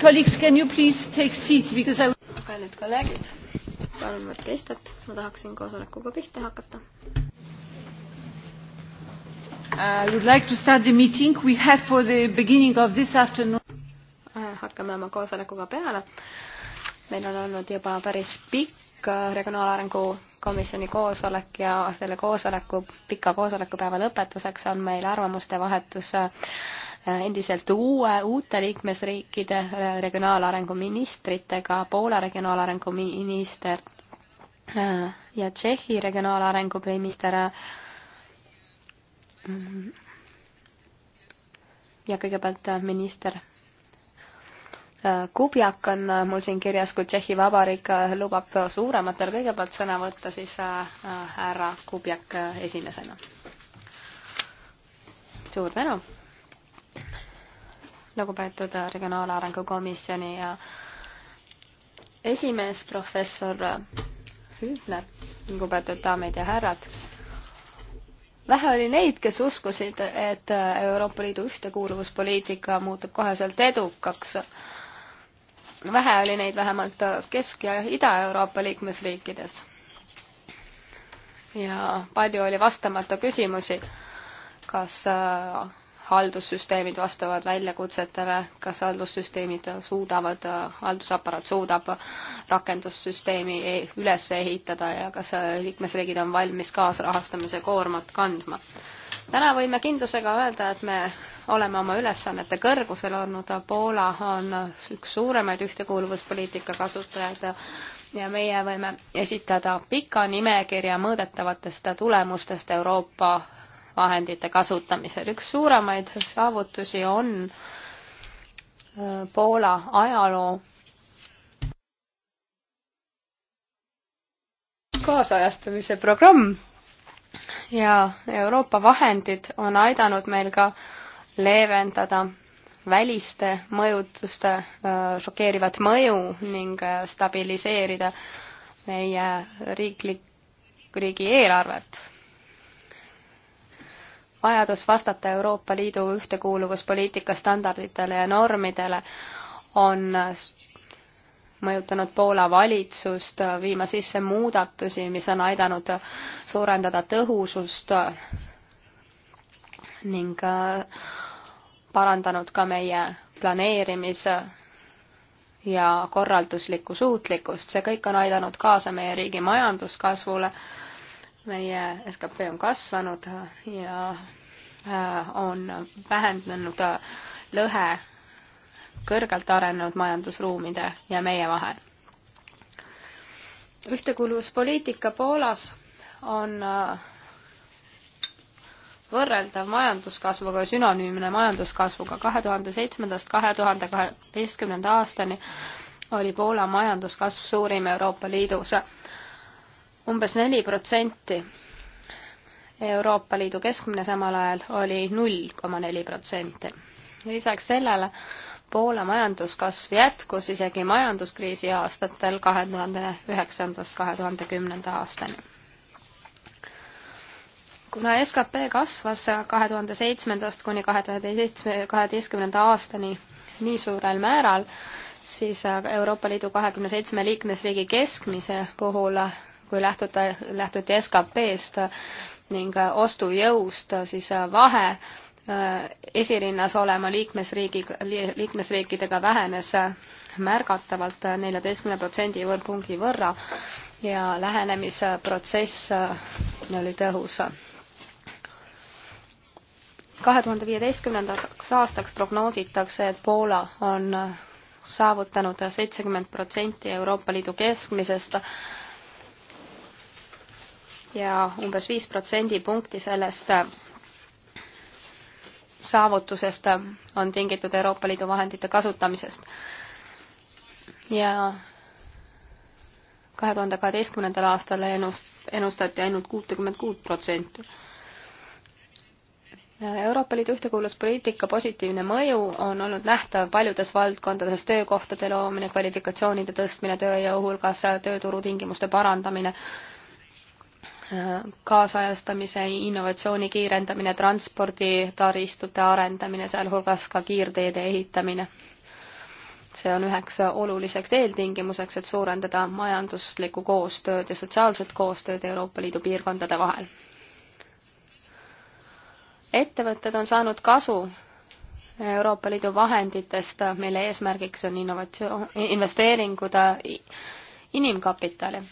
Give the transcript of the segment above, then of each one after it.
Colleagues, can you please take seats because I kallid kolleegid, palun võtke istet, ma tahaksin koosolekuga pihta hakata. I would like to start the meeting we had for the beginning of this afternoon. Äh, hakkame oma koosolekuga peale. meil on olnud juba päris pikk äh, regionaalarengu komisjoni koosolek ja selle koosoleku, pika koosolekupäeva lõpetuseks on meil arvamuste vahetus äh, Äh, endiselt uue, uute liikmesriikide äh, regionaalarengu ministritega, Poola regionaalarengu minister äh, ja Tšehhi regionaalarengu minister ja kõigepealt minister Kubjak on mul siin kirjas, kui Tšehhi Vabariik lubab suurematel kõigepealt sõna võtta, siis härra Kubjak esimesena. suur tänu! lugupeetud Regionaalarengu Komisjoni ja esimees professor Hüübner, lugupeetud daamid ja härrad. vähe oli neid, kes uskusid, et Euroopa Liidu ühtekuuluvuspoliitika muutub koheselt edukaks. vähe oli neid vähemalt Kesk- ja Ida-Euroopa liikmesriikides. ja palju oli vastamata küsimusi, kas haldussüsteemid vastavad väljakutsetele, kas haldussüsteemid suudavad, haldusaparaat suudab rakendussüsteemi e-, üles ehitada ja kas liikmesriigid on valmis kaasrahastamise koormat kandma. täna võime kindlusega öelda, et me oleme oma ülesannete kõrgusel olnud, Poola on üks suuremaid ühtekuuluvuspoliitika kasutajaid ja meie võime esitada pika nimekirja mõõdetavatest tulemustest Euroopa vahendite kasutamisel. üks suuremaid saavutusi on äh, Poola ajaloo kaasajastamise programm ja Euroopa vahendid on aidanud meil ka leevendada väliste mõjutuste äh, šokeerivat mõju ning äh, stabiliseerida meie riiklik, riigieelarvet vajadus vastata Euroopa Liidu ühtekuuluvuspoliitika standarditele ja normidele on mõjutanud Poola valitsust viima sisse muudatusi, mis on aidanud suurendada tõhusust ning äh, parandanud ka meie planeerimise ja korralduslikku suutlikkust. see kõik on aidanud kaasa meie riigi majanduskasvule meie skp on kasvanud ja äh, on vähendanud äh, lõhe kõrgelt arenenud majandusruumide ja meie vahel. ühtekuuluvuspoliitika Poolas on äh, võrreldav majanduskasvuga, sünonüümne majanduskasvuga. kahe tuhande seitsmendast kahe tuhande kaheteistkümnenda aastani oli Poola majanduskasv suurim Euroopa Liidus umbes neli protsenti. Euroopa Liidu keskmine samal ajal oli null koma neli protsenti. lisaks sellele Poola majanduskasv jätkus isegi majanduskriisi aastatel kahe tuhande üheksandast kahe tuhande kümnenda aastani. kuna skp kasvas kahe tuhande seitsmendast kuni kahe tuhande seitsme, kaheteistkümnenda aastani nii suurel määral, siis Euroopa Liidu kahekümne seitsme liikmesriigi keskmise puhul kui lähtuda, lähtuti SKP-st ning ostujõust, siis vahe äh, esirinnas olema liikmesriigi, liikmesriikidega vähenes märgatavalt neljateistkümne protsendi võrrpunkti võrra ja lähenemisprotsess äh, oli tõhus. kahe tuhande viieteistkümnendaks aastaks prognoositakse, et Poola on saavutanud seitsekümmend protsenti Euroopa Liidu keskmisest ja umbes viis protsendipunkti sellest äh, saavutusest äh, on tingitud Euroopa Liidu vahendite kasutamisest. ja kahe tuhande kaheteistkümnendal aastal ennust-, ennustati ainult kuutekümmet kuut protsenti. Euroopa Liidu ühtekuuluvuspoliitika positiivne mõju on olnud nähtav paljudes valdkondades, töökohtade loomine, kvalifikatsioonide tõstmine tööjõu hulgas, tööturutingimuste parandamine, kaasajastamise, innovatsiooni kiirendamine, transporditaristute arendamine, sealhulgas ka kiirteede ehitamine. see on üheks oluliseks eeltingimuseks, et suurendada majanduslikku koostööd ja sotsiaalset koostööd Euroopa Liidu piirkondade vahel. ettevõtted on saanud kasu Euroopa Liidu vahenditest, mille eesmärgiks on innovatsioon, investeeringud inimkapitali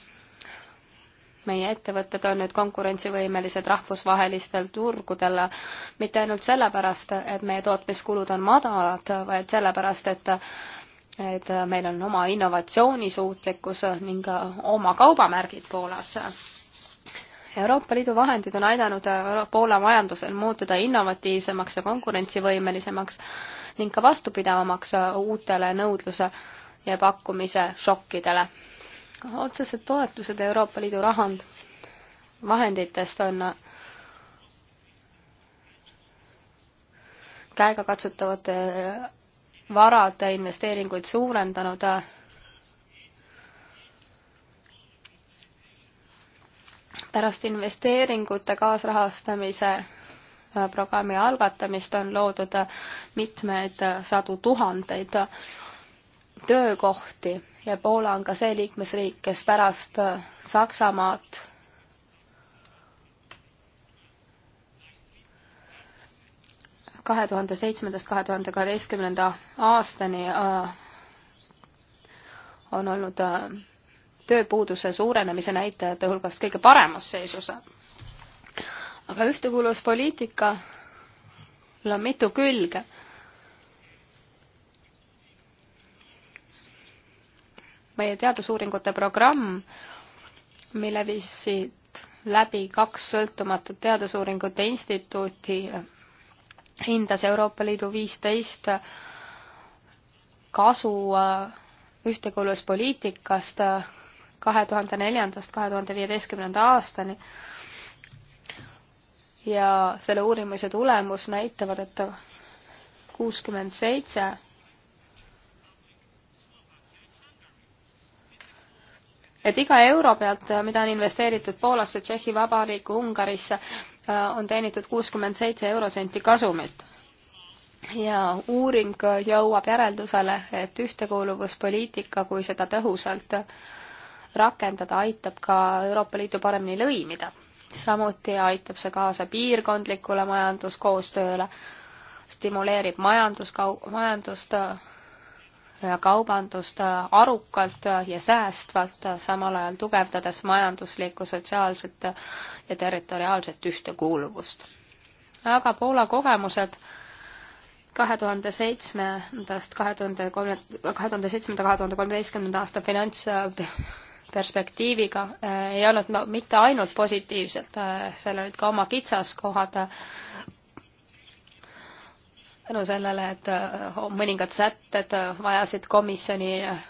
meie ettevõtted on nüüd konkurentsivõimelised rahvusvahelistel turgudel mitte ainult sellepärast, et meie tootmiskulud on madalad, vaid sellepärast, et et meil on oma innovatsioonisuutlikkus ning oma kaubamärgid Poolas. Euroopa Liidu vahendid on aidanud Poola majandusel muutuda innovatiivsemaks ja konkurentsivõimelisemaks ning ka vastupidavamaks uutele nõudluse ja pakkumise šokkidele otsesed toetused Euroopa Liidu rahand vahenditest on äh, käegakatsutavate äh, varade investeeringuid suurendanud äh, pärast investeeringute kaasrahastamise programmi algatamist on loodud mitmeid sadu tuhandeid töökohti ja Poola on ka see liikmesriik, kes pärast äh, Saksamaad kahe tuhande seitsmendast kahe tuhande kaheteistkümnenda aastani äh, on olnud äh, tööpuuduse suurenemise näitajate hulgast kõige paremas seisus. aga ühtekuuluvuspoliitikal on mitu külge meie teadusuuringute programm, mille viisid läbi kaks sõltumatut teadusuuringute instituuti, hindas Euroopa Liidu viisteist kasu äh, ühtekuuluvuspoliitikast äh, kahe tuhande neljandast kahe tuhande viieteistkümnenda aastani. ja selle uurimise tulemus näitavad, et kuuskümmend seitse et iga euro pealt, mida on investeeritud Poolasse, Tšehhi Vabariiki, Ungarisse, äh, on teenitud kuuskümmend seitse eurosenti kasumit. ja uuring jõuab järeldusele, et ühtekuuluvuspoliitika, kui seda tõhusalt rakendada, aitab ka Euroopa Liitu paremini lõimida. samuti aitab see kaasa piirkondlikule majanduskoostööle, stimuleerib majanduskau-, majandust kaubandust arukalt ja säästvalt, samal ajal tugevdades majanduslikku, sotsiaalset ja territoriaalset ühtekuuluvust. aga Poola kogemused kahe tuhande seitsmendast kahe tuhande kolme, kahe tuhande seitsmenda, kahe tuhande kolmeteistkümnenda aasta finantsperspektiiviga eh, ei olnud mitte ainult positiivsed, eh, seal olid ka oma kitsaskohad, tänu sellele, et äh, mõningad sätted äh, vajasid komisjoni äh,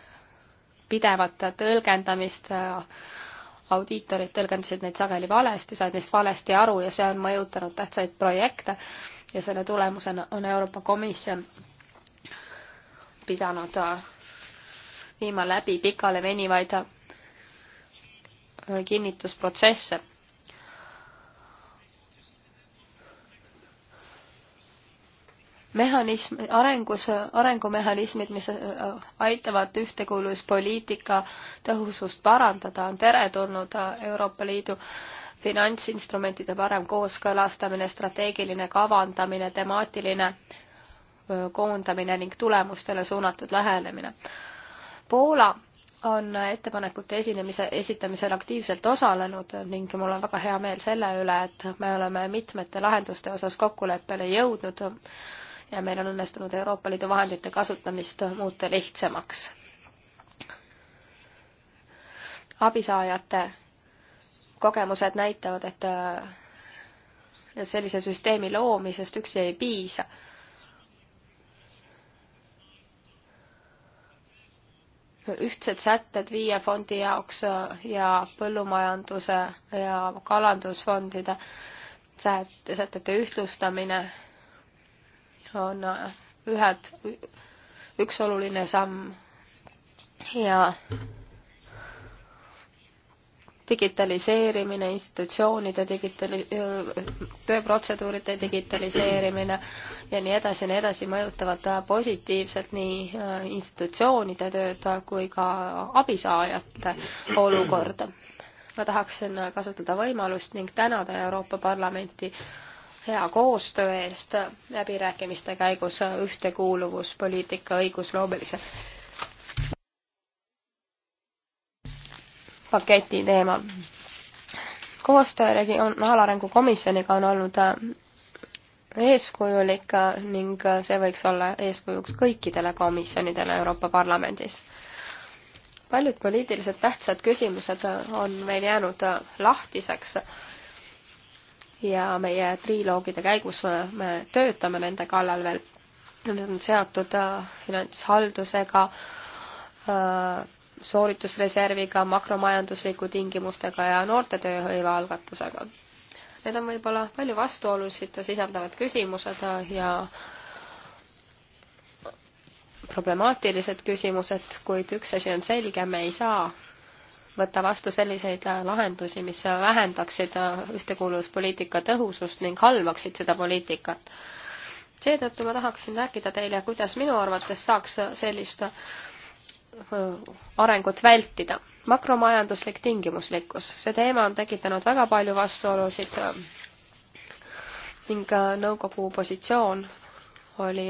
pidevat tõlgendamist, audiitorid tõlgendasid neid sageli valesti, said neist valesti aru ja see on mõjutanud tähtsaid projekte ja selle tulemusena on Euroopa Komisjon pidanud viima läbi pikale venivaid kinnitusprotsesse mehhanism, arengus, arengumehhanismid, mis äh, aitavad ühtekuuluvuspoliitika tõhusust parandada, on teretulnud äh, Euroopa Liidu finantsinstrumentide parem kooskõlastamine, strateegiline kavandamine, temaatiline äh, koondamine ning tulemustele suunatud lähenemine. Poola on ettepanekute esinemise, esitamisel aktiivselt osalenud ning mul on väga hea meel selle üle, et me oleme mitmete lahenduste osas kokkuleppele jõudnud ja meil on õnnestunud Euroopa Liidu vahendite kasutamist muuta lihtsamaks. abisaajate kogemused näitavad, et äh, sellise süsteemi loomisest üksi ei piisa. ühtsed sätted viie fondi jaoks äh, ja põllumajanduse ja kalandusfondide sätete ühtlustamine on ühed, üks oluline samm ja digitaliseerimine, institutsioonide digitali-, tööprotseduuride digitaliseerimine ja nii edasi ja nii edasi mõjutavad positiivselt nii äh, institutsioonide tööd kui ka abisaajate olukorda. ma tahaksin kasutada võimalust ning tänada Euroopa Parlamenti hea koostöö eest läbirääkimiste käigus ühtekuuluvuspoliitika õigusloomelise paketi teemal. koostöö regionaalarengu komisjoniga on olnud eeskujulik ning see võiks olla eeskujuks kõikidele komisjonidele Euroopa Parlamendis. paljud poliitiliselt tähtsad küsimused on meil jäänud lahtiseks ja meie triloogide käigus me töötame nende kallal veel. Need on seotud äh, finantshaldusega, äh, sooritusreserviga, makromajandusliku tingimustega ja noorte tööhõive algatusega. Need on võib-olla palju vastuolusid sisaldavad küsimused äh, ja problemaatilised küsimused, kuid üks asi on selge, me ei saa võtta vastu selliseid äh, lahendusi, mis äh, vähendaksid äh, ühtekuuluvuspoliitika tõhusust ning halvaksid seda poliitikat. seetõttu ma tahaksin rääkida teile, kuidas minu arvates saaks sellist arengut vältida. makromajanduslik tingimuslikkus, see teema on tekitanud väga palju vastuolusid ning nõukogu positsioon oli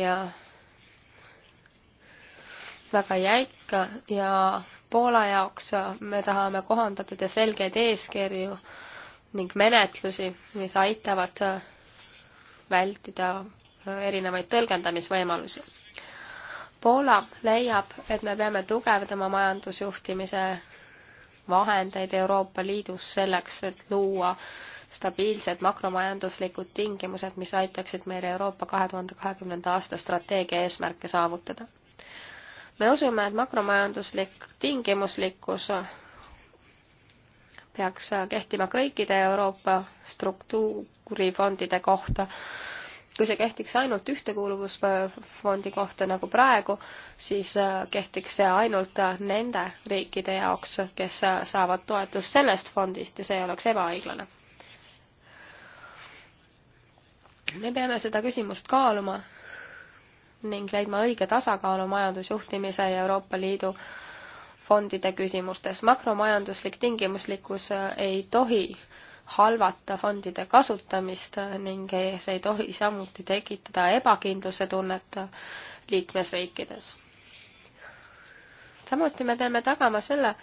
väga jäik ja Poola jaoks äh, me tahame kohandatud ja selgeid eeskirju ning menetlusi, mis aitavad äh, vältida äh, erinevaid tõlgendamisvõimalusi. Poola leiab, et me peame tugevdama majandusjuhtimise vahendeid Euroopa Liidus selleks, et luua stabiilsed makromajanduslikud tingimused, mis aitaksid meil Euroopa kahe tuhande kahekümnenda aasta strateegia eesmärke saavutada me usume, et makromajanduslik tingimuslikkus peaks kehtima kõikide Euroopa struktuurifondide kohta. kui see kehtiks ainult ühtekuuluvusfondi kohta nagu praegu, siis kehtiks see ainult nende riikide jaoks, kes saavad toetust sellest fondist ja see oleks ebaõiglane. me peame seda küsimust kaaluma ning leidma õige tasakaalu majandusjuhtimise ja Euroopa Liidu fondide küsimustes. makromajanduslik tingimuslikkus äh, ei tohi halvata fondide kasutamist ning äh, see ei tohi samuti tekitada ebakindluse tunnet äh, liikmesriikides. samuti me peame tagama selle,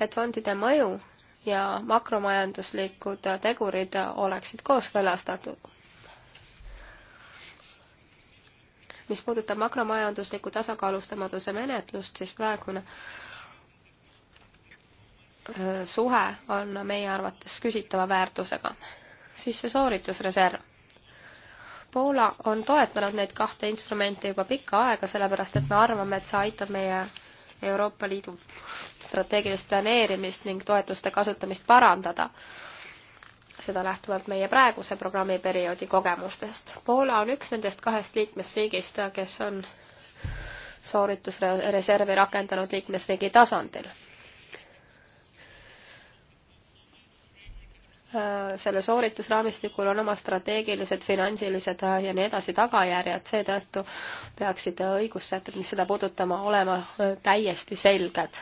et fondide mõju ja makromajanduslikud tegurid oleksid kooskõlastatud. mis puudutab makromajandusliku tasakaalustamatuse menetlust, siis praegune äh, suhe on meie arvates küsitava väärtusega. siis see sooritusreserv. Poola on toetanud neid kahte instrumenti juba pikka aega, sellepärast et me arvame, et see aitab meie Euroopa Liidu strateegilist planeerimist ning toetuste kasutamist parandada seda lähtuvalt meie praeguse programmiperioodi kogemustest. Poola on üks nendest kahest liikmesriigist, kes on sooritusreservi rakendanud liikmesriigi tasandil. selle sooritusraamistikul on oma strateegilised, finantsilised ja nii edasi tagajärjed, seetõttu peaksid õigussätted, mis seda puudutama, olema täiesti selged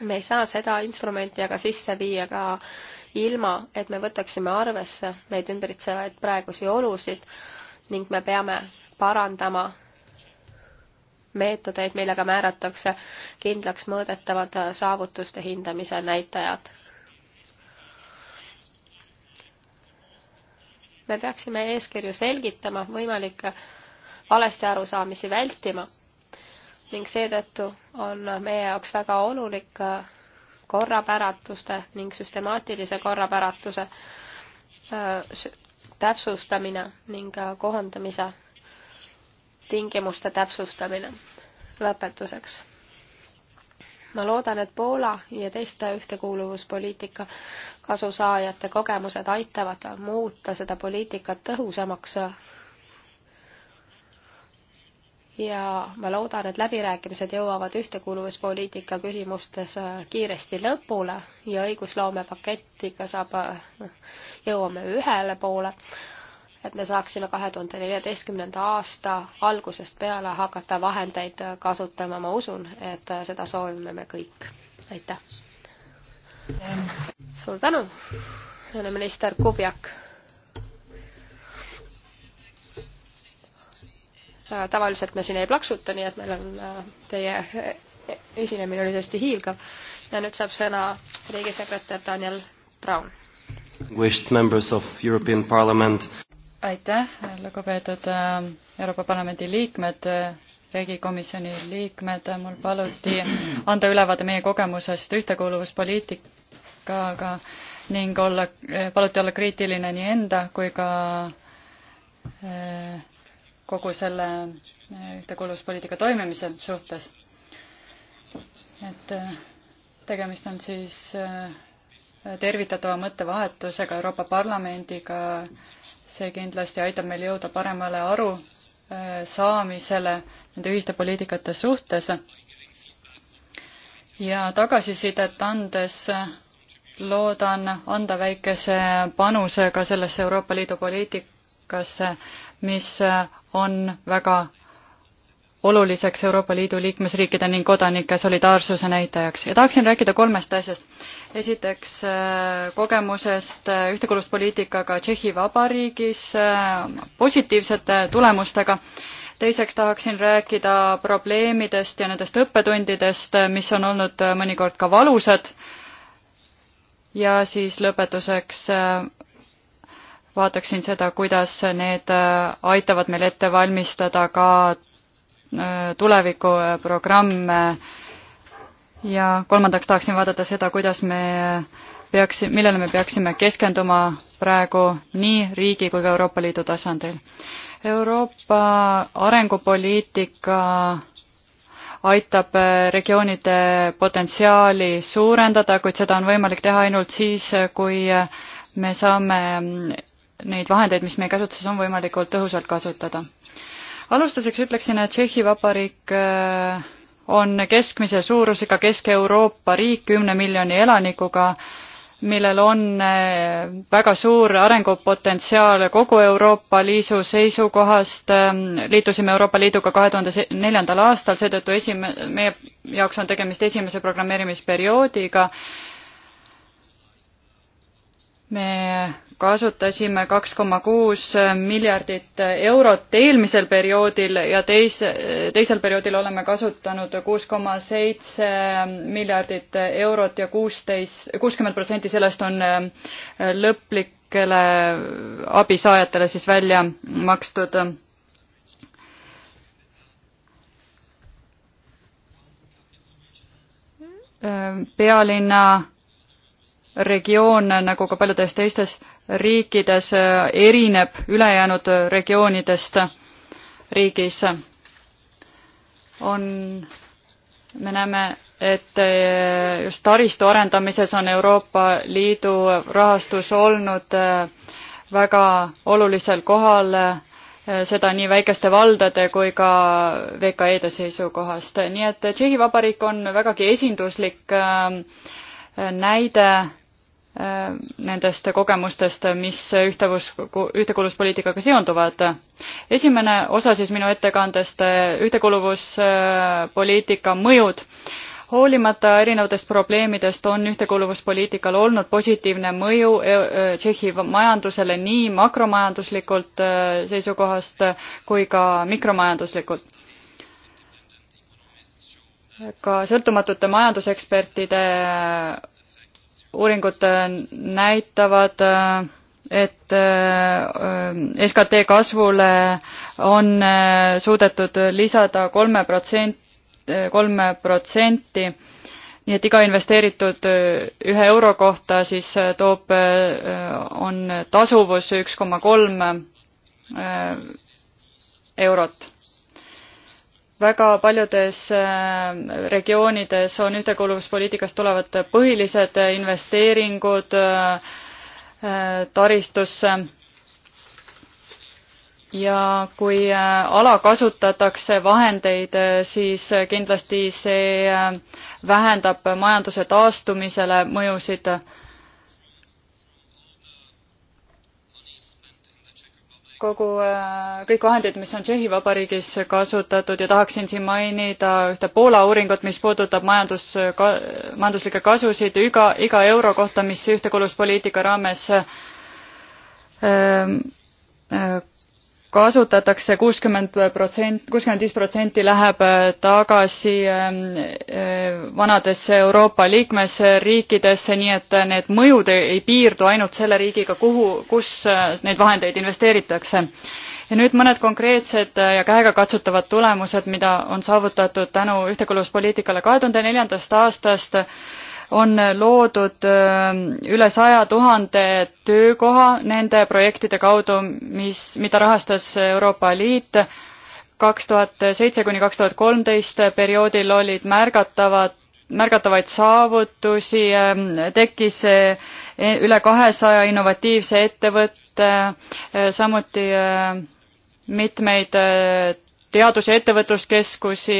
me ei saa seda instrumenti aga sisse viia ka ilma et me võtaksime arvesse meid ümbritsevaid praegusi olusid ning me peame parandama meetodeid, millega määratakse kindlaks mõõdetavad saavutuste hindamise näitajad me peaksime eeskirju selgitama, võimalikke valesti arusaamisi vältima ning seetõttu on meie jaoks väga olulik korrapäratuse ning süstemaatilise korrapäratuse äh, täpsustamine ning äh, kohandamise tingimuste täpsustamine. lõpetuseks. ma loodan, et Poola ja teiste ühtekuuluvuspoliitika kasusaajate kogemused aitavad muuta seda poliitikat tõhusamaks ja ma loodan, et läbirääkimised jõuavad ühtekuuluvuspoliitika küsimustes äh, kiiresti lõpule ja õigusloomepaketiga saab, äh, jõuame ühele poole, et me saaksime kahe tuhande neljateistkümnenda aasta algusest peale hakata vahendeid äh, kasutama, ma usun, et seda soovime me kõik. aitäh! suur tänu, minister Kubjak! Äh, tavaliselt me siin ei plaksuta, nii et meil on äh, teie äh, esinemine oli tõesti hiilgav. ja nüüd saab sõna riigisekretär Daniel Brown. aitäh, lugupeetud Euroopa Parlamendi liikmed, riigikomisjoni liikmed, mul paluti anda ülevaade meie kogemusest ühtekuuluvuspoliitikaga ning olla, paluti olla kriitiline nii enda kui ka äh, kogu selle eh, ühtekuuluvuspoliitika toimimise suhtes. et eh, tegemist on siis eh, tervitatava mõttevahetusega Euroopa Parlamendiga, see kindlasti aitab meil jõuda paremale arusaamisele nende ühiste poliitikate suhtes. ja tagasisidet andes loodan anda väikese panuse ka sellesse Euroopa Liidu poliitikasse mis äh, on väga oluliseks Euroopa Liidu liikmesriikide ning kodanike solidaarsuse näitajaks ja tahaksin rääkida kolmest asjast. esiteks äh, kogemusest äh, ühtekuuluvuspoliitikaga Tšehhi Vabariigis positiivsete tulemustega, teiseks tahaksin rääkida probleemidest ja nendest õppetundidest, mis on olnud mõnikord ka valusad, ja siis lõpetuseks vaataksin seda, kuidas need äh, aitavad meil ette valmistada ka äh, tulevikuprogramme äh, ja kolmandaks tahaksin vaadata seda, kuidas me peaks, millele me peaksime keskenduma praegu nii riigi kui ka Euroopa Liidu tasandil. Euroopa arengupoliitika aitab regioonide potentsiaali suurendada, kuid seda on võimalik teha ainult siis, kui me saame mm, neid vahendeid, mis meie käsutuses on, võimalikult tõhusalt kasutada. alustuseks ütleksin, et Tšehhi Vabariik äh, on keskmise suurusega Kesk-Euroopa riik kümne miljoni elanikuga, millel on äh, väga suur arengupotentsiaal kogu Euroopa Liidu seisukohast. Ähm, liitusime Euroopa Liiduga kahe tuhande neljandal aastal, seetõttu esime-, meie jaoks on tegemist esimese programmeerimisperioodiga me kasutasime kaks koma kuus miljardit eurot eelmisel perioodil ja teise, teisel perioodil oleme kasutanud kuus koma seitse miljardit eurot ja kuusteist, kuuskümmend protsenti sellest on lõplikele abisaajatele siis välja makstud. pealinna regioon, nagu ka paljudes teistes riikides, erineb ülejäänud regioonidest riigis. on, me näeme, et just taristu arendamises on Euroopa Liidu rahastus olnud väga olulisel kohal, seda nii väikeste valdade kui ka VKE-de seisukohast. nii et Tšehhi Vabariik on vägagi esinduslik äh, näide Äh, nendest kogemustest, mis ühtevus, ühtekuuluvuspoliitikaga seonduvad. esimene osa siis minu ettekandest, äh, ühtekuuluvuspoliitika mõjud. hoolimata erinevatest probleemidest on ühtekuuluvuspoliitikal olnud positiivne mõju e, e, Tšehhi majandusele nii makromajanduslikult äh, seisukohast kui ka mikromajanduslikult ka sõltumatute majandusekspertide uuringud äh, näitavad, äh, et äh, SKT kasvule on suudetud lisada kolme protsent, kolme protsenti, nii et iga investeeritud ühe euro kohta siis toob, on tasuvus üks koma kolm eurot väga paljudes äh, regioonides on ühtekuuluvuspoliitikast tulevad põhilised investeeringud äh, äh, taristusse ja kui alakasutatakse vahendeid, siis kindlasti see vähendab majanduse taastumisele mõjusid kogu, äh, kõik vahendid, mis on Tšehhi Vabariigis kasutatud ja tahaksin siin mainida ühte Poola uuringut, mis puudutab majandus, majanduslikke kasusid iga, iga euro kohta, mis ühtekuuluvuspoliitika raames äh, äh, kasutatakse kuuskümmend protsent, kuuskümmend viis protsenti läheb äh, tagasi ähm, äh, vanadesse Euroopa liikmesriikidesse, nii et äh, need mõjud ei piirdu ainult selle riigiga, kuhu, kus neid vahendeid investeeritakse. ja nüüd mõned konkreetsed ja käegakatsutavad tulemused, mida on saavutatud tänu ühtekuuluvuspoliitikale kahe tuhande neljandast aastast on loodud ähm, üle saja tuhande töökoha nende projektide kaudu, mis, mida rahastas Euroopa Liit. kaks tuhat seitse kuni kaks tuhat kolmteist perioodil olid märgatavad märgatavaid saavutusi, ähm, tekkis äh, üle kahesaja innovatiivse ettevõtte, äh, samuti äh, mitmeid teadus- ja ettevõtluskeskusi,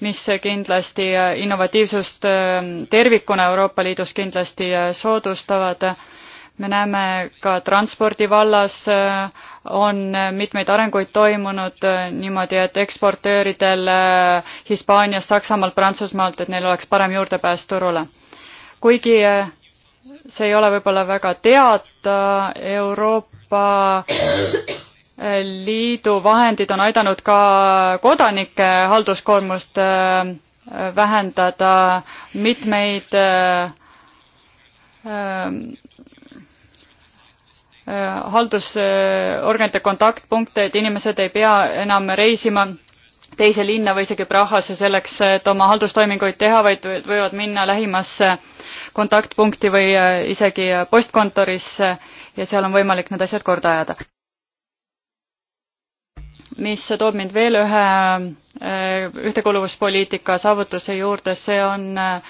mis kindlasti innovatiivsust äh, tervikuna Euroopa Liidus kindlasti äh, soodustavad. me näeme ka transpordi vallas äh, on mitmeid arenguid toimunud niimoodi, et eksportööridel Hispaaniast, Saksamaalt, Prantsusmaalt, et neil oleks parem juurdepääs turule. kuigi see ei ole võib-olla väga teada, Euroopa liidu vahendid on aidanud ka kodanike halduskoormust äh, vähendada mitmeid äh, äh, haldusorganite kontaktpunkte, et inimesed ei pea enam reisima teise linna või isegi Prahasse selleks, et oma haldustoiminguid teha, vaid võivad minna lähimasse kontaktpunkti või isegi postkontorisse ja seal on võimalik need asjad korda ajada mis toob mind veel ühe äh, ühtekuuluvuspoliitika saavutuse juurde, see on äh,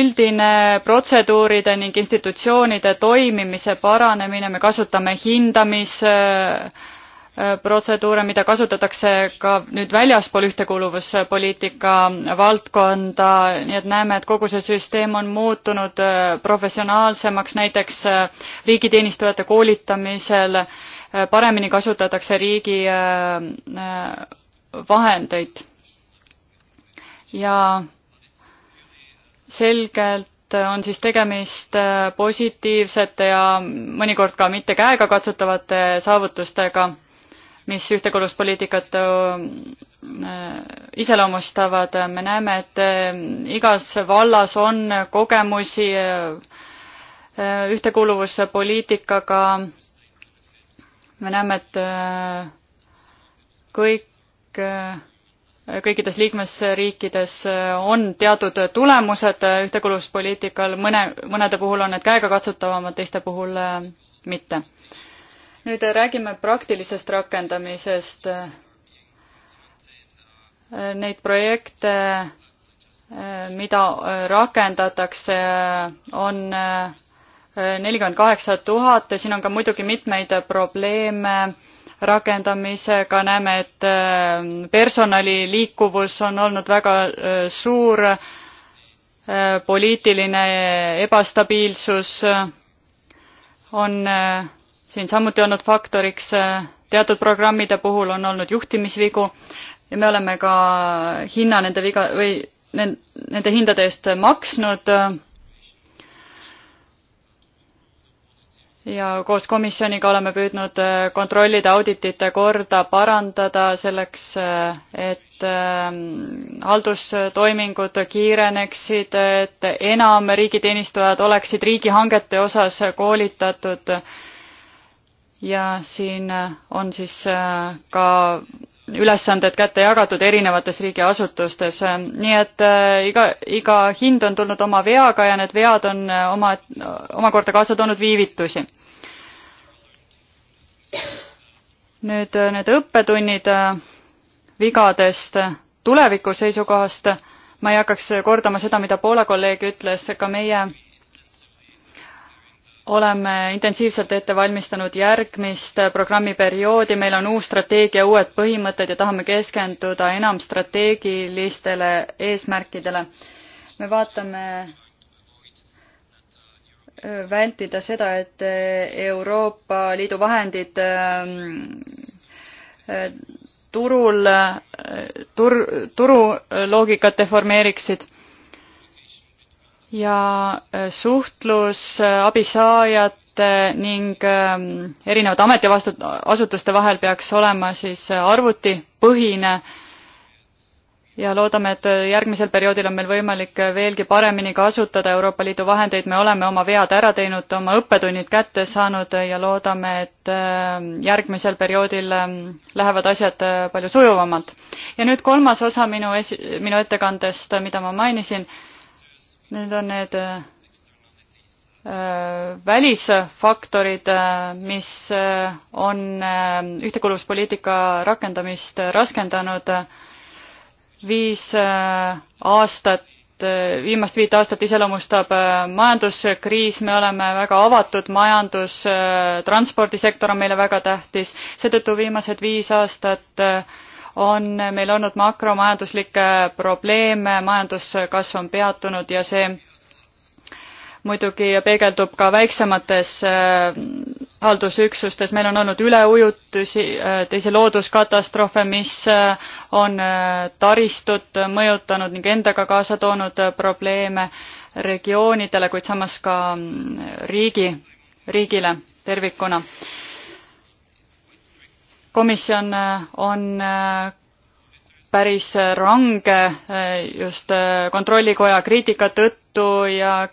üldine protseduuride ning institutsioonide toimimise paranemine, me kasutame hindamisprotseduure, äh, mida kasutatakse ka nüüd väljaspool ühtekuuluvuspoliitika valdkonda, nii et näeme, et kogu see süsteem on muutunud professionaalsemaks, näiteks riigiteenistujate koolitamisel äh, Äh, paremini kasutatakse riigi äh, äh, vahendeid. ja selgelt on siis tegemist positiivsete ja mõnikord ka mitte käegakatsutavate saavutustega, mis ühtekuuluvuspoliitikat iseloomustavad. me näeme, et igas vallas on kogemusi ühtekuuluvuspoliitikaga me näeme, et äh, kõik, äh, kõikides liikmesriikides äh, on teatud tulemused ühtekuuluvuspoliitikal, mõne, mõnede puhul on need käegakatsutavamad, teiste puhul mitte. nüüd räägime praktilisest rakendamisest. Neid projekte, mida rakendatakse, on nelikümmend kaheksa tuhat ja siin on ka muidugi mitmeid probleeme rakendamisega, näeme, et äh, personali liikuvus on olnud väga äh, suur, äh, poliitiline ebastabiilsus on siin samuti olnud faktoriks, teatud programmide puhul on olnud juhtimisvigu ja me oleme ka hinna nende viga või nende hindade eest maksnud ja koos komisjoniga oleme püüdnud äh, kontrollida auditite korda parandada selleks, äh, et ähm, haldustoimingud kiireneksid, et enam riigiteenistujad oleksid riigihangete osas koolitatud. ja siin äh, on siis ka ülesanded kätte jagatud erinevates riigiasutustes, nii et äh, iga, iga hind on tulnud oma veaga ja need vead on äh, oma, omakorda kaasa toonud viivitusi. nüüd äh, need õppetunnid vigadest tuleviku seisukohast, ma ei hakkaks kordama seda, mida Poola kolleeg ütles, ka meie oleme intensiivselt ette valmistanud järgmist programmiperioodi, meil on uus strateegia, uued põhimõtted ja tahame keskenduda enam strateegilistele eesmärkidele. me vaatame vältida seda, et Euroopa Liidu vahendid turul, tur-, turuloogikat deformeeriksid ja äh, suhtlus äh, abisaajate ning ähm, erinevate ametiasutuste vahel peaks olema siis äh, arvutipõhine ja loodame, et järgmisel perioodil on meil võimalik veelgi paremini kasutada Euroopa Liidu vahendeid, me oleme oma vead ära teinud, oma õppetunnid kätte saanud ja loodame, et ähm, järgmisel perioodil ähm, lähevad asjad palju sujuvamalt. ja nüüd kolmas osa minu esi-, minu ettekandest, mida ma mainisin Need on need äh, äh, välisfaktorid, äh, mis on ühtekuuluvuspoliitika rakendamist raskendanud viis aastat, viimast viit aastat iseloomustab majanduskriis, me oleme väga avatud majandus, transpordisektor on meile väga tähtis, seetõttu viimased viis aastat äh, on meil olnud makromajanduslikke probleeme, majanduskasv on peatunud ja see muidugi peegeldub ka väiksemates äh, haldusüksustes, meil on olnud üleujutusi, äh, teisi looduskatastroofe, mis äh, on taristut mõjutanud ning endaga kaasa toonud probleeme regioonidele, kuid samas ka mm, riigi, riigile tervikuna komisjon äh, on äh, päris äh, range just Kontrollikoja kriitika tõttu ja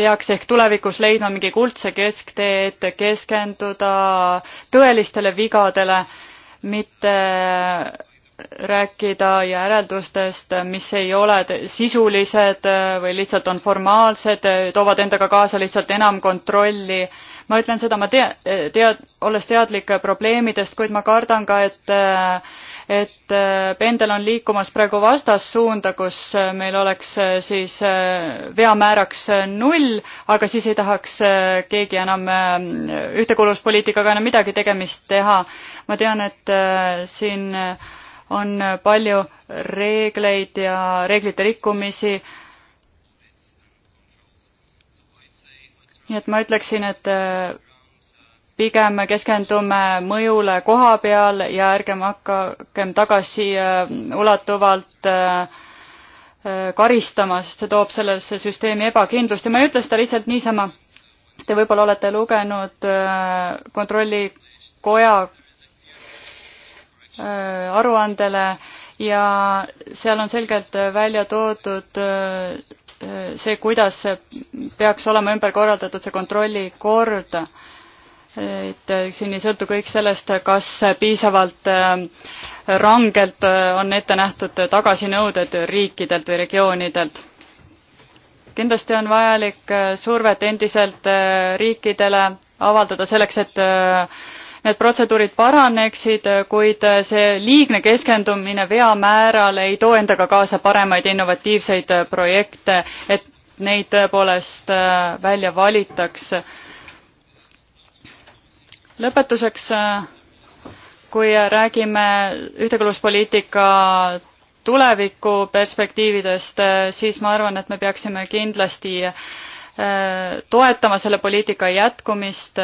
peaks ehk tulevikus leidma mingi kuldse kesktee, et keskenduda tõelistele vigadele, mitte rääkida järeldustest, mis ei ole sisulised või lihtsalt on formaalsed, toovad endaga kaasa lihtsalt enam kontrolli ma ütlen seda, ma tea, tead, olles teadlik probleemidest, kuid ma kardan ka, et et pendel on liikumas praegu vastassuunda, kus meil oleks siis veamääraks null, aga siis ei tahaks keegi enam ühtekuuluvuspoliitikaga enam midagi tegemist teha. ma tean, et siin on palju reegleid ja reeglite rikkumisi nii et ma ütleksin, et äh, pigem keskendume mõjule koha peal ja ärgem hakakem tagasiulatuvalt äh, äh, karistama, sest see toob sellesse süsteemi ebakindlust ja ma ei ütle seda lihtsalt niisama. Te võib-olla olete lugenud kontrollikoja aruandele ja seal on selgelt välja toodud see, kuidas peaks olema ümber korraldatud see kontrollikord. et siin ei sõltu kõik sellest, kas piisavalt äh, rangelt äh, on ette nähtud tagasinõuded riikidelt või regioonidelt. kindlasti on vajalik äh, survet endiselt riikidele avaldada selleks, et need protseduurid paraneksid, kuid see liigne keskendumine veamäärale ei too endaga kaasa paremaid innovatiivseid projekte, et neid tõepoolest äh, välja valitakse. lõpetuseks, äh, kui räägime ühtekuuluvuspoliitika tuleviku perspektiividest, äh, siis ma arvan, et me peaksime kindlasti toetama selle poliitika jätkumist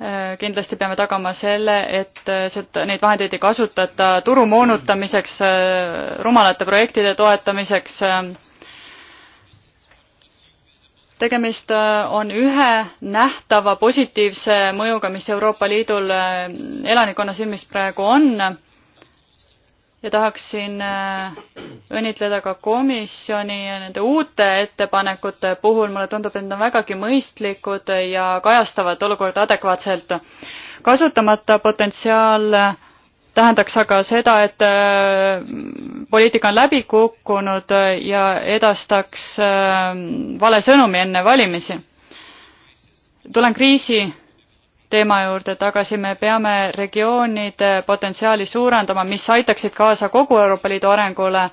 Äh, kindlasti peame tagama selle, et äh, seda, neid vahendeid ei kasutata turu moonutamiseks, äh, rumalate projektide toetamiseks. tegemist on ühe nähtava positiivse mõjuga, mis Euroopa Liidul elanikkonna silmis praegu on ja tahaksin äh, õnnitleda ka komisjoni nende uute ettepanekute puhul, mulle tundub, et need on vägagi mõistlikud ja kajastavad olukorda adekvaatselt. kasutamata potentsiaal tähendaks aga seda, et äh, poliitika on läbi kukkunud ja edastaks äh, vale sõnumi enne valimisi. tulen kriisi teema juurde tagasi, me peame regioonide potentsiaali suurendama, mis aitaksid kaasa kogu Euroopa Liidu arengule.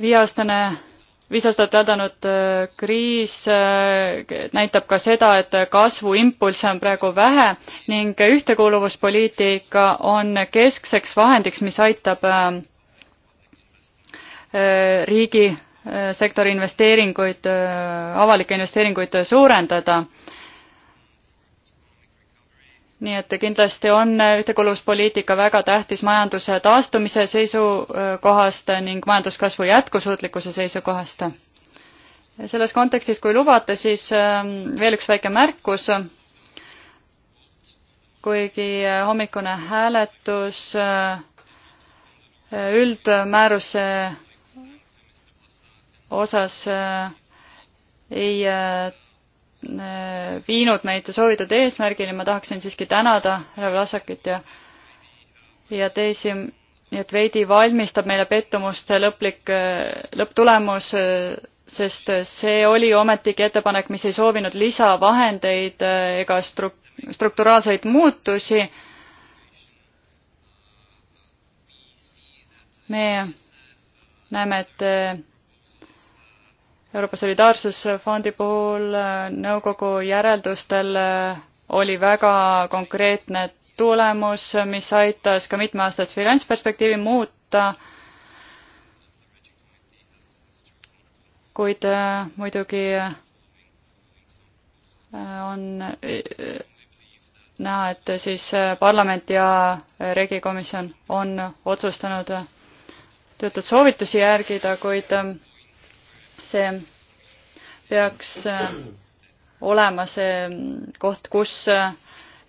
viieaastane, viis aastat väldanud äh, kriis äh, näitab ka seda, et kasvuimpulsse on praegu vähe ning ühtekuuluvuspoliitika on keskseks vahendiks, mis aitab äh, riigi sektori investeeringuid, avalikke investeeringuid suurendada nii et kindlasti on äh, ühtekuuluvuspoliitika väga tähtis majanduse taastumise seisukohast äh, ning majanduskasvu jätkusuutlikkuse seisukohast. selles kontekstis, kui lubate, siis ähm, veel üks väike märkus. kuigi äh, hommikune hääletus üldmääruse osas ei Äh, viinud meid soovitud eesmärgini, ma tahaksin siiski tänada härra Vlasakit ja ja teisi, nii et veidi valmistab meile pettumust see lõplik, äh, lõpptulemus, äh, sest see oli ometigi ettepanek, mis ei soovinud lisavahendeid ega struk-, strukturaalseid muutusi. me näeme, et Euroopa Solidaarsusfondi puhul äh, nõukogu järeldustel äh, oli väga konkreetne tulemus, äh, mis aitas ka mitmeaastast finantsperspektiivi muuta, kuid muidugi on näha, et siis parlament ja regikomisjon on otsustanud teatud soovitusi järgida, kuid see peaks äh, olema see koht, kus äh,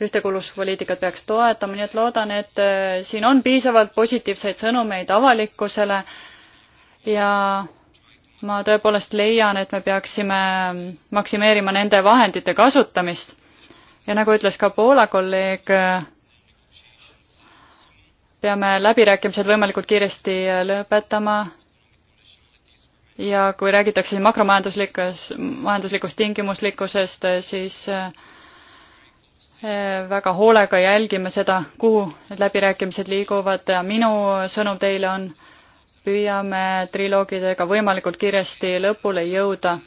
ühtekuuluvuspoliitikat peaks toetama, nii et loodan, et äh, siin on piisavalt positiivseid sõnumeid avalikkusele ja ma tõepoolest leian, et me peaksime maksimeerima nende vahendite kasutamist. ja nagu ütles ka Poola kolleeg, peame läbirääkimised võimalikult kiiresti lõpetama ja kui räägitakse siin makromajanduslikus, majanduslikust tingimuslikkusest, siis eh, eh, väga hoolega jälgime seda, kuhu need läbirääkimised liiguvad. minu sõnum teile on, püüame triloogidega võimalikult kiiresti lõpule jõuda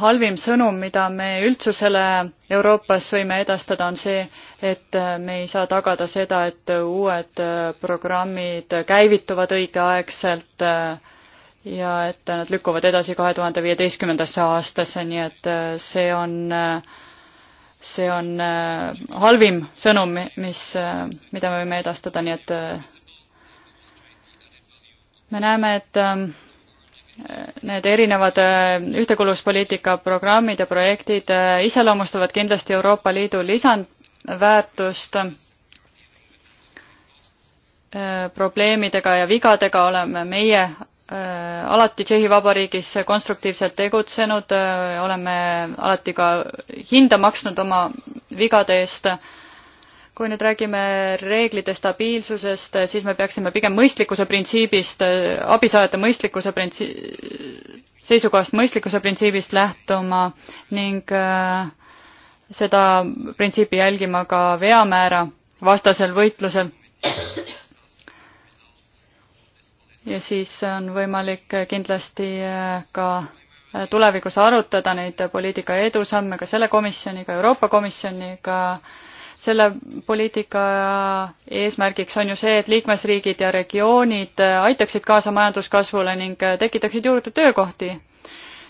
halvim sõnum, mida me üldsusele Euroopas võime edastada, on see, et me ei saa tagada seda, et uued programmid käivituvad õigeaegselt ja et nad lükkuvad edasi kahe tuhande viieteistkümnendasse aastasse, nii et see on, see on halvim sõnum, mis, mida me võime edastada, nii et me näeme, et need erinevad äh, ühtekuuluvuspoliitika programmid ja projektid äh, iseloomustavad kindlasti Euroopa Liidu lisandväärtust. Äh, probleemidega ja vigadega oleme meie alati Tšehhi Vabariigis konstruktiivselt tegutsenud, oleme alati ka hinda maksnud oma vigade eest kui nüüd räägime reeglite stabiilsusest, siis me peaksime pigem mõistlikkuse printsiibist, abisaajate mõistlikkuse printsi-, seisukohast mõistlikkuse printsiibist lähtuma ning äh, seda printsiipi jälgima ka veamäära vastasel võitlusel. ja siis on võimalik kindlasti äh, ka äh, tulevikus arutada neid poliitika edusamme ka selle komisjoniga, Euroopa Komisjoniga, selle poliitika eesmärgiks on ju see, et liikmesriigid ja regioonid aitaksid kaasa majanduskasvule ning tekitaksid juurde töökohti.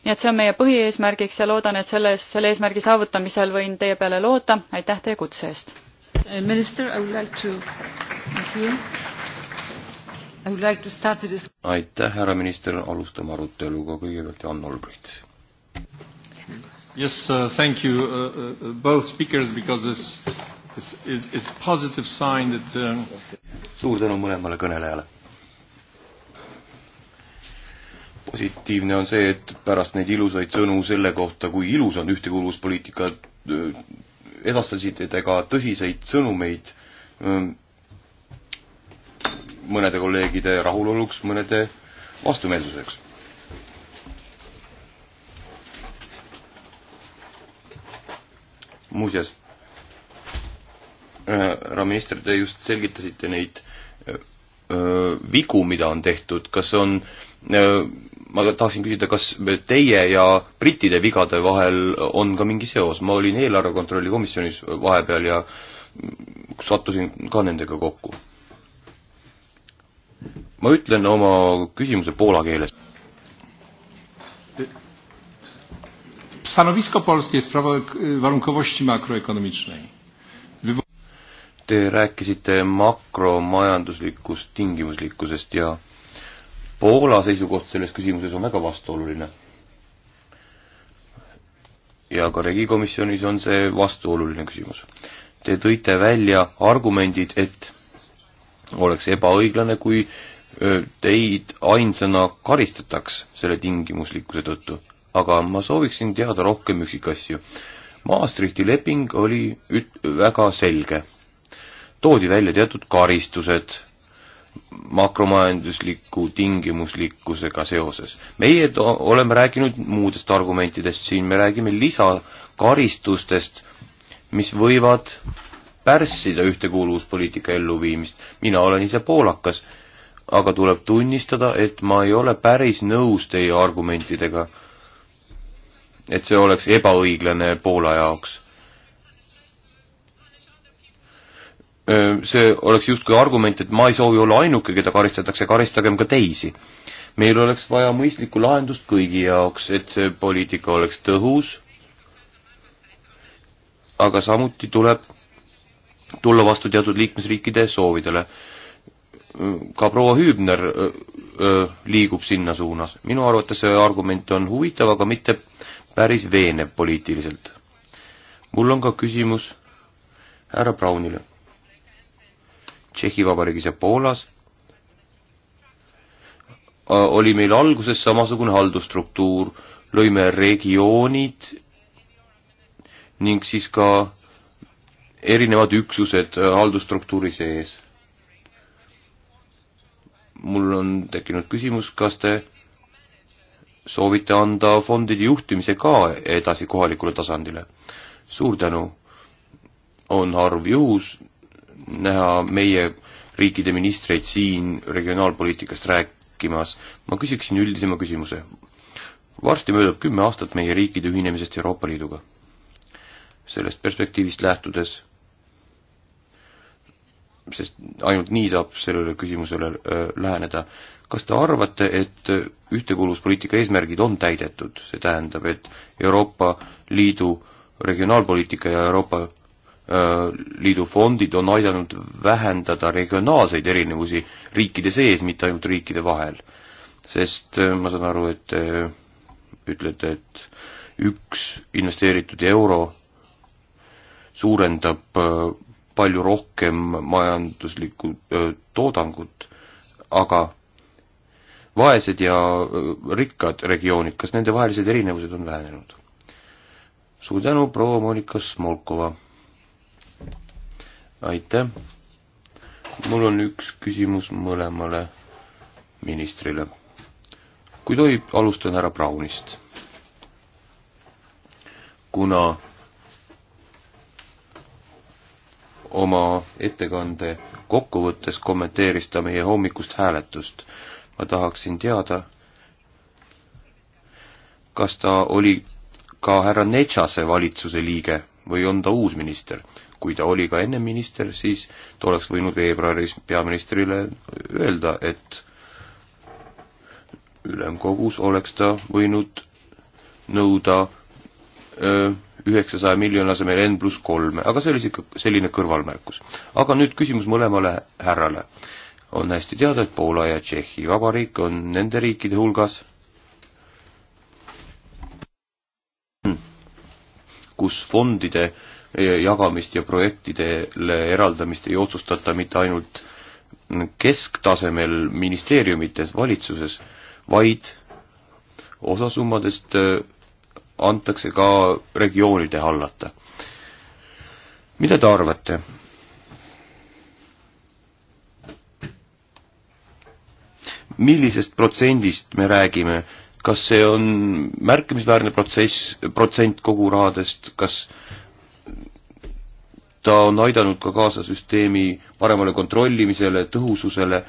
nii et see on meie põhieesmärgiks ja loodan, et selles, selle eesmärgi saavutamisel võin teie peale loota. aitäh teie kutse eest! Uh, minister, I would like to thank you. I would like to start this aitäh, härra minister, alustame aruteluga kõigepealt Jan Olbrit. Yes, uh, thank you uh, uh, uh both speakers because this It's, it's, it's positive sign that um... suur tänu mõlemale kõnelejale. positiivne on see, et pärast neid ilusaid sõnu selle kohta, kui ilus on ühtekuuluvuspoliitika, äh, edastasite te ka tõsiseid sõnumeid ähm, mõnede kolleegide rahuloluks, mõnede vastumeelsuseks. muuseas Äh, härra minister, te just selgitasite neid äh, äh, vigu, mida on tehtud, kas on, ma tahtsin küsida, kas teie ja brittide vigade vahel on ka mingi seos, ma olin eelarve kontrolli komisjonis vahepeal ja sattusin ka nendega kokku. ma ütlen oma küsimuse poola keeles. Stanowisko polskie jest prawo warunkowości makroekonomicznej Te rääkisite makromajanduslikust tingimuslikkusest ja Poola seisukoht selles küsimuses on väga vastuoluline. ja ka regikomisjonis on see vastuoluline küsimus. Te tõite välja argumendid, et oleks ebaõiglane, kui teid ainsana karistataks selle tingimuslikkuse tõttu, aga ma sooviksin teada rohkem üksikasju. Maastrichti leping oli üt-, väga selge toodi välja teatud karistused makromajandusliku tingimuslikkusega seoses. meie oleme rääkinud muudest argumentidest, siin me räägime lisakaristustest, mis võivad pärssida ühtekuuluvuspoliitika elluviimist. mina olen ise poolakas, aga tuleb tunnistada, et ma ei ole päris nõus teie argumentidega, et see oleks ebaõiglane Poola jaoks see oleks justkui argument, et ma ei soovi olla ainuke, keda karistatakse, karistagem ka teisi. meil oleks vaja mõistlikku lahendust kõigi jaoks, et see poliitika oleks tõhus, aga samuti tuleb tulla vastu teatud liikmesriikide soovidele. ka proua Hüübner liigub sinna suunas. minu arvates see argument on huvitav, aga mitte päris veenev poliitiliselt. mul on ka küsimus härra Braunile Tšehhi Vabariigis ja Poolas äh, oli meil alguses samasugune haldusstruktuur, lõime regioonid ning siis ka erinevad üksused äh, haldusstruktuuri sees. mul on tekkinud küsimus, kas te soovite anda fondide juhtimise ka edasi kohalikule tasandile? suur tänu, on harv juhus, näha meie riikide ministreid siin regionaalpoliitikast rääkimas. ma küsiksin üldisema küsimuse. varsti möödub kümme aastat meie riikide ühinemisest Euroopa Liiduga. sellest perspektiivist lähtudes, sest ainult nii saab sellele küsimusele öö, äh, läheneda, kas te arvate, et ühtekuuluvuspoliitika eesmärgid on täidetud, see tähendab, et Euroopa Liidu regionaalpoliitika ja Euroopa liidu fondid on aidanud vähendada regionaalseid erinevusi riikide sees, mitte ainult riikide vahel. sest ma saan aru, et te ütlete, et üks investeeritud euro suurendab palju rohkem majanduslikku toodangut, aga vaesed ja rikkad regioonid, kas nende vahelised erinevused on vähenenud? suur tänu, proua Monika Smolkova! aitäh. mul on üks küsimus mõlemale ministrile. kui tohib, alustan härra Brownist. kuna oma ettekande kokkuvõttes kommenteeris ta meie hommikust hääletust. ma tahaksin teada, kas ta oli ka härra Nechase valitsuse liige või on ta uus minister? kui ta oli ka enne minister, siis ta oleks võinud veebruaris peaministrile öelda, et ülemkogus oleks ta võinud nõuda üheksasaja miljoni asemel N pluss kolme, aga see oli selline kõrvalmärkus. aga nüüd küsimus mõlemale härrale. on hästi teada, et Poola ja Tšehhi Vabariik on nende riikide hulgas, kus fondide äh, jagamist ja projektidele eraldamist ei otsustata mitte ainult kesktasemel ministeeriumites, valitsuses, vaid osa summadest äh, antakse ka regioonide hallata. mida te arvate? millisest protsendist me räägime, kas see on märkimisväärne protsess, protsent kogu rahadest, kas ta on aidanud ka kaasa süsteemi paremale kontrollimisele, tõhususele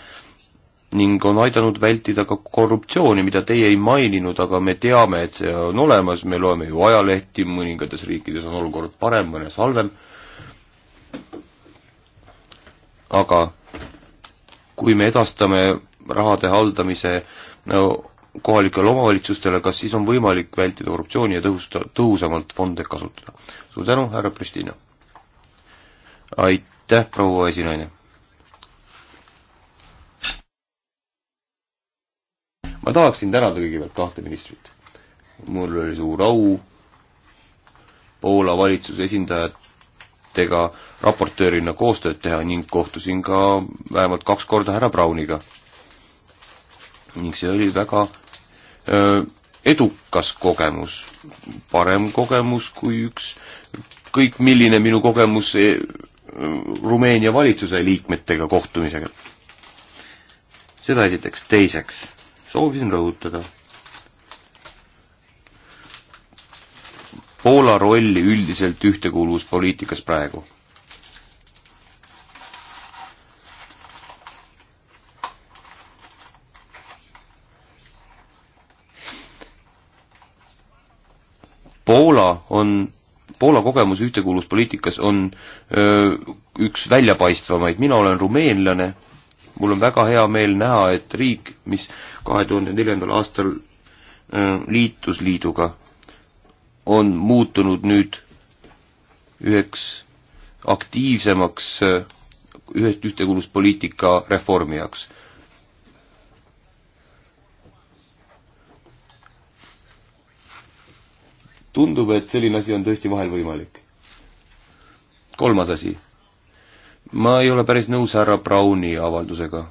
ning on aidanud vältida ka korruptsiooni, mida teie ei maininud, aga me teame, et see on olemas, me loeme ju ajalehti, mõningates riikides on olukord parem, mõnes halvem. aga kui me edastame rahade haldamise no, kohalikele omavalitsustele, kas siis on võimalik vältida korruptsiooni ja tõhusta, tõhusamalt fonde kasutada? suur tänu, härra Pristina! aitäh, proua esinaine. ma tahaksin tänada kõigepealt kahte ministrit. mul oli suur au Poola valitsuse esindajatega raportöörina koostööd teha ning kohtusin ka vähemalt kaks korda härra Brauniga. ning see oli väga öö, edukas kogemus, parem kogemus kui ükskõik milline minu kogemus Rumeenia valitsuse liikmetega kohtumisega. seda esiteks. teiseks soovisin rõhutada Poola rolli üldiselt ühtekuuluvuspoliitikas praegu. Poola on Poola kogemus ühtekuuluvuspoliitikas on öö, üks väljapaistvamaid, mina olen rumeenlane, mul on väga hea meel näha, et riik, mis kahe tuhande neljandal aastal öö, liitus liiduga, on muutunud nüüd üheks aktiivsemaks öö, ühest ühtekuuluvuspoliitika reformijaks tundub, et selline asi on tõesti vahel võimalik. kolmas asi. ma ei ole päris nõus härra Browni avaldusega.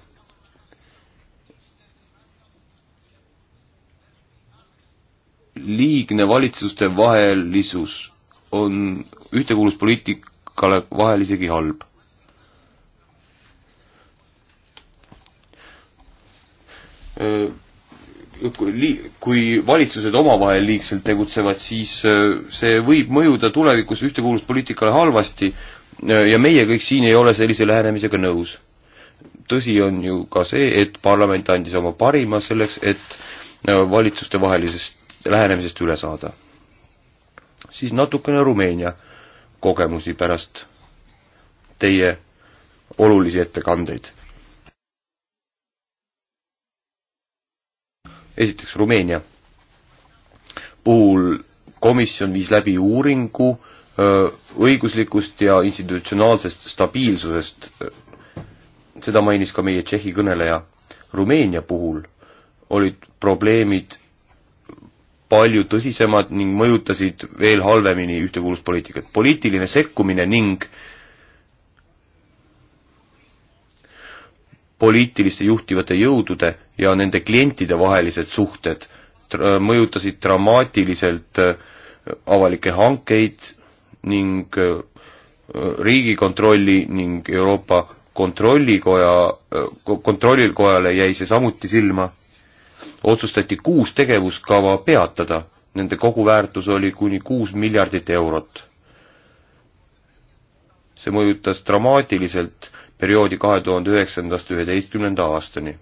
liigne valitsuste vahelisus on ühtekuuluspoliitikale vahel isegi halb äh, kui valitsused omavahel liigselt tegutsevad, siis äh, see võib mõjuda tulevikus ühtekuuluvuspoliitikale halvasti äh, ja meie kõik siin ei ole sellise lähenemisega nõus. tõsi on ju ka see, et parlament andis oma parima selleks, et äh, valitsustevahelisest lähenemisest üle saada. siis natukene Rumeenia kogemusi pärast teie olulisi ettekandeid esiteks Rumeenia puhul komisjon viis läbi uuringu öö, õiguslikust ja institutsionaalsest stabiilsusest. seda mainis ka meie Tšehhi kõneleja. Rumeenia puhul olid probleemid palju tõsisemad ning mõjutasid veel halvemini ühtekuuluvuspoliitikat. poliitiline sekkumine ning poliitiliste juhtivate jõudude ja nende klientide vahelised suhted tra äh, mõjutasid dramaatiliselt äh, avalikke hankeid ning äh, Riigikontrolli ning Euroopa Kontrollikoja, Kontrollikojale jäi see samuti silma. otsustati kuus tegevuskava peatada, nende koguväärtus oli kuni kuus miljardit eurot. see mõjutas dramaatiliselt perioodi kahe tuhande üheksandast üheteistkümnenda aastani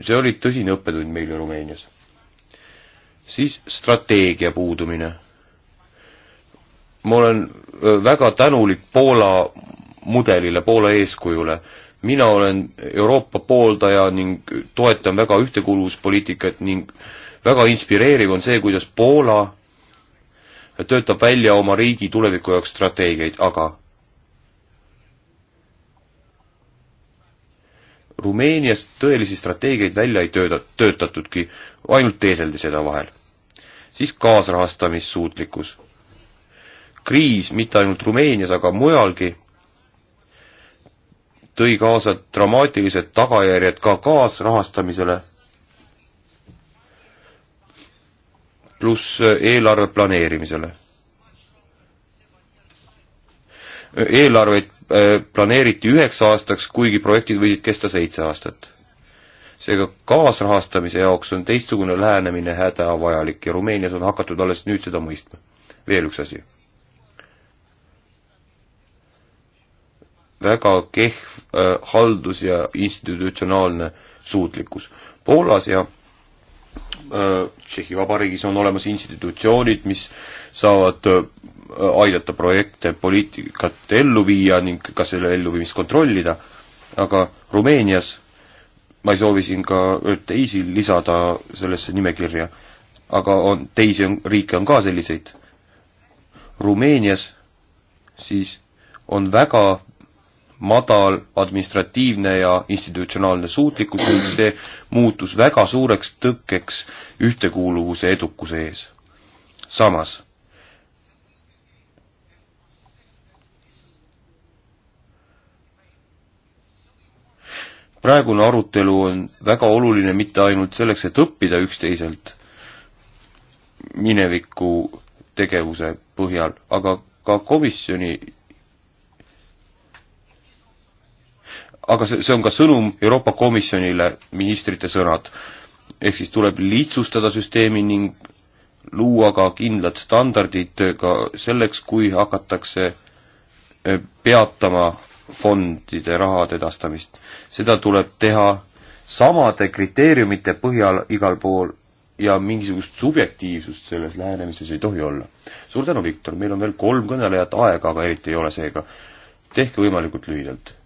see oli tõsine õppetund meile Rumeenias. siis strateegia puudumine. ma olen väga tänulik Poola mudelile, Poola eeskujule. mina olen Euroopa pooldaja ning toetan väga ühtekuuluvuspoliitikat ning väga inspireeriv on see, kuidas Poola töötab välja oma riigi tuleviku jaoks strateegiaid, aga Rumeenias tõelisi strateegiaid välja ei tööda, töötatudki, ainult teeseldi seda vahel. siis kaasrahastamissuutlikkus. kriis mitte ainult Rumeenias, aga mujalgi tõi kaasa dramaatilised tagajärjed ka kaasrahastamisele, pluss eelarve planeerimisele eelarveid äh, planeeriti üheks aastaks, kuigi projektid võisid kesta seitse aastat. seega kaasrahastamise jaoks on teistsugune lähenemine hädavajalik ja Rumeenias on hakatud alles nüüd seda mõistma. veel üks asi. väga kehv äh, haldus ja institutsionaalne suutlikkus. Poolas ja Äh, Tšehhi Vabariigis on olemas institutsioonid, mis saavad äh, aidata projekte, poliitikat ellu viia ning ka selle elluviimist kontrollida, aga Rumeenias ma ei soovi siin ka teisi lisada sellesse nimekirja, aga on, teisi on, riike on ka selliseid. Rumeenias siis on väga madal administratiivne ja institutsionaalne suutlikkus ning see muutus väga suureks tõkkeks ühtekuuluvuse edukuse ees. samas praegune arutelu on väga oluline mitte ainult selleks, et õppida üksteiselt mineviku tegevuse põhjal, aga ka komisjoni aga see, see on ka sõnum Euroopa Komisjonile, ministrite sõnad. ehk siis tuleb lihtsustada süsteemi ning luua ka kindlad standardid ka selleks, kui hakatakse eh, peatama fondide rahade edastamist. seda tuleb teha samade kriteeriumite põhjal igal pool ja mingisugust subjektiivsust selles lähenemises ei tohi olla. suur tänu, Viktor, meil on veel kolm kõnelejat aega, aga eriti ei ole seega. tehke võimalikult lühidalt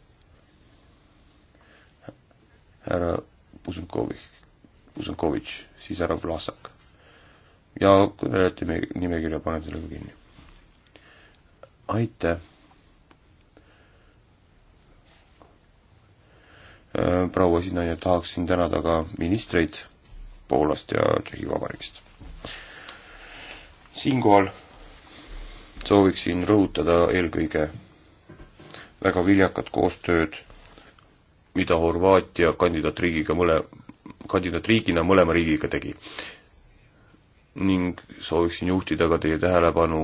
härra Pusenkovih, Pusenkovitš, siis härra Vlasak. ja kõnelejate nimekirja panen selle ka kinni. aitäh. Äh, proua esinaine, tahaksin tänada ka ministreid Poolast ja Tšehhi Vabariigist. siinkohal sooviksin rõhutada eelkõige väga viljakat koostööd mida Horvaatia kandidaatriigiga mõle, kandidaatriigina mõlema riigiga tegi. ning sooviksin juhtida ka teie tähelepanu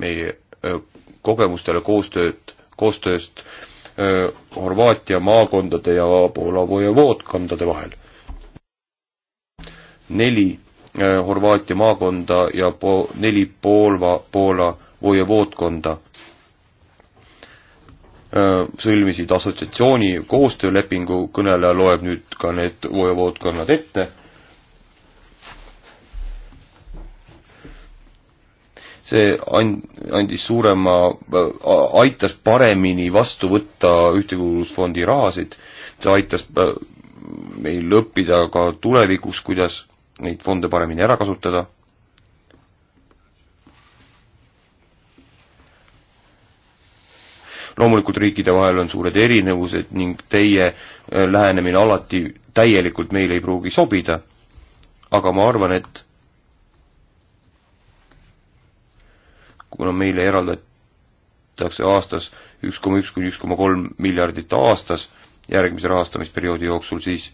meie kogemustele koostööd, koostööst Horvaatia maakondade ja Poola vojevoodkondade vahel. neli Horvaatia maakonda ja po-, neli Poolva, Poola vojevoodkonda Äh, sõlmisid assotsiatsiooni koostöölepingu, kõneleja loeb nüüd ka need voodkonnad ette. see and-, andis suurema, äh, aitas paremini vastu võtta Ühtekuuluvusfondi rahasid, see aitas äh, meil õppida ka tulevikuks, kuidas neid fonde paremini ära kasutada loomulikult riikide vahel on suured erinevused ning teie äh, lähenemine alati täielikult meile ei pruugi sobida, aga ma arvan, et kuna meile eraldatakse aastas üks koma üks kuni üks koma kolm miljardit aastas järgmise rahastamisperioodi jooksul, siis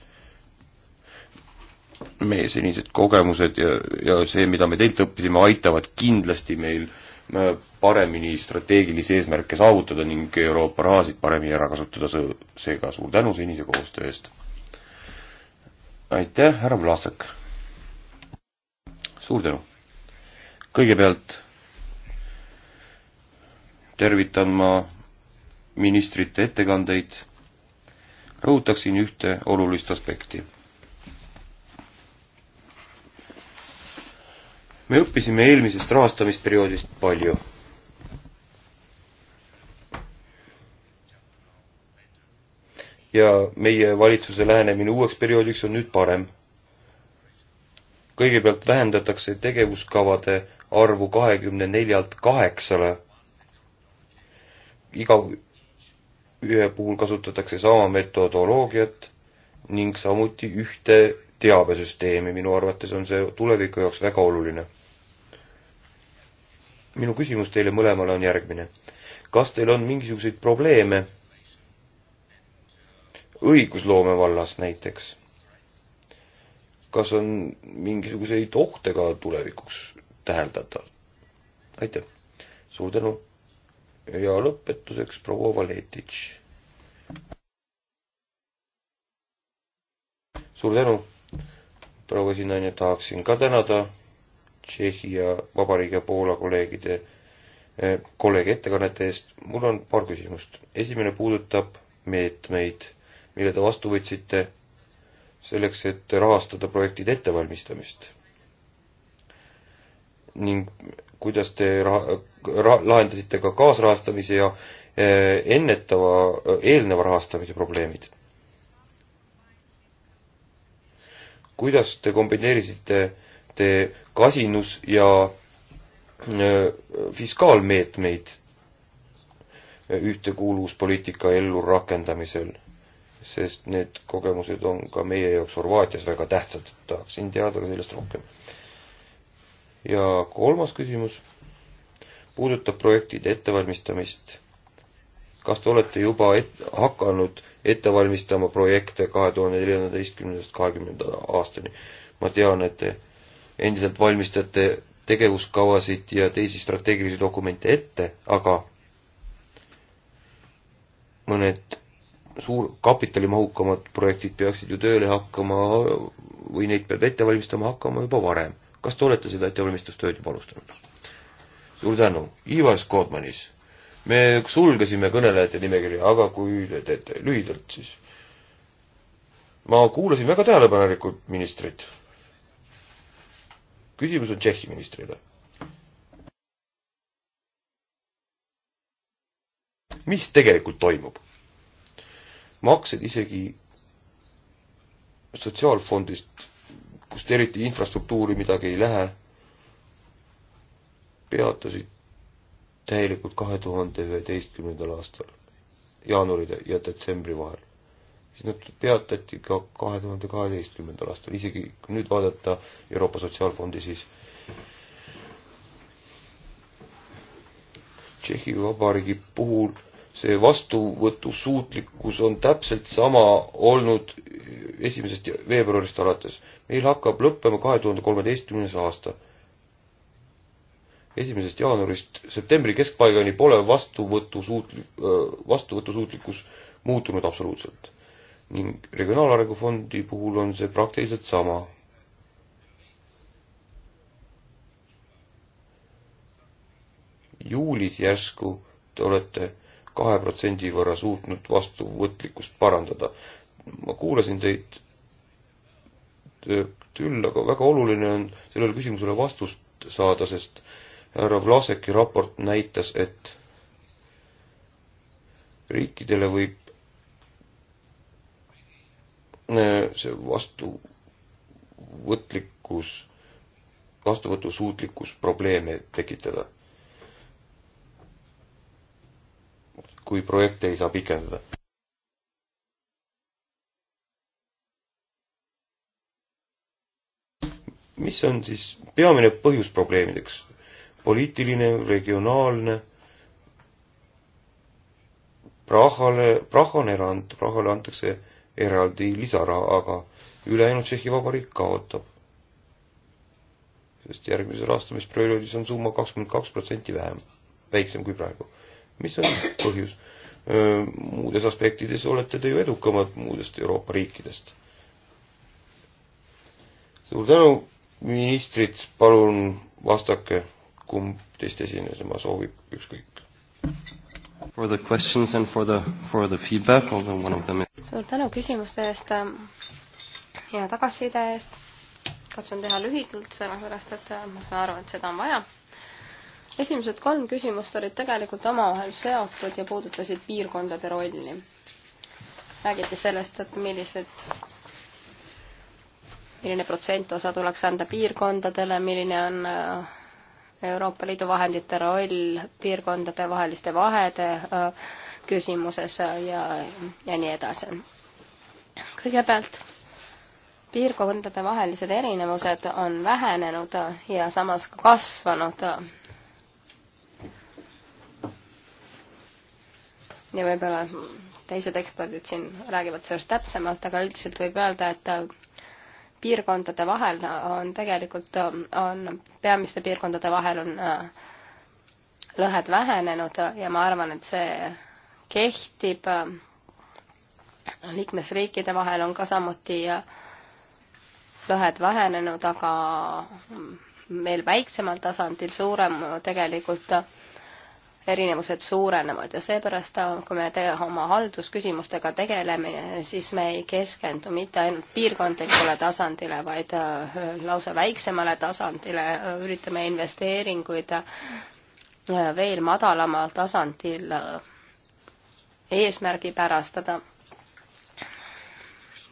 meie senised kogemused ja, ja see, mida me teilt õppisime, aitavad kindlasti meil äh, Äh, paremini strateegilisi eesmärke saavutada ning Euroopa rahasid paremini ära kasutada, seega suur tänu senise koostöö eest. aitäh, härra Vlasak. suur tänu. kõigepealt tervitan ma ministrite ettekandeid. rõhutaksin ühte olulist aspekti me õppisime eelmisest rahastamisperioodist palju. ja meie valitsuse lähenemine uueks perioodiks on nüüd parem. kõigepealt vähendatakse tegevuskavade arvu kahekümne neljalt kaheksale. iga ühe puhul kasutatakse sama metodoloogiat ning samuti ühte teabesüsteemi, minu arvates on see tuleviku jaoks väga oluline minu küsimus teile mõlemale on järgmine. kas teil on mingisuguseid probleeme õigusloome vallas näiteks? kas on mingisuguseid ohte ka tulevikuks täheldada? aitäh, suur tänu. ja lõpetuseks proua Valetitš. suur tänu, proua esinaine, tahaksin ka tänada Tšehhi ja Vabariigi ja Poola kolleegide, eh, kolleegi ettekannete eest. mul on paar küsimust. esimene puudutab meetmeid, mille te vastu võtsite selleks, et rahastada projektide ettevalmistamist. ning kuidas te raha, ra-, lahendasite ka kaasrahastamise ja eh, ennetava, eh, eelneva rahastamise probleemid kuidas te kombineerisite ette kasinus- ja äh, fiskaalmeetmeid äh, ühtekuuluvuspoliitika ellurakendamisel, sest need kogemused on ka meie jaoks Horvaatias väga tähtsad, tahaksin teada ka sellest rohkem. ja kolmas küsimus puudutab projektide ettevalmistamist. kas te olete juba et, hakanud ette valmistama projekte kahe tuhande neljateistkümnendast kahekümnenda aastani? ma tean, et te endiselt valmistate tegevuskavasid ja teisi strateegilisi dokumente ette, aga mõned suur, kapitalimahukamad projektid peaksid ju tööle hakkama või neid peab ette valmistama hakkama juba varem. kas te olete seda ettevalmistustööd juba alustanud? suur tänu, Ivar Skodmanis. me sulgesime kõnelejate nimekirja, aga kui te teete lühidalt, siis ma kuulasin väga tähelepanelikult ministrit küsimus on Tšehhi ministrile. mis tegelikult toimub? maksed isegi sotsiaalfondist, kust eriti infrastruktuuri midagi ei lähe, peatusid täielikult kahe tuhande üheteistkümnendal aastal, jaanuari ja detsembri vahel siis nad peatati ka kahe tuhande kaheteistkümnendal aastal, isegi kui nüüd vaadata Euroopa Sotsiaalfondi, siis Tšehhi Vabariigi puhul see vastuvõtusuutlikkus on täpselt sama olnud esimesest veebruarist alates. meil hakkab lõppema kahe tuhande kolmeteistkümnes aasta. esimesest jaanuarist septembri keskpaigani pole vastuvõtusuutlik, vastuvõtusuutlikkus muutunud absoluutselt ning Regionaalarengu Fondi puhul on see praktiliselt sama. juulis järsku te olete kahe protsendi võrra suutnud vastuvõtlikkust parandada. ma kuulasin teid küll, aga väga oluline on sellele küsimusele vastust saada, sest härra Vlaseki raport näitas, et riikidele võib Äh, see vastuvõtlikkus, vastuvõtusuutlikkus probleeme tekitada. kui projekte ei saa pikendada. mis on siis peamine põhjus probleemideks? poliitiline, regionaalne Prahale, Prahale erand, Prahale antakse eraldi lisaraha, aga ülejäänud Tšehhi Vabariik kaotab. sest järgmises rahastamisperioodis on summa kakskümmend kaks protsenti vähem, väiksem kui praegu. mis on põhjus? muudes aspektides olete te ju edukamad muudest Euroopa riikidest. suur tänu, ministrid, palun vastake, kumb teist esinesema soovib, ükskõik. For the questions and for the, for the feedback, although one of them suur tänu küsimuste eest ja tagasiside eest. katsun teha lühidalt, sellepärast et ma saan aru, et seda on vaja. esimesed kolm küsimust olid tegelikult omavahel seotud ja puudutasid piirkondade rolli. räägiti sellest, et millised, milline protsentosa tuleks anda piirkondadele, milline on äh, Euroopa Liidu vahendite roll piirkondade vaheliste vahede äh, küsimuses ja, ja nii edasi. kõigepealt piirkondade vahelised erinevused on vähenenud ja samas ka kasvanud. ja võib-olla teised eksperdid siin räägivad sellest täpsemalt, aga üldiselt võib öelda, et piirkondade vahel on tegelikult, on, peamiste piirkondade vahel on äh, lõhed vähenenud ja ma arvan, et see kehtib äh, liikmesriikide vahel, on ka samuti äh, lõhed vähenenud, aga mm, meil väiksemal tasandil suurem tegelikult äh, erinevused suurenevad ja seepärast, kui me te oma haldusküsimustega tegeleme, siis me ei keskendu mitte ainult piirkondlikule tasandile, vaid lausa väiksemale tasandile, üritame investeeringuid veel madalamal tasandil eesmärgipärastada.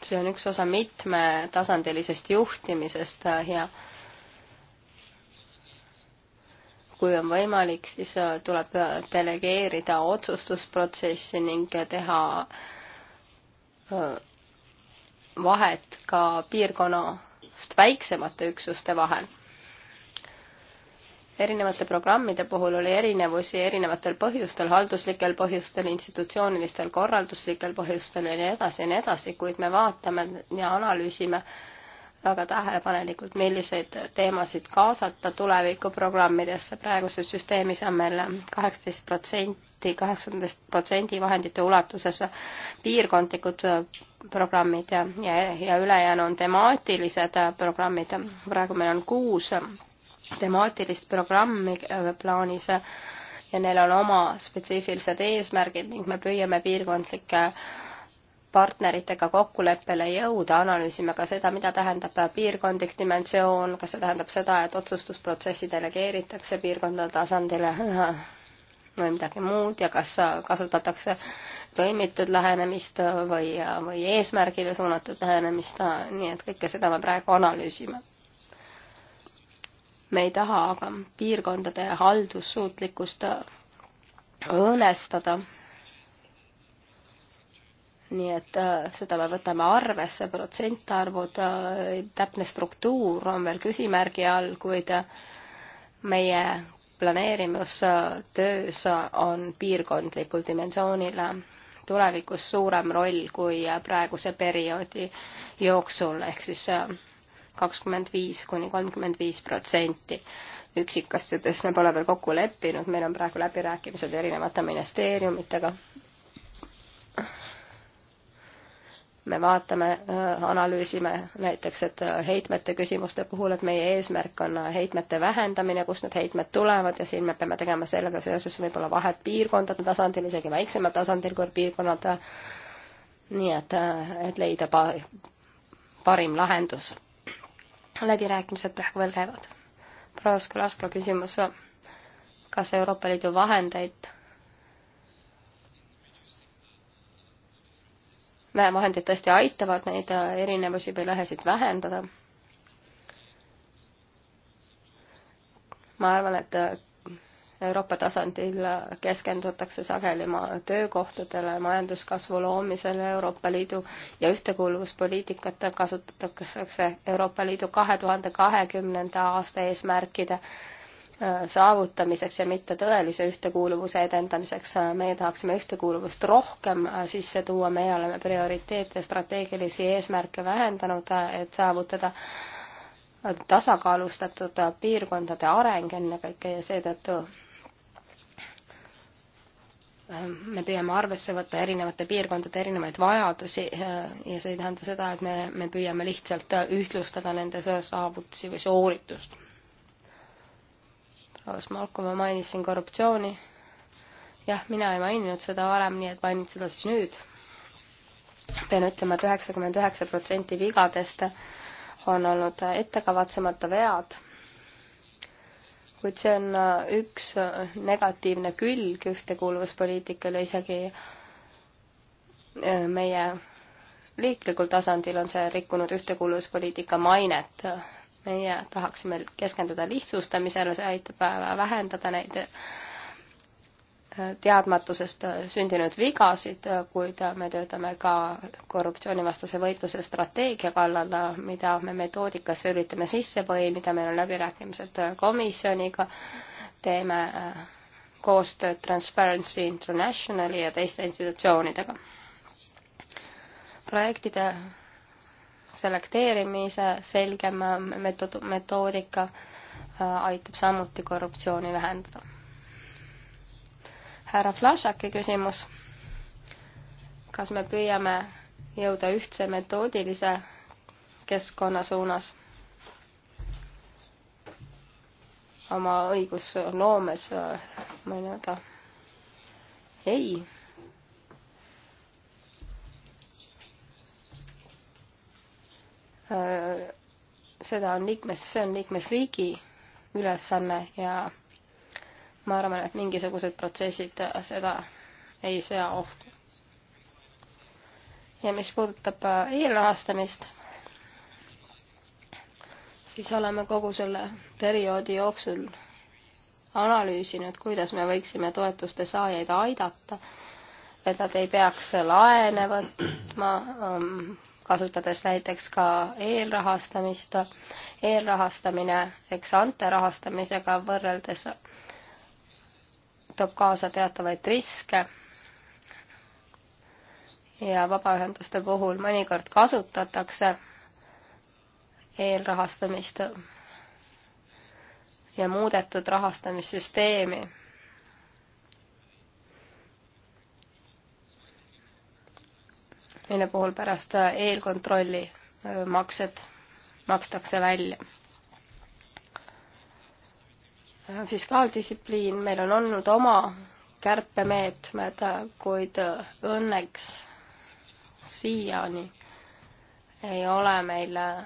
see on üks osa mitmetasandilisest juhtimisest äh, ja kui on võimalik, siis äh, tuleb äh, delegeerida otsustusprotsessi ning teha vahet ka piirkonnast väiksemate üksuste vahel erinevate programmide puhul oli erinevusi erinevatel põhjustel, halduslikel põhjustel, institutsioonilistel, korralduslikel põhjustel ja nii edasi ja nii edasi, kuid me vaatame ja analüüsime väga tähelepanelikult, milliseid teemasid kaasata tulevikuprogrammidesse. praeguses süsteemis on meil kaheksateist protsenti, kaheksateist protsendi vahendite ulatuses piirkondlikud programmid ja, ja, ja ülejäänu on temaatilised programmid. praegu meil on kuus temaatilist programmi äh, plaanis ja neil on oma spetsiifilised eesmärgid ning me püüame piirkondlike partneritega kokkuleppele jõuda, analüüsime ka seda, mida tähendab piirkondlik dimensioon, kas see tähendab seda, et otsustusprotsessi delegeeritakse piirkondade tasandile või midagi muud ja kas kasutatakse lõimitud lähenemist või, või eesmärgile suunatud lähenemist, nii et kõike seda me praegu analüüsime me ei taha aga piirkondade haldussuutlikkust õõnestada. nii et äh, seda me võtame arvesse, protsentarvud, äh, täpne struktuur on veel küsimärgi all, kuid äh, meie planeerimistöös on piirkondlikul dimensioonil tulevikus suurem roll kui praeguse perioodi jooksul, ehk siis kakskümmend viis kuni kolmkümmend viis protsenti. üksikasjades me pole veel kokku leppinud, meil on praegu läbirääkimised erinevate ministeeriumitega. me vaatame, äh, analüüsime näiteks, et äh, heitmete küsimuste puhul, et meie eesmärk on äh, heitmete vähendamine, kust need heitmed tulevad ja siin me peame tegema sellega seoses võib-olla vahet piirkondade tasandil, isegi väiksemal tasandil kui piirkonnad. nii et, et leida pa, parim lahendus läbirääkimised praegu veel käivad. proua Skolaska küsimus, kas Euroopa Liidu vahendeid, vahendid tõesti aitavad neid äh, erinevusi või lõhesid vähendada? ma arvan, et äh, Euroopa tasandil keskendutakse sageli töökohtadele, majanduskasvu loomisele Euroopa Liidu ja ühtekuuluvuspoliitikat kasutatakse Euroopa Liidu kahe tuhande kahekümnenda aasta eesmärkide äh, saavutamiseks ja mitte tõelise ühtekuuluvuse edendamiseks. meie tahaksime ühtekuuluvust rohkem äh, sisse tuua, meie oleme prioriteete ja strateegilisi eesmärke vähendanud, äh, et saavutada tasakaalustatud piirkondade areng ennekõike ja seetõttu me püüame arvesse võtta erinevate piirkondade erinevaid vajadusi ja see ei tähenda seda, et me, me püüame lihtsalt ühtlustada nende saavutusi või sooritust. proua Smalko, ma mainisin korruptsiooni. jah, mina ei maininud seda varem, nii et mainin seda siis nüüd. pean ütlema et, et üheksakümmend üheksa protsenti vigadest on olnud ettekavatsemata vead kuid see on äh, üks äh, negatiivne külg ühtekuuluvuspoliitikale, isegi äh, meie riiklikul tasandil on see rikkunud ühtekuuluvuspoliitika mainet. meie tahaksime keskenduda lihtsustamisele, see aitab vähendada neid teadmatusest äh, sündinud vigasid, äh, kuid äh, me töötame ka korruptsioonivastase võitluse strateegia kallal, mida me metoodikasse üritame sisse põimida, meil on läbirääkimised komisjoniga, teeme koostööd Transparency Internationali ja teiste institutsioonidega. projektide selekteerimise selgem metood-, metoodika aitab samuti korruptsiooni vähendada härra Flašaki küsimus. kas me püüame jõuda ühtse metoodilise keskkonna suunas oma õigusloomes, äh, ma ei tea, ei äh, seda on liikmes, see on liikmesriigi ülesanne ja ma arvan, et mingisugused protsessid äh, seda ei sea ohtu. ja mis puudutab äh, eelrahastamist, siis oleme kogu selle perioodi jooksul analüüsinud, kuidas me võiksime toetuste saajaid aidata, et nad ei peaks laene võtma, ähm, kasutades näiteks ka eelrahastamist. eelrahastamine, eks ante rahastamisega võrreldes toob kaasa teatavaid riske ja vabaühenduste puhul mõnikord kasutatakse eelrahastamist ja muudetud rahastamissüsteemi. mille puhul pärast eelkontrolli maksed makstakse välja Äh, fiskaaldistsipliin, meil on olnud oma kärpemeetmed, kuid äh, õnneks siiani ei ole meil äh,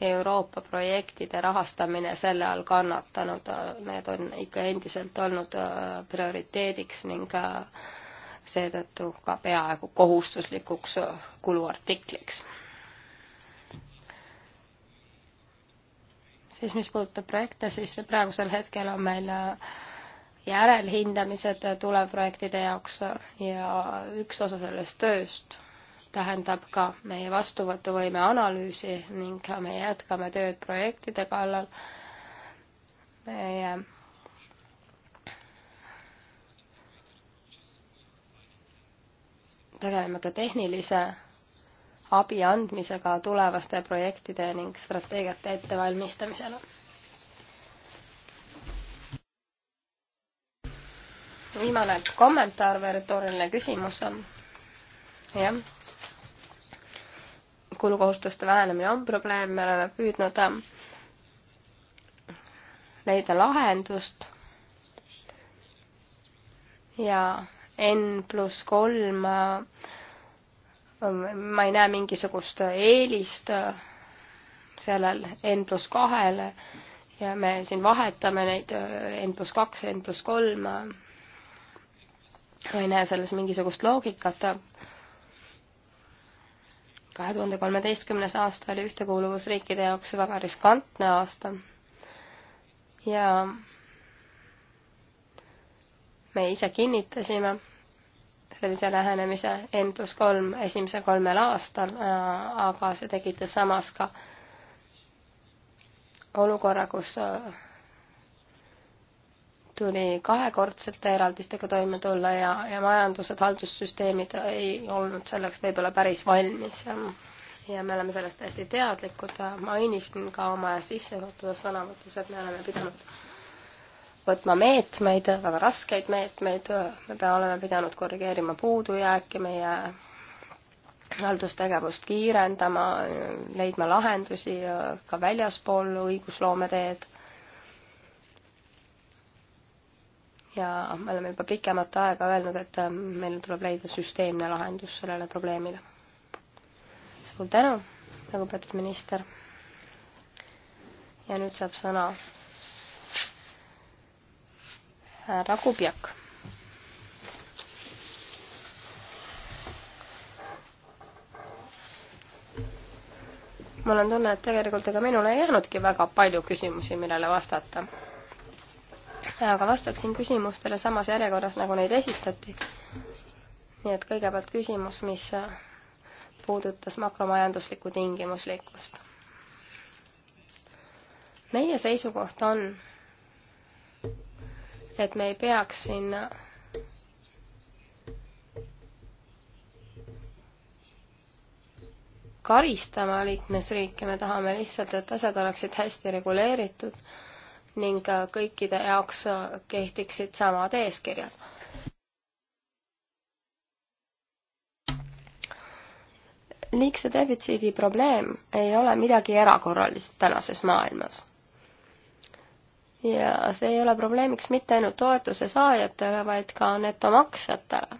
Euroopa projektide rahastamine selle all kannatanud, need on ikka endiselt olnud prioriteediks ning seetõttu ka peaaegu kohustuslikuks kuluartikliks siis mis puudutab projekte, siis praegusel hetkel on meil äh, järelhindamised äh, tuleprojektide jaoks äh, ja üks osa sellest tööst tähendab ka meie vastuvõtuvõime analüüsi ning me jätkame tööd projektide kallal. meie tegeleme ka tehnilise abi andmisega tulevaste projektide ning strateegiate ettevalmistamisel. viimane kommentaar või retooriline küsimus on, jah, kulukohustuste vähenemine on probleem, me oleme püüdnud ähm, leida lahendust ja N pluss kolm äh, ma ei näe mingisugust eelist sellel N pluss kahele ja me siin vahetame neid N pluss kaks, N pluss kolm. ma ei näe selles mingisugust loogikat. kahe tuhande kolmeteistkümnes aasta oli ühtekuuluvusriikide jaoks väga riskantne aasta ja me ise kinnitasime sellise lähenemise N pluss kolm esimese kolmel aastal, äh, aga see tekitas samas ka olukorra, kus äh, tuli kahekordsete eraldistega toime tulla ja, ja majandused, haldussüsteemid ei olnud selleks võib-olla päris valmis ja, ja me oleme sellest täiesti teadlikud. mainisin ka oma sissejuhatavas sõnavõtus, et me oleme pidanud võtma meetmeid, väga raskeid meetmeid, me pea, oleme pidanud korrigeerima puudujääke, meie haldustegevust kiirendama, leidma lahendusi ka väljaspool õigusloome teed. ja me oleme juba pikemat aega öelnud, et meil tuleb leida süsteemne lahendus sellele probleemile. suur tänu, lugupeetud minister. ja nüüd saab sõna härra Kubjak. mul on tunne, et tegelikult ega minul ei jäänudki väga palju küsimusi, millele vastata. aga vastaksin küsimustele samas järjekorras, nagu neid esitati. nii et kõigepealt küsimus, mis puudutas makromajanduslikku tingimuslikkust. meie seisukoht on, et me ei peaks siin karistama liikmesriike, me tahame lihtsalt, et asjad oleksid hästi reguleeritud ning kõikide jaoks kehtiksid samad eeskirjad. liigse defitsiidi probleem ei ole midagi erakorralist tänases maailmas ja see ei ole probleemiks mitte ainult toetuse saajatele, vaid ka netomaksjatele.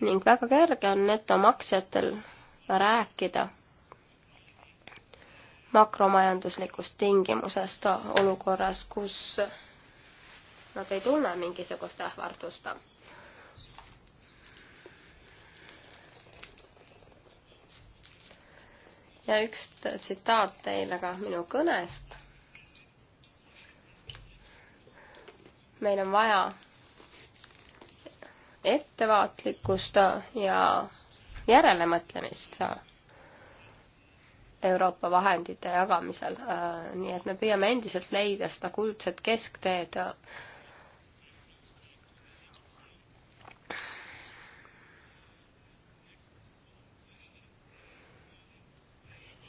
ning väga kerge on netomaksjatel rääkida makromajanduslikust tingimusest olukorras, kus nad ei tunne mingisugust ähvardust. ja üks tsitaat teile ka minu kõnest meil on vaja ettevaatlikkust ja järelemõtlemist Euroopa vahendite jagamisel. nii et me püüame endiselt leida seda kuldset keskteed.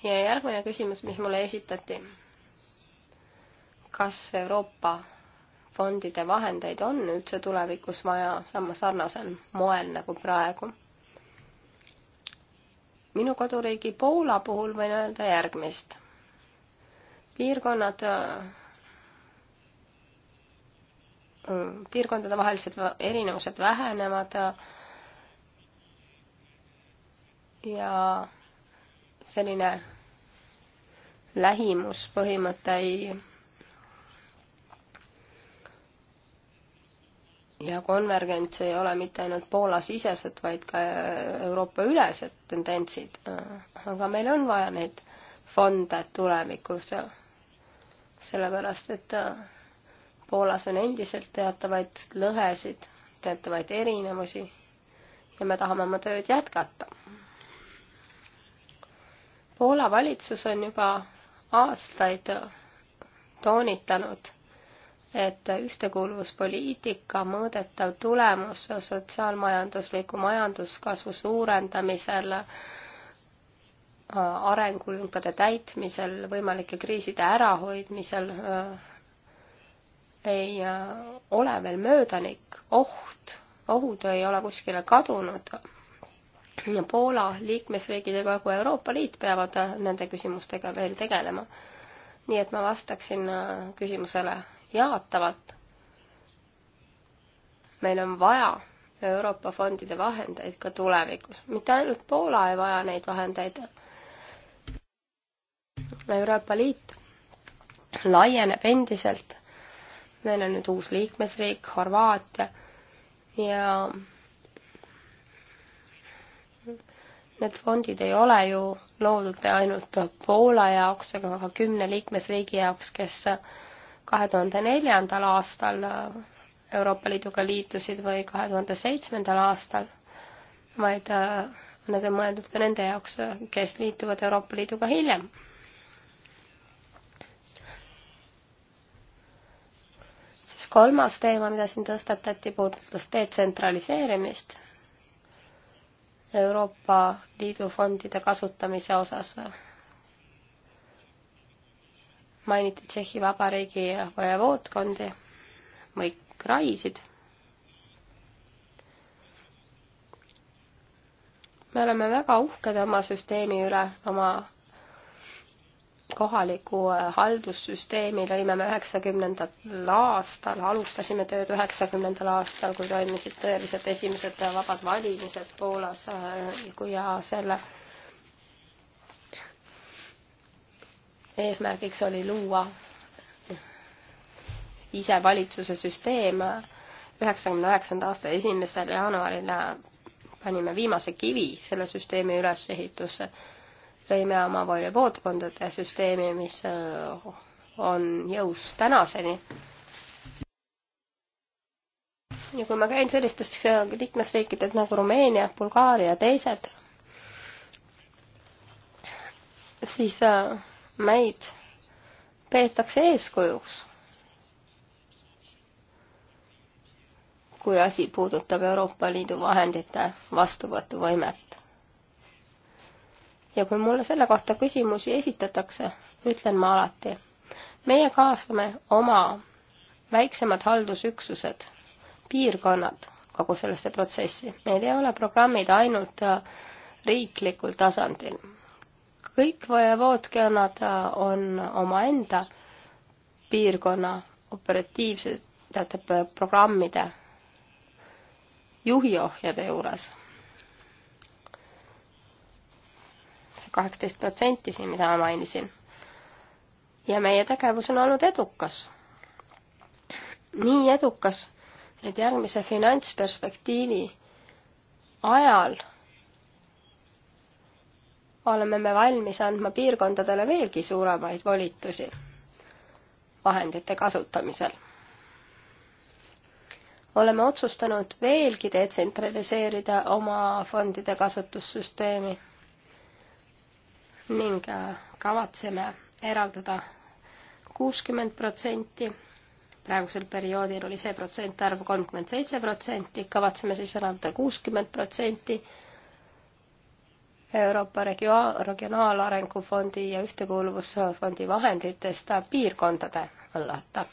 ja järgmine küsimus, mis mulle esitati. kas Euroopa fondide vahendeid on üldse tulevikus vaja sama sarnasel moel nagu praegu. minu koduriigi Poola puhul võin öelda järgmist. piirkonnad, piirkondade vahelised erinevused vähenevad ja selline lähimuspõhimõte ei ja konvergents ei ole mitte ainult Poola-sisesed, vaid ka Euroopa-ülesed tendentsid. aga meil on vaja neid fonde tulevikus, sellepärast et Poolas on endiselt teatavaid lõhesid, teatavaid erinevusi ja me tahame oma tööd jätkata. Poola valitsus on juba aastaid toonitanud et ühtekuuluvuspoliitika mõõdetav tulemus sotsiaalmajandusliku majanduskasvu suurendamisel, äh, arengulünkade täitmisel, võimalike kriiside ärahoidmisel äh, ei äh, ole veel möödanik, oht, ohud ei ole kuskile kadunud. Poola liikmesriigid ja kogu Euroopa Liit peavad nende küsimustega veel tegelema. nii et ma vastaksin küsimusele jaatavalt. meil on vaja Euroopa fondide vahendeid ka tulevikus, mitte ainult Poola ei vaja neid vahendeid. Euroopa Liit laieneb endiselt. meil on nüüd uus liikmesriik, Horvaatia ja need fondid ei ole ju loodud ainult Poola jaoks, aga ka kümne liikmesriigi jaoks, kes kahe tuhande neljandal aastal Euroopa Liiduga liitusid või kahe tuhande seitsmendal aastal, vaid äh, need on mõeldud ka nende jaoks, kes liituvad Euroopa Liiduga hiljem. siis kolmas teema, mida siin tõstatati, puudutas detsentraliseerimist Euroopa Liidu fondide kasutamise osas mainiti Tšehhi Vabariigi vojevoodkondi või kraisid. me oleme väga uhked oma süsteemi üle, oma kohaliku äh, haldussüsteemi lõime me üheksakümnendal aastal, alustasime tööd üheksakümnendal aastal, kui toimusid tõeliselt esimesed vabad valimised Poolas äh, ja selle eesmärgiks oli luua isevalitsuse süsteem. üheksakümne üheksanda aasta esimesel jaanuaril panime viimase kivi selle süsteemi ülesehitusse. lõime oma voodkondade süsteemi, mis äh, on jõus tänaseni. ja kui ma käin sellistes äh, liikmesriikides nagu Rumeenia, Bulgaaria ja teised, siis äh, meid peetakse eeskujuks. kui asi puudutab Euroopa Liidu vahendite vastuvõtuvõimet. ja kui mulle selle kohta küsimusi esitatakse, ütlen ma alati, meie kaasame oma väiksemad haldusüksused, piirkonnad kogu sellesse protsessi. meil ei ole programmid ainult äh, riiklikul tasandil, kõik voodkonnad äh, on omaenda piirkonna operatiivsete äh, programmide juhiohjade juures. see kaheksateist protsenti siin, mida ma mainisin. ja meie tegevus on olnud edukas. nii edukas, et järgmise finantsperspektiivi ajal oleme me valmis andma piirkondadele veelgi suuremaid volitusi vahendite kasutamisel. oleme otsustanud veelgi detsentraliseerida oma fondide kasutussüsteemi ning äh, kavatseme eraldada kuuskümmend protsenti, praegusel perioodil oli see protsentarv kolmkümmend seitse protsenti, kavatseme siis eraldada kuuskümmend protsenti Euroopa Regio-, Regionaalarengu Fondi ja Ühtekuuluvusfondi vahenditest piirkondade hallata.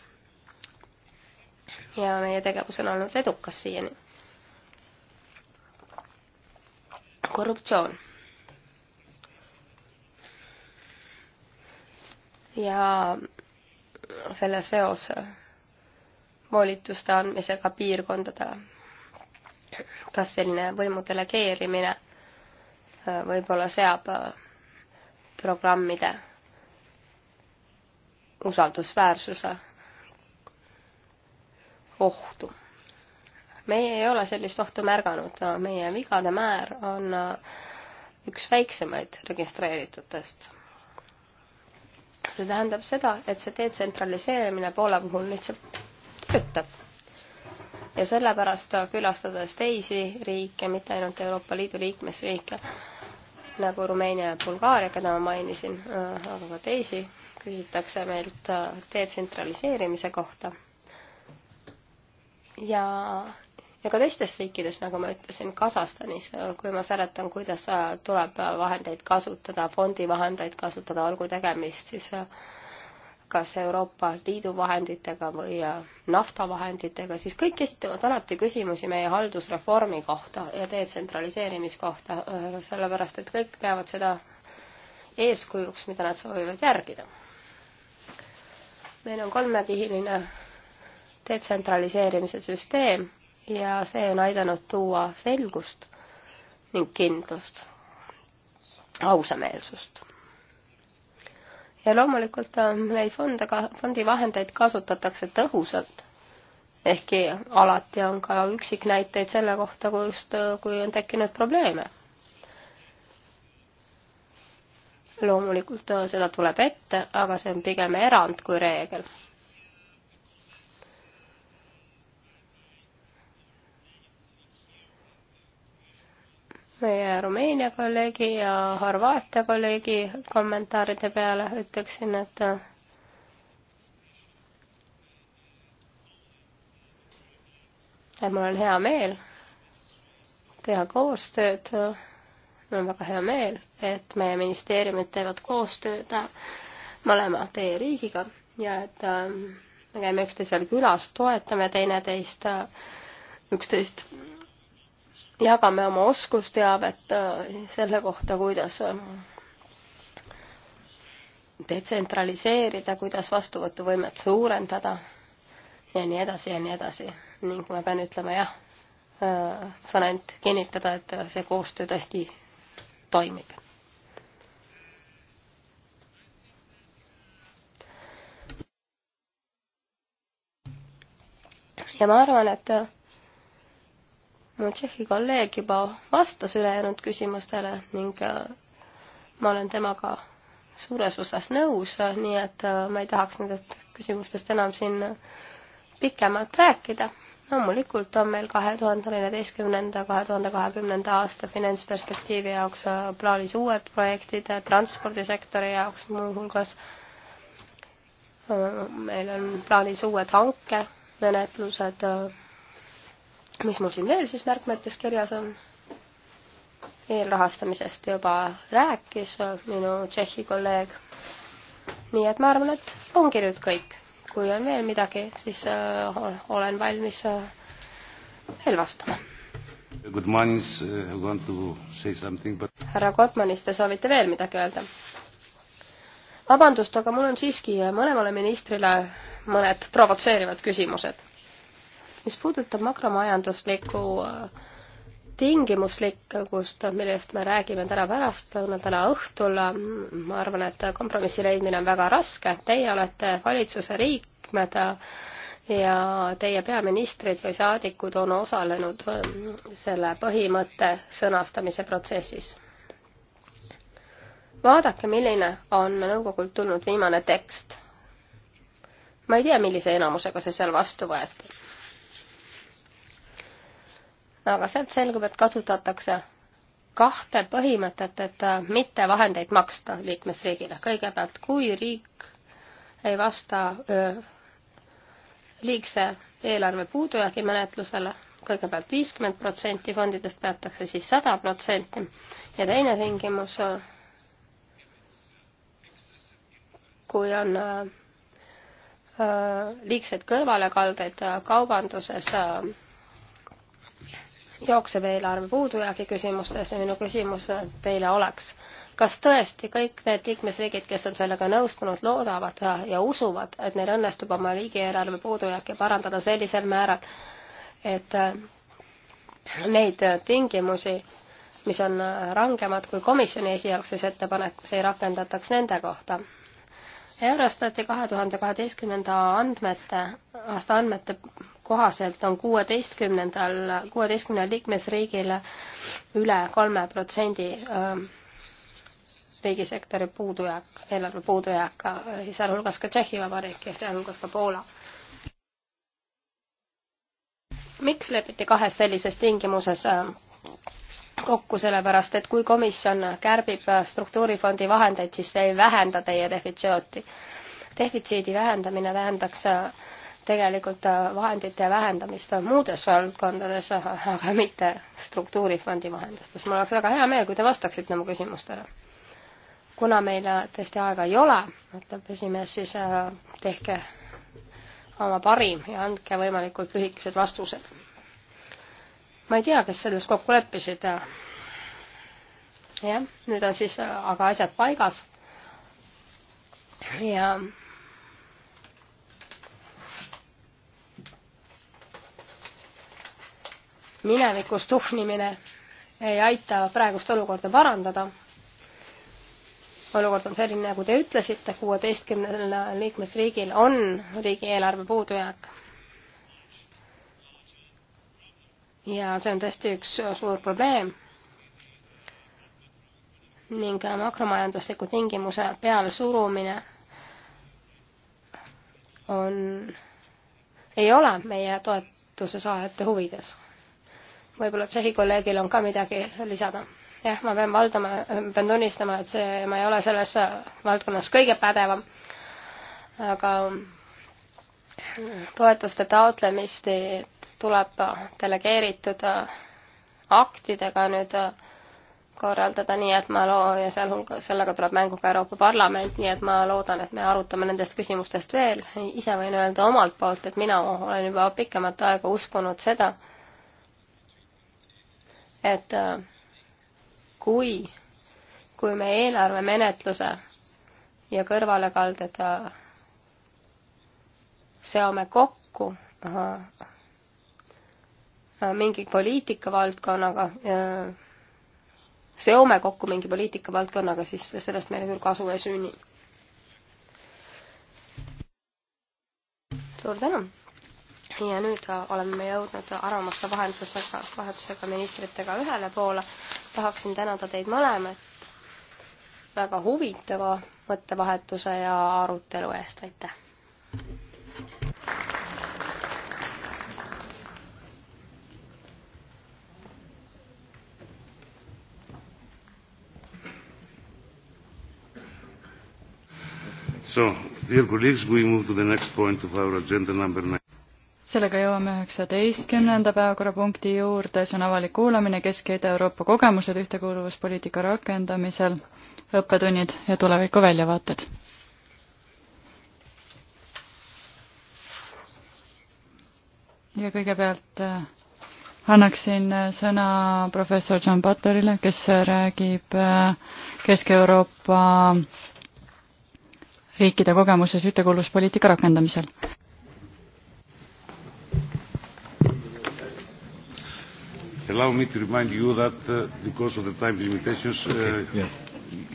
ja meie tegevus on olnud edukas siiani. korruptsioon. ja selle seos volituste andmisega piirkondadele. kas selline võimu delegeerimine võib-olla seab äh, programmide usaldusväärsuse ohtu. meie ei ole sellist ohtu märganud, meie vigade määr on äh, üks väiksemaid registreeritutest. see tähendab seda, et see detsentraliseerimine Poola puhul lihtsalt töötab. ja sellepärast äh, külastades teisi riike, mitte ainult Euroopa Liidu liikmesriike, nagu Rumeenia ja Bulgaaria, keda ma mainisin, äh, aga ka teisi, küsitakse meilt äh, detsentraliseerimise kohta. ja, ja ka teistes riikides, nagu ma ütlesin, Kasahstanis, äh, kui ma seletan, kuidas tuleb vahendeid kasutada, fondivahendeid kasutada, olgu tegemist siis äh, kas Euroopa Liidu vahenditega või äh, naftavahenditega, siis kõik esitavad alati küsimusi meie haldusreformi kohta ja detsentraliseerimiskohta, äh, sellepärast et kõik peavad seda eeskujuks, mida nad soovivad järgida. meil on kolmekihiline detsentraliseerimise süsteem ja see on aidanud tuua selgust ning kindlust, ausameelsust ja loomulikult äh, neid fonde ka, fondivahendeid kasutatakse tõhusalt. ehkki alati on ka üksiknäiteid selle kohta, kus, äh, kui on tekkinud probleeme. loomulikult äh, seda tuleb ette, aga see on pigem erand kui reegel meie Rumeenia kolleegi ja Horvaatia kolleegi kommentaaride peale ütleksin, et et mul on hea meel teha koostööd. mul on väga hea meel, et meie ministeeriumid teevad koostööd mõlema teie riigiga ja et ähm, me käime üksteisel külas, toetame teineteist, äh, üksteist jagame oma oskusteavet äh, selle kohta, kuidas äh, detsentraliseerida, kuidas vastuvõtuvõimet suurendada ja nii edasi ja nii edasi. ning ma pean ütlema jah, äh, saan ainult kinnitada, et see koostöö tõesti toimib. ja ma arvan, et mu Tšehhi kolleeg juba vastas ülejäänud küsimustele ning äh, ma olen temaga suures osas nõus, äh, nii et äh, ma ei tahaks nendest küsimustest enam siin pikemalt rääkida. loomulikult on meil kahe tuhande neljateistkümnenda, kahe tuhande kahekümnenda aasta finantsperspektiivi jaoks plaanis uued projektid transpordisektori jaoks muuhulgas. meil on plaanis uued hankemenetlused mis mul siin veel siis märkmetes kirjas on? eelrahastamisest juba rääkis minu Tšehhi kolleeg. nii et ma arvan, et ongi nüüd kõik. kui on veel midagi, siis äh, olen valmis äh, veel vastama. But... härra Kotmanis, te soovite veel midagi öelda? vabandust, aga mul on siiski mõlemale ministrile mõned provotseerivad küsimused mis puudutab makromajanduslikku äh, tingimuslikkust, millest me räägime täna pärastlõunal, täna õhtul, äh, ma arvan, et kompromissi leidmine on väga raske, teie olete valitsuse liikmed äh, ja teie peaministrid või saadikud on osalenud selle põhimõtte sõnastamise protsessis. vaadake, milline on nõukogult tulnud viimane tekst. ma ei tea, millise enamusega see seal vastu võeti aga sealt selgub, et kasutatakse kahte põhimõtet, et äh, mitte vahendeid maksta liikmesriigile. kõigepealt, kui riik ei vasta öö, liigse eelarve puudujäägi menetlusele, kõigepealt viiskümmend protsenti fondidest peatakse siis sada protsenti ja teine tingimus, äh, kui on öö, äh, liigsed kõrvalekalded kaubanduses öö, jooksev eelarve puudujäägi küsimustes ja minu küsimus teile oleks, kas tõesti kõik need liikmesriigid, kes on sellega nõustunud, loodavad ja usuvad, et neil õnnestub oma riigieelarve puudujääki parandada sellisel määral, et neid tingimusi, mis on rangemad kui komisjoni esialgses ettepanekus, ei rakendataks nende kohta Eurostati kahe tuhande kaheteistkümnenda andmete, aasta andmete kohaselt on kuueteistkümnendal, kuueteistkümnel liikmesriigil üle kolme protsendi ähm, riigisektori puudujääk, eelarve puudujääk, sealhulgas ka Tšehhi Vabariik ja sealhulgas ka Poola. miks lepiti kahes sellises tingimuses kokku, sellepärast et kui komisjon kärbib struktuurifondi vahendeid, siis see ei vähenda teie defitsioti. defitsiidi vähendamine tähendaks tegelikult vahendite vähendamist muudes valdkondades, aga mitte struktuurifondi vahendustes. mul oleks väga hea meel, kui te vastaksite mu küsimustele. kuna meil tõesti aega ei ole, ütleb esimees, siis äh, tehke oma parim ja andke võimalikult lühikesed vastused ma ei tea, kes selles kokku leppisid. jah, nüüd on siis aga asjad paigas. ja minevikus tuhnimine ei aita praegust olukorda parandada. olukord on selline, nagu te ütlesite, kuueteistkümnel liikmesriigil on riigieelarve puudujääk ja see on tõesti üks suur probleem. ning äh, makromajandusliku tingimuse pealesurumine on, ei ole meie toetuse saajate huvides. võib-olla Tšehhi kolleegil on ka midagi lisada? jah, ma pean valdama, pean tunnistama, et see, ma ei ole selles valdkonnas kõige pädevam, aga äh, toetuste taotlemist tuleb delegeeritud äh, aktidega nüüd äh, korraldada, nii et ma loo- ja sealhulgas sellega tuleb mängu ka Euroopa Parlament, nii et ma loodan, et me arutame nendest küsimustest veel. ise võin öelda omalt poolt, et mina olen juba pikemat aega uskunud seda, et äh, kui, kui me eelarvemenetluse ja kõrvalekalded seome kokku, Äh, mingi poliitikavaldkonnaga, äh, seome kokku mingi poliitikavaldkonnaga, siis sellest meile küll kasu ei sünni. suur tänu! ja nüüd äh, oleme me jõudnud arvamuste vahendusega, vahetusega ministritega ühele poole. tahaksin tänada teid mõlemaid väga huvitava mõttevahetuse ja arutelu eest, aitäh! So, dear colleagues, we move to the next point of our agenda number nine sellega jõuame üheksateistkümnenda päevakorrapunkti juurde, see on avalik kuulamine Kesk- ja Ida-Euroopa kogemused ühtekuuluvuspoliitika rakendamisel, õppetunnid ja tuleviku väljavaated. ja kõigepealt äh, annaksin äh, sõna professor John Butlerile, kes räägib äh, Kesk-Euroopa riikide kogemuses ühtekuuluvuspoliitika rakendamisel? Allow me to remind you that uh, because of the time limitations, okay, uh, yes.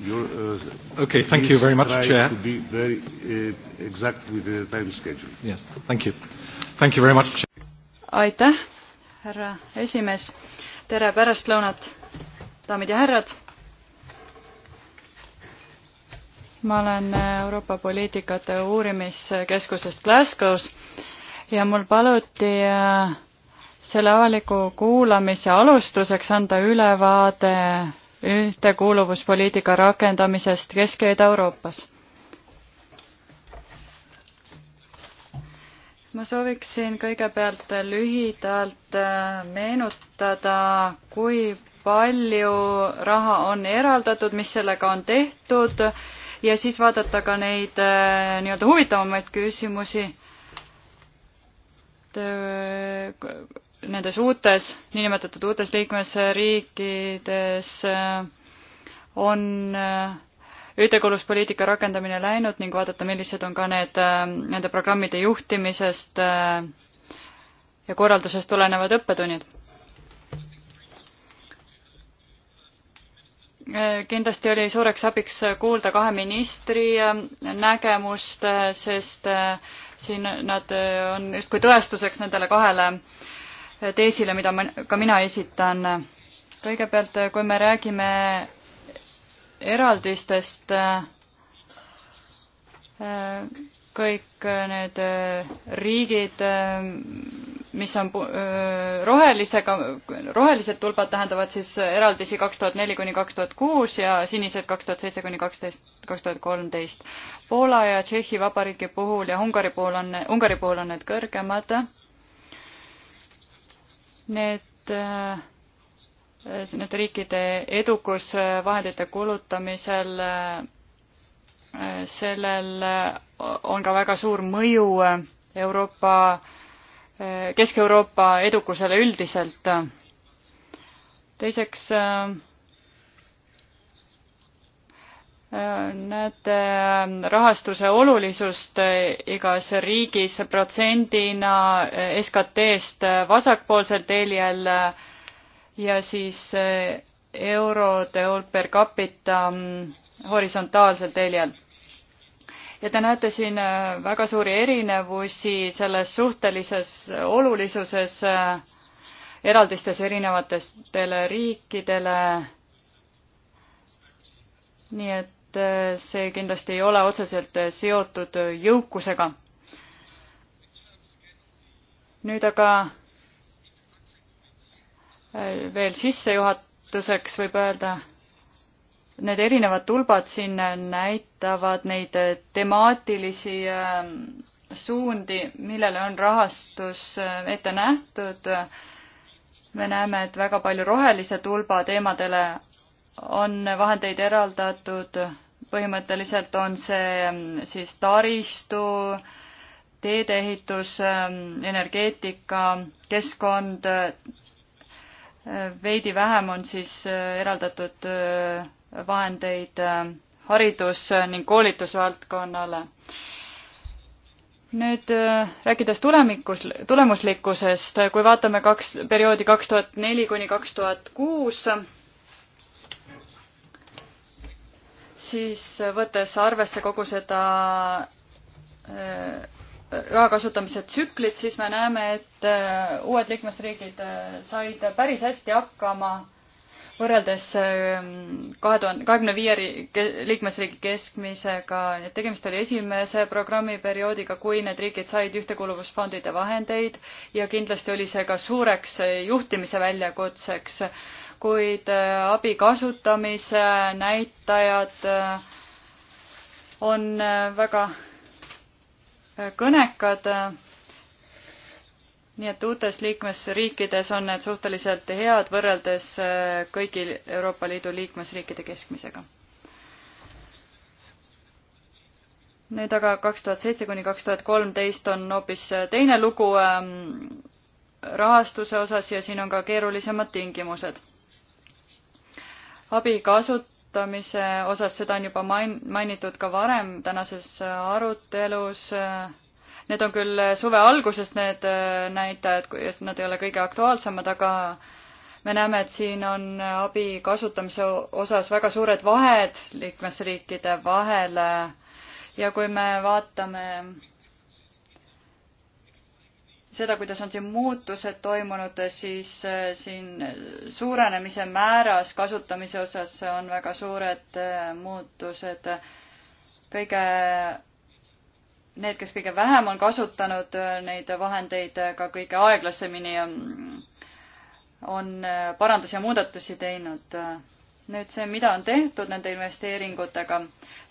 your, uh, okay, thank you very much, try Chair. to be very uh, exact with the time schedule. Yes, thank you. Thank you very much, Chair. Aitäh, härra esimees. Tere pärastlõunat, daamid ja härrad ma olen Euroopa poliitikate uurimiskeskusest Glasgow's ja mul paluti äh, selle avaliku kuulamise alustuseks anda ülevaade ühtekuuluvuspoliitika rakendamisest Kesk- ja Ida-Euroopas. ma sooviksin kõigepealt lühidalt äh, meenutada, kui palju raha on eraldatud, mis sellega on tehtud ja siis vaadata ka neid äh, nii-öelda huvitavamaid küsimusi äh, nendes uutes, niinimetatud uutes liikmesriikides äh, on ühtekuuluvuspoliitika rakendamine läinud ning vaadata, millised on ka need, nende programmide juhtimisest ja korraldusest tulenevad õppetunnid. Äh, kindlasti oli suureks abiks äh, kuulda kahe ministri äh, nägemust, sest siin nad on justkui tõestuseks nendele kahele teesile, mida ma, ka mina esitan. kõigepealt, kui me räägime eraldistest, kõik need riigid, mis on rohelisega, rohelised tulbad tähendavad siis eraldisi kaks tuhat neli kuni kaks tuhat kuus ja sinised kaks tuhat seitse kuni kaksteist, kaks tuhat kolmteist. Poola ja Tšehhi Vabariigi puhul ja Ungari puhul on, Ungari puhul on need kõrgemad. Need, nende riikide edukus vahendite kulutamisel, sellel on ka väga suur mõju Euroopa äh, Kesk-Euroopa edukusele üldiselt. teiseks näete rahastuse olulisust igas riigis protsendina SKT-st vasakpoolsel teljel ja siis eurode per capita horisontaalsel teljel ja te näete siin äh, väga suuri erinevusi selles suhtelises olulisuses äh, eraldistes erinevatele riikidele. nii et äh, see kindlasti ei ole otseselt seotud jõukusega. nüüd aga veel sissejuhatuseks võib öelda need erinevad tulbad siin näitavad neid temaatilisi ähm, suundi, millele on rahastus äh, ette nähtud. me näeme, et väga palju rohelise tulba teemadele on vahendeid eraldatud. põhimõtteliselt on see ähm, siis taristu, teedeehitus, ähm, energeetika, keskkond, äh, veidi vähem on siis äh, eraldatud vahendeid äh, haridus- äh, ning koolitusvaldkonnale. nüüd äh, rääkides tulemikus, tulemuslikkusest, kui vaatame kaks, perioodi kaks tuhat neli kuni kaks tuhat kuus, siis võttes arvesse kogu seda raha kasutamise tsüklit, siis me näeme, et uued liikmesriigid said päris hästi hakkama võrreldes ähm, kahe tuhande, kahekümne viie liikmesriigi keskmisega, nii et tegemist oli esimese programmiperioodiga, kui need riigid said ühtekuuluvusfondide vahendeid ja kindlasti oli see ka suureks äh, juhtimise väljakutseks, kuid äh, abi kasutamise näitajad äh, on väga kõnekad nii et uutes liikmesriikides on need suhteliselt head võrreldes äh, kõigi Euroopa Liidu liikmesriikide keskmisega. nüüd aga kaks tuhat seitse kuni kaks tuhat kolmteist on hoopis äh, teine lugu ähm, rahastuse osas ja siin on ka keerulisemad tingimused. abi kasutamise osas, seda on juba main-, mainitud ka varem tänases äh, arutelus Need on küll suve algusest need äh, näitajad, nad ei ole kõige aktuaalsemad, aga me näeme, et siin on abi kasutamise osas väga suured vahed liikmesriikide vahel. ja kui me vaatame seda, kuidas on siin muutused toimunud, siis äh, siin suurenemise määras kasutamise osas on väga suured äh, muutused. kõige need, kes kõige vähem on kasutanud äh, neid vahendeid äh, ka kõige aeglasemini, ähm, on äh, parandusi ja muudatusi teinud. nüüd see, mida on tehtud nende investeeringutega,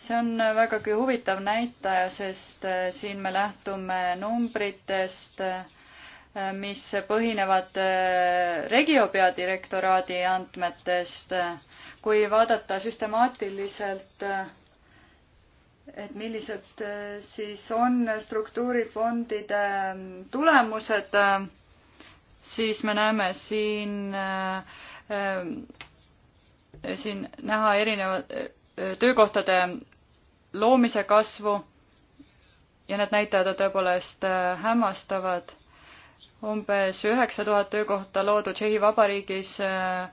see on vägagi huvitav näitaja, sest siin me lähtume numbritest, mis põhinevad Regio peadirektoraadi andmetest. kui vaadata süstemaatiliselt et millised äh, siis on struktuurifondide mm, tulemused, äh, siis me näeme siin, äh, siin näha erineva töökohtade loomise kasvu ja need näitajad on tõepoolest hämmastavad. umbes üheksa tuhat töökohta loodud Tšehhi Vabariigis äh,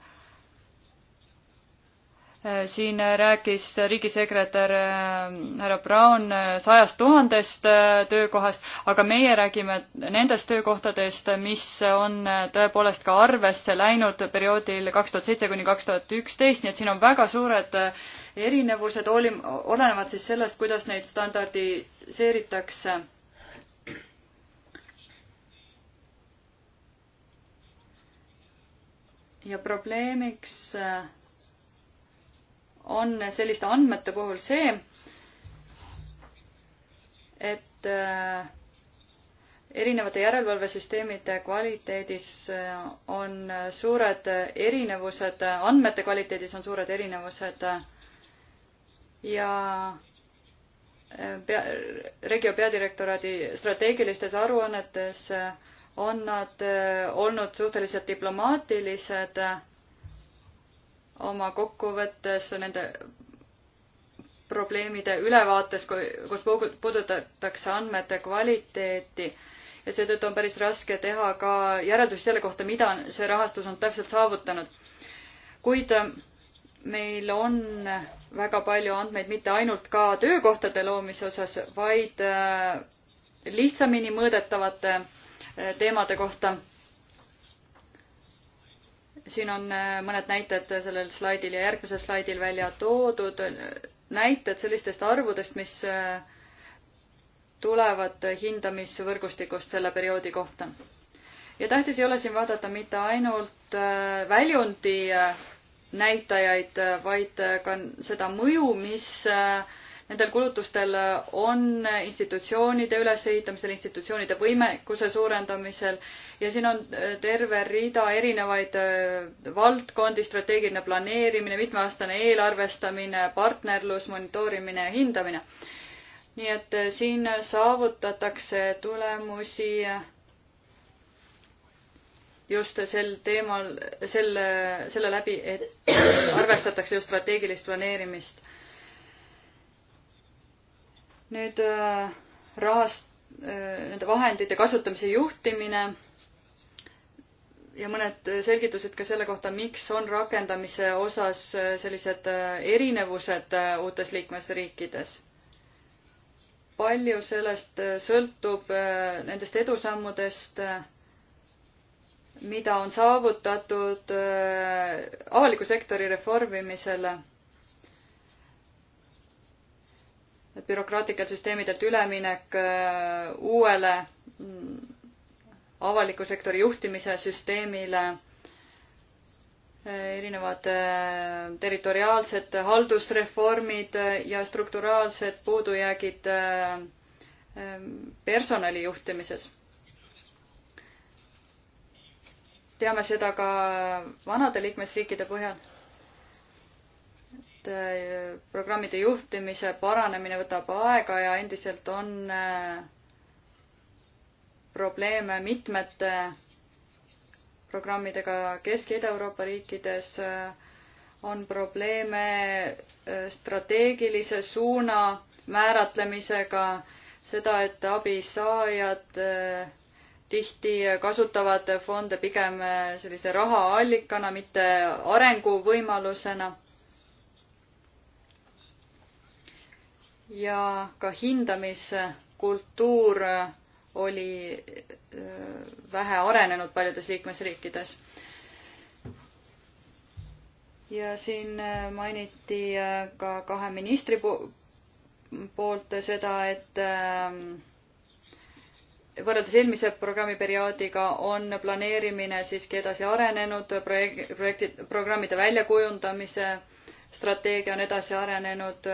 siin rääkis riigisekretär äh, härra Brown äh, sajast tuhandest äh, töökohast, aga meie räägime nendest töökohtadest, mis on tõepoolest ka arvesse läinud perioodil kaks tuhat seitse kuni kaks tuhat üksteist, nii et siin on väga suured erinevused, oli-, olenevad siis sellest, kuidas neid standardiseeritakse ja probleemiks on selliste andmete puhul see, et äh, erinevate järelevalvesüsteemide kvaliteedis äh, on suured erinevused, andmete kvaliteedis on suured erinevused äh, ja pea, Regio peadirektoraadi strateegilistes aruannetes on nad olnud suhteliselt diplomaatilised oma kokkuvõttes nende probleemide ülevaates, kus puudutatakse andmete kvaliteeti ja seetõttu on päris raske teha ka järeldusi selle kohta, mida see rahastus on täpselt saavutanud. kuid äh, meil on väga palju andmeid mitte ainult ka töökohtade loomise osas, vaid äh, lihtsamini mõõdetavate äh, teemade kohta siin on äh, mõned näited sellel slaidil ja järgmisel slaidil välja toodud, näited sellistest arvudest, mis äh, tulevad hindamisvõrgustikust selle perioodi kohta. ja tähtis ei ole siin vaadata mitte ainult äh, väljundi näitajaid, vaid ka seda mõju, mis äh, Nendel kulutustel on institutsioonide ülesehitamisel, institutsioonide võimekuse suurendamisel ja siin on äh, terve rida erinevaid äh, valdkondi, strateegiline planeerimine, mitmeaastane eelarvestamine, partnerlus, monitoorimine ja hindamine. nii et äh, siin saavutatakse tulemusi just sel teemal, selle, selle läbi, et arvestatakse ju strateegilist planeerimist nüüd äh, rahast, äh, nende vahendite kasutamise juhtimine ja mõned äh, selgitused ka selle kohta, miks on rakendamise osas sellised erinevused uutes liikmesriikides. palju sellest sõltub nendest edusammudest, mida on saavutatud avaliku sektori reformimisele bürokraatlikelt süsteemidelt üleminek äh, uuele mm, avaliku sektori juhtimise süsteemile, äh, erinevad äh, territoriaalsed haldusreformid ja strukturaalsed puudujäägid personali juhtimises. teame seda ka vanade liikmesriikide põhjal et äh, programmide juhtimise paranemine võtab aega ja endiselt on äh, probleeme mitmete programmidega Kesk- ja Ida-Euroopa riikides äh, on probleeme strateegilise suuna määratlemisega, seda, et abisaajad tihti kasutavad fonde pigem sellise rahaallikana, mitte arenguvõimalusena ja ka hindamiskultuur oli äh, vähe arenenud paljudes liikmesriikides. ja siin äh, mainiti äh, ka kahe ministri poolt seda, et võrreldes eelmise programmiperioodiga on planeerimine siiski edasi arenenud, projekt, projektid, programmide väljakujundamise strateegia on edasi arenenud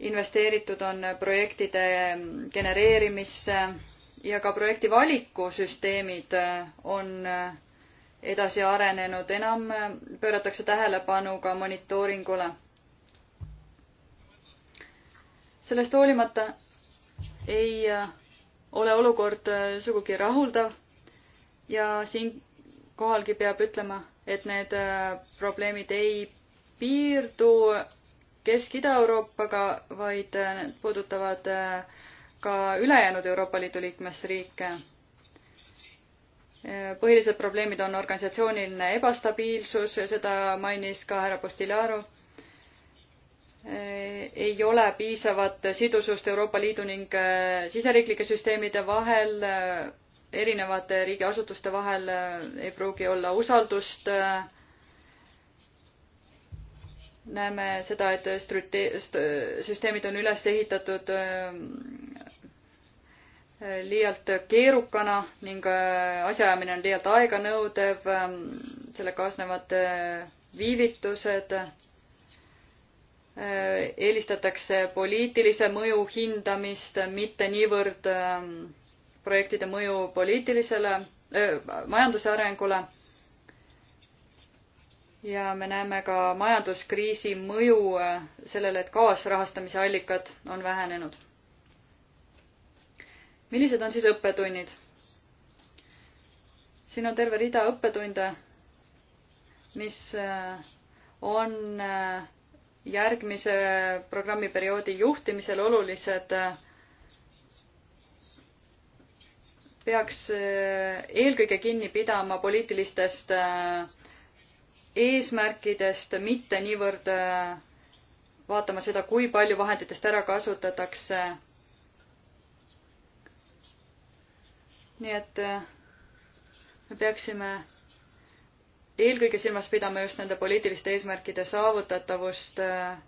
investeeritud on projektide genereerimisse ja ka projekti valikusüsteemid on edasi arenenud, enam pööratakse tähelepanu ka monitooringule. sellest hoolimata ei ole olukord sugugi rahuldav ja siinkohalgi peab ütlema, et need probleemid ei piirdu Kesk-Ida-Euroopaga, vaid äh, need puudutavad äh, ka ülejäänud Euroopa Liidu liikmesriike. Äh, põhilised probleemid on organisatsiooniline ebastabiilsus ja seda mainis ka härra Postilaru. ei ole piisavat sidusust Euroopa Liidu ning siseriiklike süsteemide vahel, erinevate riigiasutuste vahel ei pruugi olla usaldust näeme seda, et süsteemid on üles ehitatud ähm, liialt keerukana ning äh, asjaajamine on liialt aeganõudev, ähm, sellega kaasnevad äh, viivitused, äh, eelistatakse poliitilise mõju hindamist, mitte niivõrd ähm, projektide mõju poliitilisele, majanduse arengule ja me näeme ka majanduskriisi mõju äh, sellele, et kaasrahastamise allikad on vähenenud. millised on siis õppetunnid? siin on terve rida õppetunde, mis äh, on äh, järgmise programmiperioodi juhtimisel olulised peaks eelkõige kinni pidama poliitilistest äh, eesmärkidest, mitte niivõrd äh, vaatama seda, kui palju vahenditest ära kasutatakse. nii et äh, me peaksime eelkõige silmas pidama just nende poliitiliste eesmärkide saavutatavust, äh,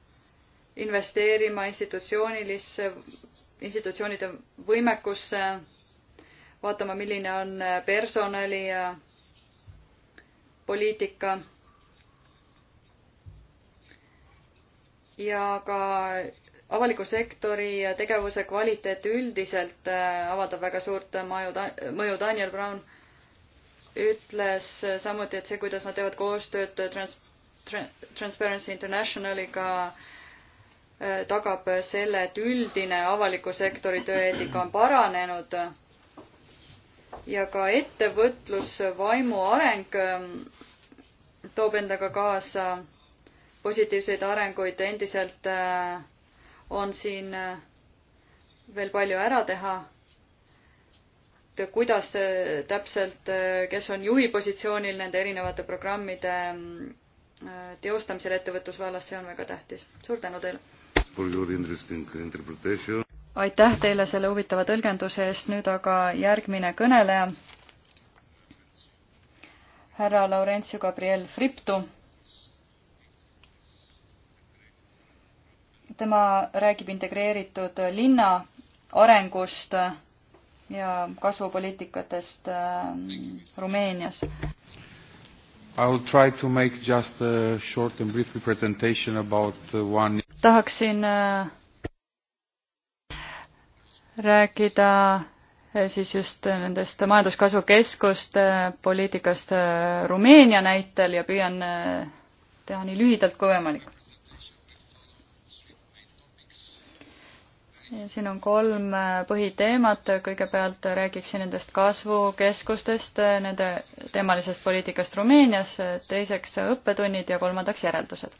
investeerima institutsioonilisse, institutsioonide võimekusse, vaatama, milline on personali poliitika ja ka avaliku sektori tegevuse kvaliteet üldiselt äh, avaldab väga suurt maju, mõju. Daniel Brown ütles samuti, et see, kuidas nad teevad koostööd trans-, Transparency Internationaliga, äh, tagab selle, et üldine avaliku sektori tööeetika on paranenud ja ka ettevõtlusvaimu areng äh, toob endaga kaasa positiivseid arenguid, endiselt äh, on siin äh, veel palju ära teha. kuidas äh, täpselt, kes on juhi positsioonil nende erinevate programmide teostamisel ettevõtlusvallas, see on väga tähtis. suur tänu teile! aitäh teile selle huvitava tõlgenduse eest, nüüd aga järgmine kõneleja, härra Laurentsio Gabriel Friptu tema räägib integreeritud linna arengust ja kasvupoliitikatest ähm, Rumeenias. I will try to make just a short and brief presentation about uh, one tahaksin äh, rääkida äh, siis just nendest majanduskasvukeskuste äh, poliitikast Rumeenia näitel ja püüan teha nii lühidalt kui võimalik siin on kolm äh, põhiteemat, kõigepealt räägiksin nendest kasvukeskustest, äh, nende teemalisest poliitikast Rumeenias, äh, teiseks õppetunnid ja kolmandaks järeldused.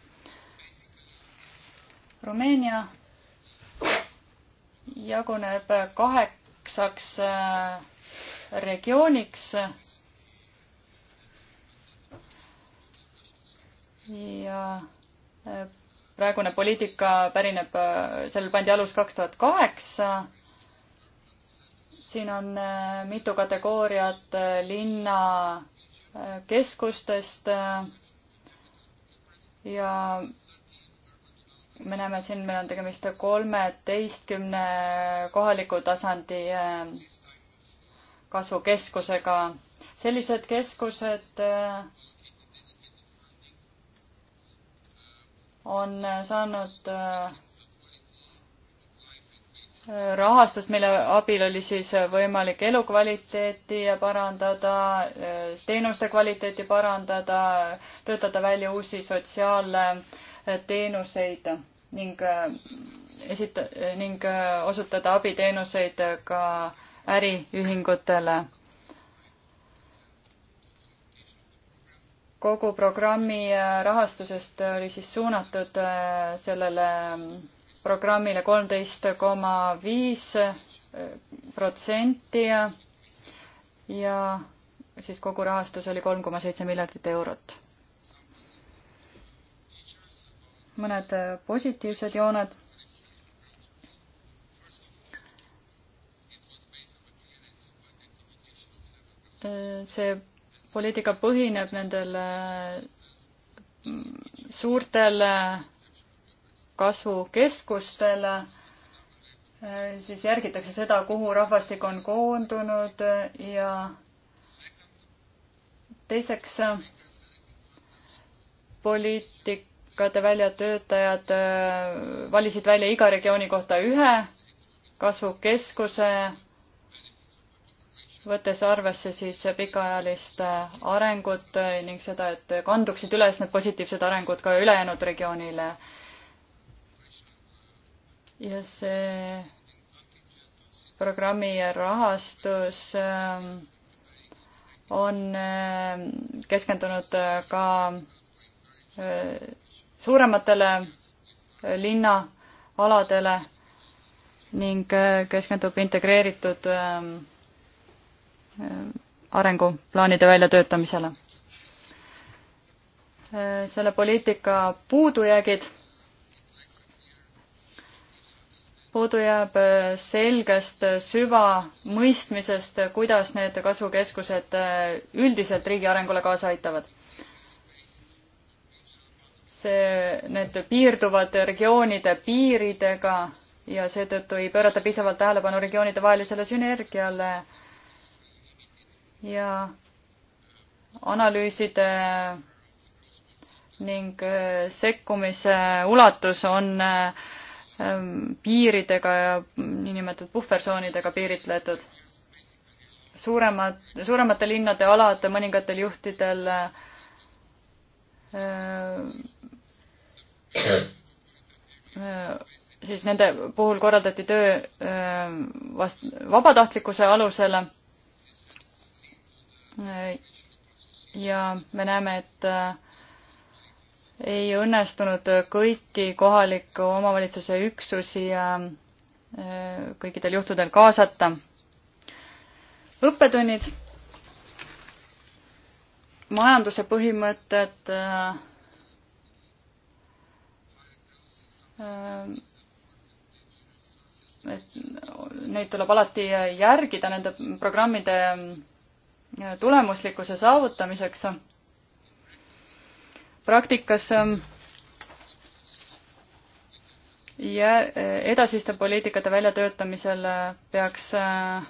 Rumeenia jaguneb kaheksaks regiooniks. ja praegune poliitika pärineb, sellel pandi alus kaks tuhat kaheksa. siin on äh, mitu kategooriat äh, linna äh, keskustest. ja me näeme, et siin meil on tegemist kolmeteistkümne kohaliku tasandi kasvukeskusega. sellised keskused äh, on saanud äh, rahastust, mille abil oli siis võimalik elukvaliteeti parandada, äh, teenuste kvaliteeti parandada, töötada välja uusi sotsiaalteenuseid äh, ning esita- ning osutada abiteenuseid ka äriühingutele kogu programmi äh, rahastusest oli siis suunatud äh, sellele ähm, programmile kolmteist koma viis äh, protsenti ja, ja siis kogu rahastus oli kolm koma seitse miljardit eurot. mõned positiivsed jooned see poliitika põhineb nendel äh, suurtel äh, kasvukeskustel, äh, siis järgitakse seda, kuhu rahvastik on koondunud ja teiseks poliitikate väljatöötajad valisid välja iga regiooni kohta ühe kasvukeskuse võttes arvesse siis pikaajalist arengut ning seda, et kanduksid üles need positiivsed arengud ka ülejäänud regioonile. ja see programmi rahastus ähm, on ähm, keskendunud äh, ka äh, suurematele äh, linnaaladele ning keskendub integreeritud ähm, arenguplaanide väljatöötamisele. selle poliitika puudujäägid. puudu jääb selgest süvamõistmisest, kuidas need kasvukeskused üldiselt riigi arengule kaasa aitavad see, need piirduvad regioonide piiridega ja seetõttu ei pöörata piisavalt tähelepanu regioonide vahelisele sünergiale ja analüüside ning äh, sekkumise ulatus on äh, ähm, piiridega ja niinimetatud puhvertsoonidega piiritletud. suuremad, suuremate linnade alad mõningatel juhtidel äh, siis nende puhul korraldati töö vast-, vabatahtlikkuse alusele ja me näeme, et äh, ei õnnestunud kõiki kohaliku omavalitsuse üksusi äh, äh, kõikidel juhtudel kaasata. õppetunnid. majanduse põhimõtted et neid tuleb alati järgida, nende programmide tulemuslikkuse saavutamiseks. praktikas ähm, ja edasiste poliitikate väljatöötamisel äh, peaks äh,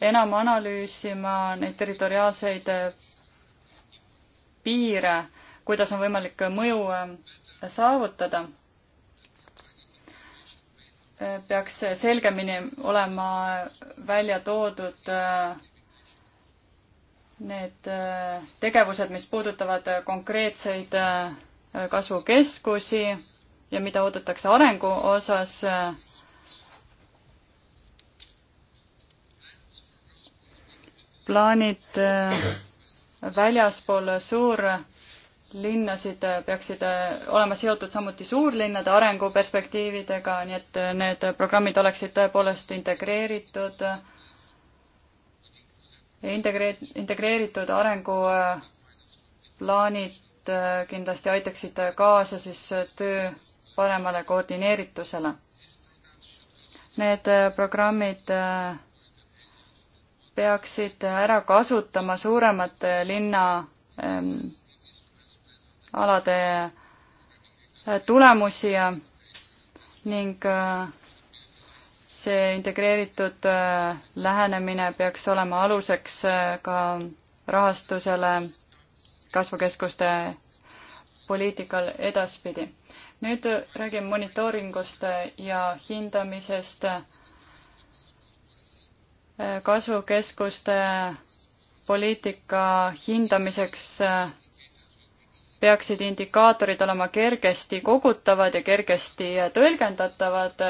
enam analüüsima neid territoriaalseid äh, piire, kuidas on võimalik mõju saavutada. peaks selgemini olema välja toodud need äh, tegevused, mis puudutavad äh, konkreetseid äh, kasvukeskusi ja mida oodatakse arengu osas. plaanid väljaspool suurlinnasid peaksid olema seotud samuti suurlinnade arenguperspektiividega, nii et need programmid oleksid tõepoolest integreeritud äh, integreer-, integreeritud arenguplaanid äh, kindlasti aitaksid äh, kaasa siis äh, töö paremale koordineeritusele. Need programmid peaksid ära kasutama suuremate linna ähm, alade tulemusi ja ning äh, see integreeritud äh, lähenemine peaks olema aluseks äh, ka rahastusele kasvukeskuste poliitikal edaspidi. nüüd räägin monitooringust äh, ja hindamisest. kasvukeskuste poliitika hindamiseks peaksid indikaatorid olema kergesti kogutavad ja kergesti tõlgendatavad,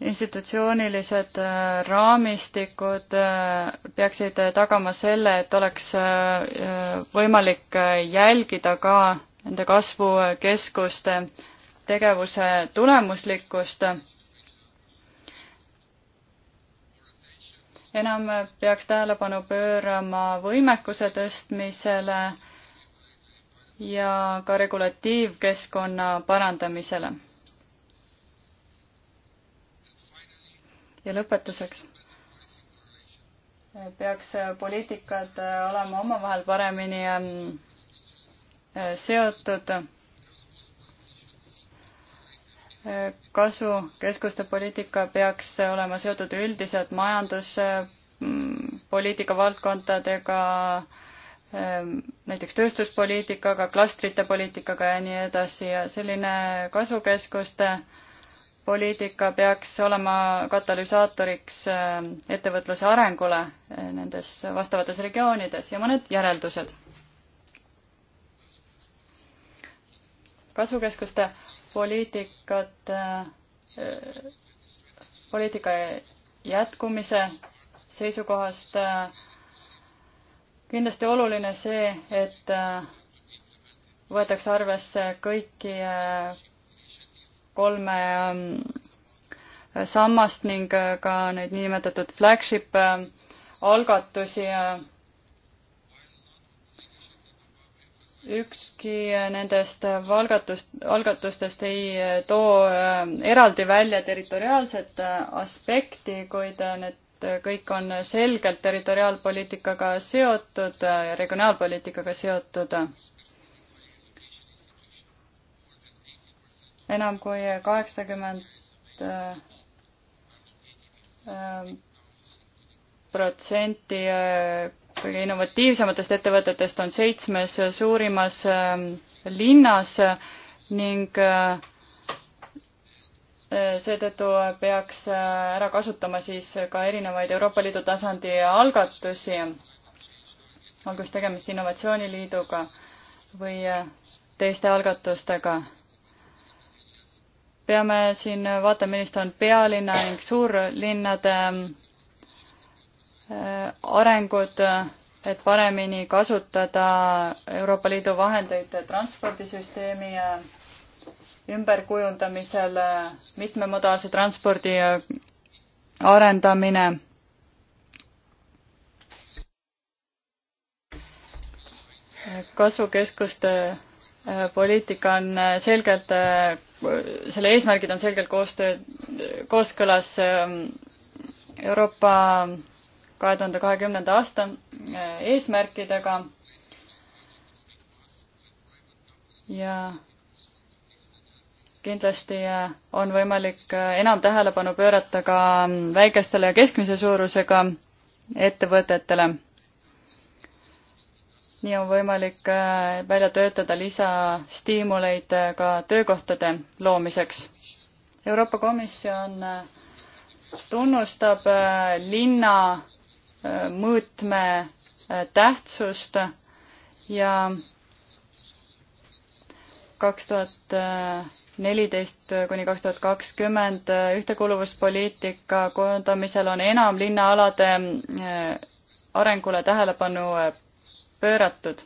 institutsioonilised äh, raamistikud äh, peaksid tagama selle, et oleks äh, võimalik jälgida ka nende kasvukeskuste tegevuse tulemuslikkust. enam peaks tähelepanu pöörama võimekuse tõstmisele ja ka regulatiivkeskkonna parandamisele ja lõpetuseks peaks äh, poliitikad äh, olema omavahel paremini ähm, äh, seotud. kasvukeskuste poliitika peaks olema seotud üldiselt majanduspoliitika mm, valdkondadega, ähm, näiteks tööstuspoliitikaga, klastrite poliitikaga ja nii edasi ja selline kasvukeskuste äh, poliitika peaks olema katalüsaatoriks äh, ettevõtluse arengule äh, nendes vastavates regioonides ja mõned järeldused. kasvukeskuste poliitikat, äh, poliitika jätkumise seisukohast kindlasti oluline see, et võetakse arvesse kõiki kolme ähm, sammast ning äh, ka neid niinimetatud flagship äh, algatusi. Äh, ükski nendest algatust, algatustest ei too eraldi välja territoriaalset aspekti, kuid need kõik on selgelt territoriaalpoliitikaga seotud ja regionaalpoliitikaga seotud. enam kui kaheksakümmend äh, äh, protsenti äh, kõige innovatiivsematest ettevõtetest on seitsmes suurimas linnas ning seetõttu peaks ära kasutama siis ka erinevaid Euroopa Liidu tasandi algatusi, olgu siis tegemist innovatsiooniliiduga või teiste algatustega peame siin vaatama, millised on pealinna ning suurlinnade ähm, äh, arengud, et paremini kasutada Euroopa Liidu vahendeid transpordisüsteemi äh, ümberkujundamisel, äh, mitmemodaalse transpordi arendamine kasvukeskuste poliitika on selgelt, selle eesmärgid on selgelt koostöö, kooskõlas ähm, Euroopa kahe tuhande kahekümnenda aasta äh, eesmärkidega. ja kindlasti äh, on võimalik äh, enam tähelepanu pöörata ka ähm, väikestele ja keskmise suurusega ettevõtetele nii on võimalik äh, välja töötada lisastiimuleid äh, ka töökohtade loomiseks. Euroopa Komisjon äh, tunnustab linna mõõtme tähtsust ja kaks tuhat neliteist kuni kaks tuhat kakskümmend ühtekuuluvuspoliitika koondamisel on enam linnaalade arengule tähelepanu pööratud.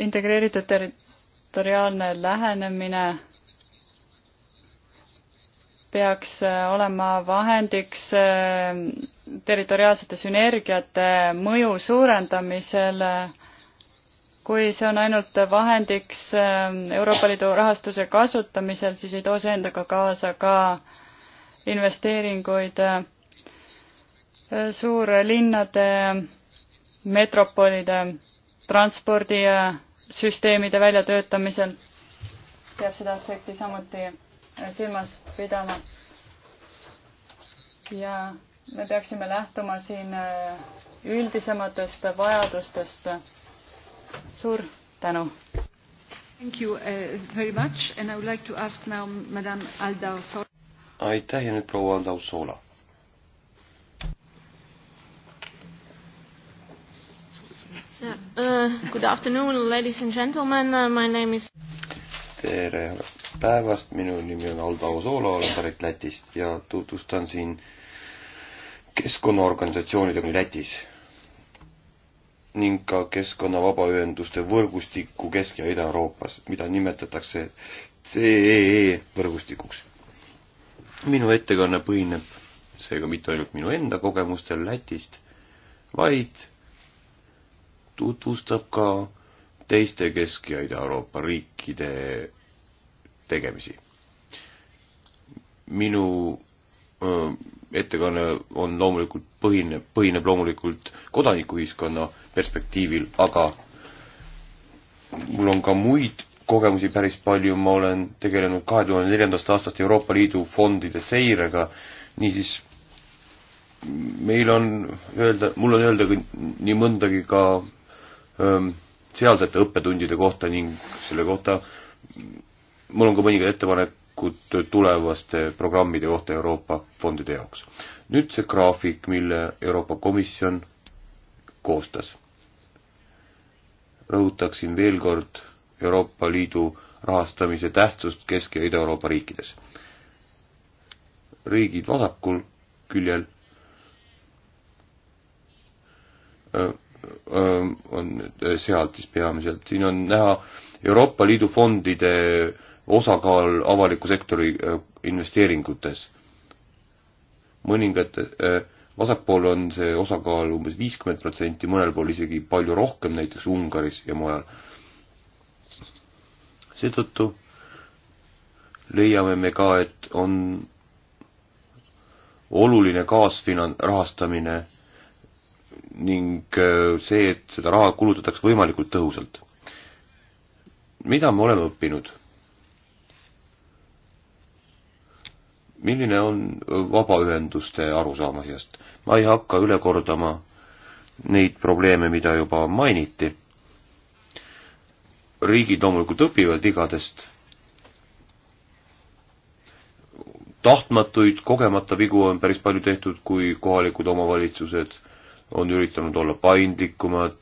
integreeritud territoriaalne lähenemine peaks äh, olema vahendiks äh, territoriaalsete sünergiate mõju suurendamisel, kui see on ainult vahendiks äh, Euroopa Liidu rahastuse kasutamisel, siis ei too see endaga kaasa ka äh, investeeringuid äh, suurlinnade, metropolide transpordisüsteemide väljatöötamisel peab seda aspekti samuti äh, silmas pidama. ja me peaksime lähtuma siin äh, üldisematest vajadustest. suur tänu! Thank you uh, very much and I would like to ask now Madame Alda Sor aitäh ja nüüd proua Aldau Soola. Äh, good afternoon, ladies and gentlemen, äh, my name is tere päevast, minu nimi on Aldo Ozoola, olen pärit Lätist ja tutvustan siin keskkonnaorganisatsioonidega Lätis ning ka keskkonnavabaühenduste võrgustiku Kesk- ja Ida-Euroopas, mida nimetatakse CEE e võrgustikuks minu ettekanne põhineb seega mitte ainult minu enda kogemustel Lätist, vaid tutvustab ka teiste Kesk- ja Ida-Euroopa riikide tegemisi. minu öö, ettekanne on loomulikult, põhineb, põhineb loomulikult kodanikuühiskonna perspektiivil, aga mul on ka muid kogemusi päris palju, ma olen tegelenud kahe tuhande neljandast aastast Euroopa Liidu fondide seirega, niisiis meil on öelda, mul on öelda nii mõndagi ka öö, sealsete õppetundide kohta ning selle kohta mul on ka mõningad ettepanekud tulevaste programmide kohta Euroopa fondide jaoks. nüüd see graafik, mille Euroopa Komisjon koostas. rõhutaksin veel kord Euroopa Liidu rahastamise tähtsust Kesk- ja Ida-Euroopa riikides. riigid vasakul küljel öö, öö, on sealt siis peamiselt, siin on näha Euroopa Liidu fondide osakaal avaliku sektori investeeringutes. mõningate, vasakpool on see osakaal umbes viiskümmend protsenti, mõnel pool isegi palju rohkem, näiteks Ungaris ja mujal seetõttu leiame me ka, et on oluline kaasfinan-, rahastamine ning äh, see, et seda raha kulutataks võimalikult tõhusalt. mida me oleme õppinud? milline on vabaühenduste arusaam asjast? ma ei hakka üle kordama neid probleeme, mida juba mainiti riigid loomulikult õpivad vigadest. tahtmatuid, kogemata vigu on päris palju tehtud, kui kohalikud omavalitsused on üritanud olla paindlikumad,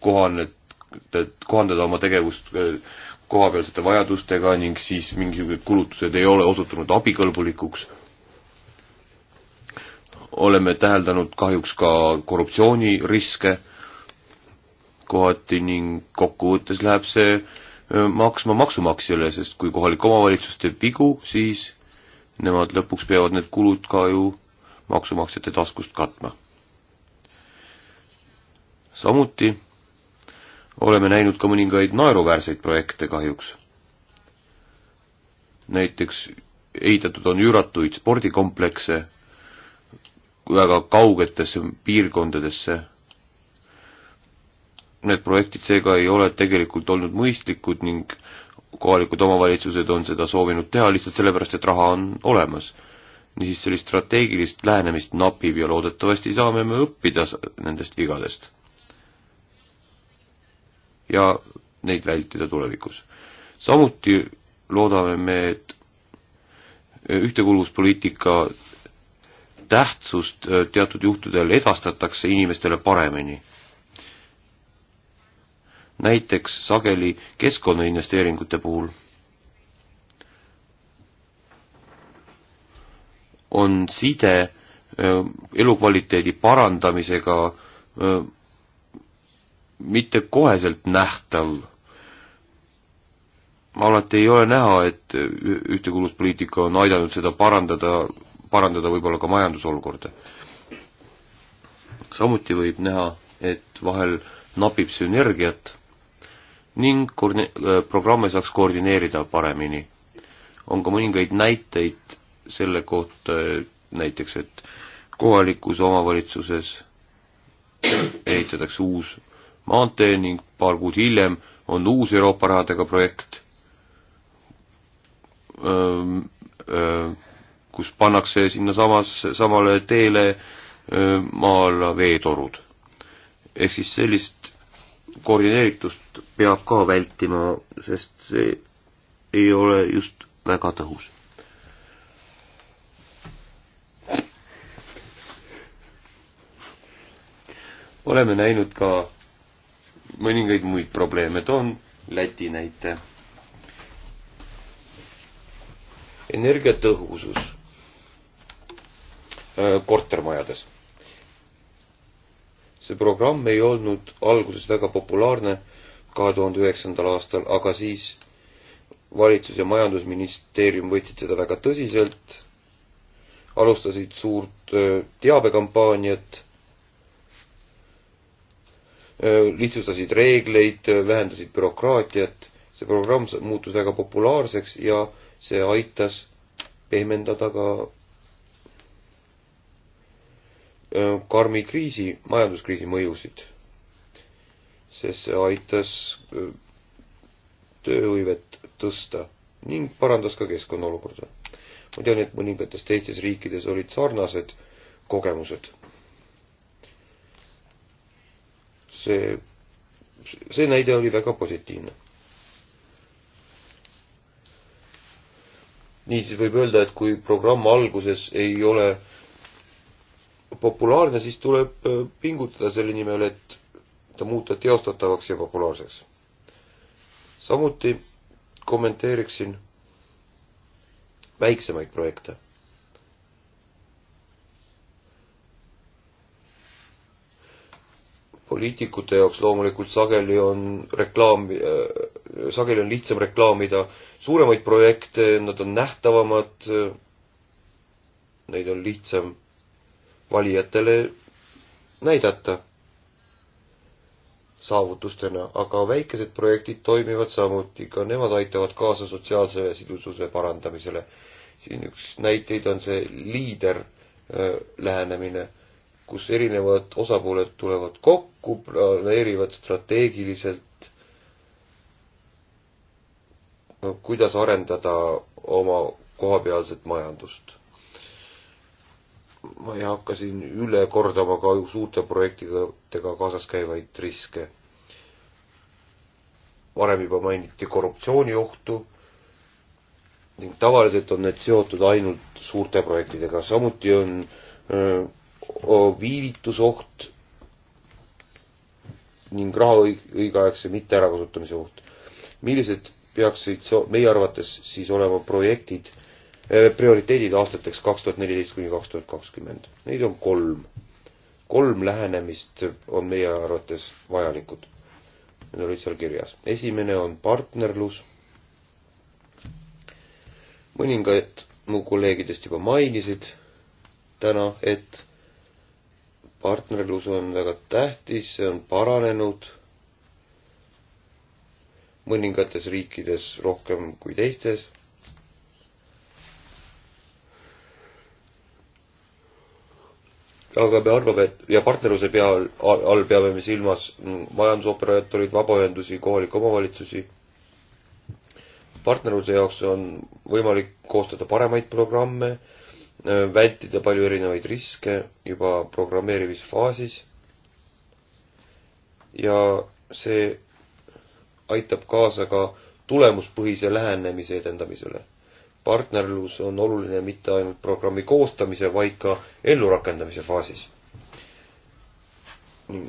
kohaned, kohandada oma tegevust kohapealsete vajadustega ning siis mingisugused kulutused ei ole osutunud abikõlbulikuks. oleme täheldanud kahjuks ka korruptsiooniriske kohati ning kokkuvõttes läheb see maksma maksumaksjale, sest kui kohalik omavalitsus teeb vigu, siis nemad lõpuks peavad need kulud ka ju maksumaksjate taskust katma. samuti oleme näinud ka mõningaid naeruväärseid projekte kahjuks. näiteks ehitatud on üüratuid spordikomplekse väga kaugetesse piirkondadesse need projektid seega ei ole tegelikult olnud mõistlikud ning kohalikud omavalitsused on seda soovinud teha lihtsalt sellepärast, et raha on olemas. niisiis sellist strateegilist lähenemist napib ja loodetavasti saame me õppida nendest vigadest. ja neid vältida tulevikus. samuti loodame me, et ühtekuuluvuspoliitika tähtsust teatud juhtudel edastatakse inimestele paremini näiteks sageli keskkonnainvesteeringute puhul on side elukvaliteedi parandamisega mitte koheselt nähtav. alati ei ole näha, et ühtekuuluvuspoliitika on aidanud seda parandada, parandada võib-olla ka majandusolukorda. samuti võib näha, et vahel napib sünergiat ning äh, programme saaks koordineerida paremini. on ka mõningaid näiteid selle kohta, näiteks et kohalikus omavalitsuses ehitatakse uus maantee ning paar kuud hiljem on uus Euroopa rahadega projekt, ähm, äh, kus pannakse sinnasamas, samale teele äh, maa alla veetorud. ehk siis sellist koordineeritust peab ka vältima, sest see ei ole just väga tõhus. oleme näinud ka mõningaid muid probleeme, toon Läti näite. energiatõhusus äh, kortermajades see programm ei olnud alguses väga populaarne kahe tuhande üheksandal aastal, aga siis valitsus ja majandusministeerium võtsid seda väga tõsiselt, alustasid suurt teabekampaaniat, lihtsustasid reegleid, vähendasid bürokraatiat, see programm muutus väga populaarseks ja see aitas pehmendada ka Äh, karmi kriisi, majanduskriisi mõjusid, sest see aitas äh, tööhõivet tõsta ning parandas ka keskkonna olukorda. ma tean, et mõningates teistes riikides olid sarnased kogemused. see, see näide oli väga positiivne. niisiis võib öelda, et kui programm alguses ei ole populaarne, siis tuleb äh, pingutada selle nimel, et ta muuta teostatavaks ja populaarseks. samuti kommenteeriksin väiksemaid projekte. poliitikute jaoks loomulikult sageli on reklaam, äh, sageli on lihtsam reklaamida suuremaid projekte, nad on nähtavamad, äh, neid on lihtsam valijatele näidata saavutustena, aga väikesed projektid toimivad samuti, ka nemad aitavad kaasa sotsiaalse sidususe parandamisele. siin üks näiteid on see liider lähenemine, kus erinevad osapooled tulevad kokku, planeerivad strateegiliselt, kuidas arendada oma kohapealset majandust ma ei hakka siin üle kordama ka suurte projektidega kaasas käivaid riske. varem juba mainiti korruptsiooniohtu ning tavaliselt on need seotud ainult suurte projektidega, samuti on öö, viivitusoht ning raha õigeaegse mitte ärakasutamise oht. millised peaksid meie arvates siis olema projektid, Äh, prioriteedid aastateks kaks tuhat neliteist kuni kaks tuhat kakskümmend. Neid on kolm. kolm lähenemist on meie arvates vajalikud. Need olid seal kirjas. esimene on partnerlus. mõningad mu kolleegidest juba mainisid täna, et partnerlus on väga tähtis, see on paranenud mõningates riikides rohkem kui teistes aga me arvame, et ja partnerluse peal, all peame me silmas majandusoperaatorid, vabaühendusi, kohalikke omavalitsusi. partnerluse jaoks on võimalik koostada paremaid programme, äh, vältida palju erinevaid riske juba programmeerimisfaasis. ja see aitab kaasa ka tulemuspõhise lähenemise edendamisele partnerlus on oluline mitte ainult programmi koostamise, vaid ka ellurakendamise faasis. ning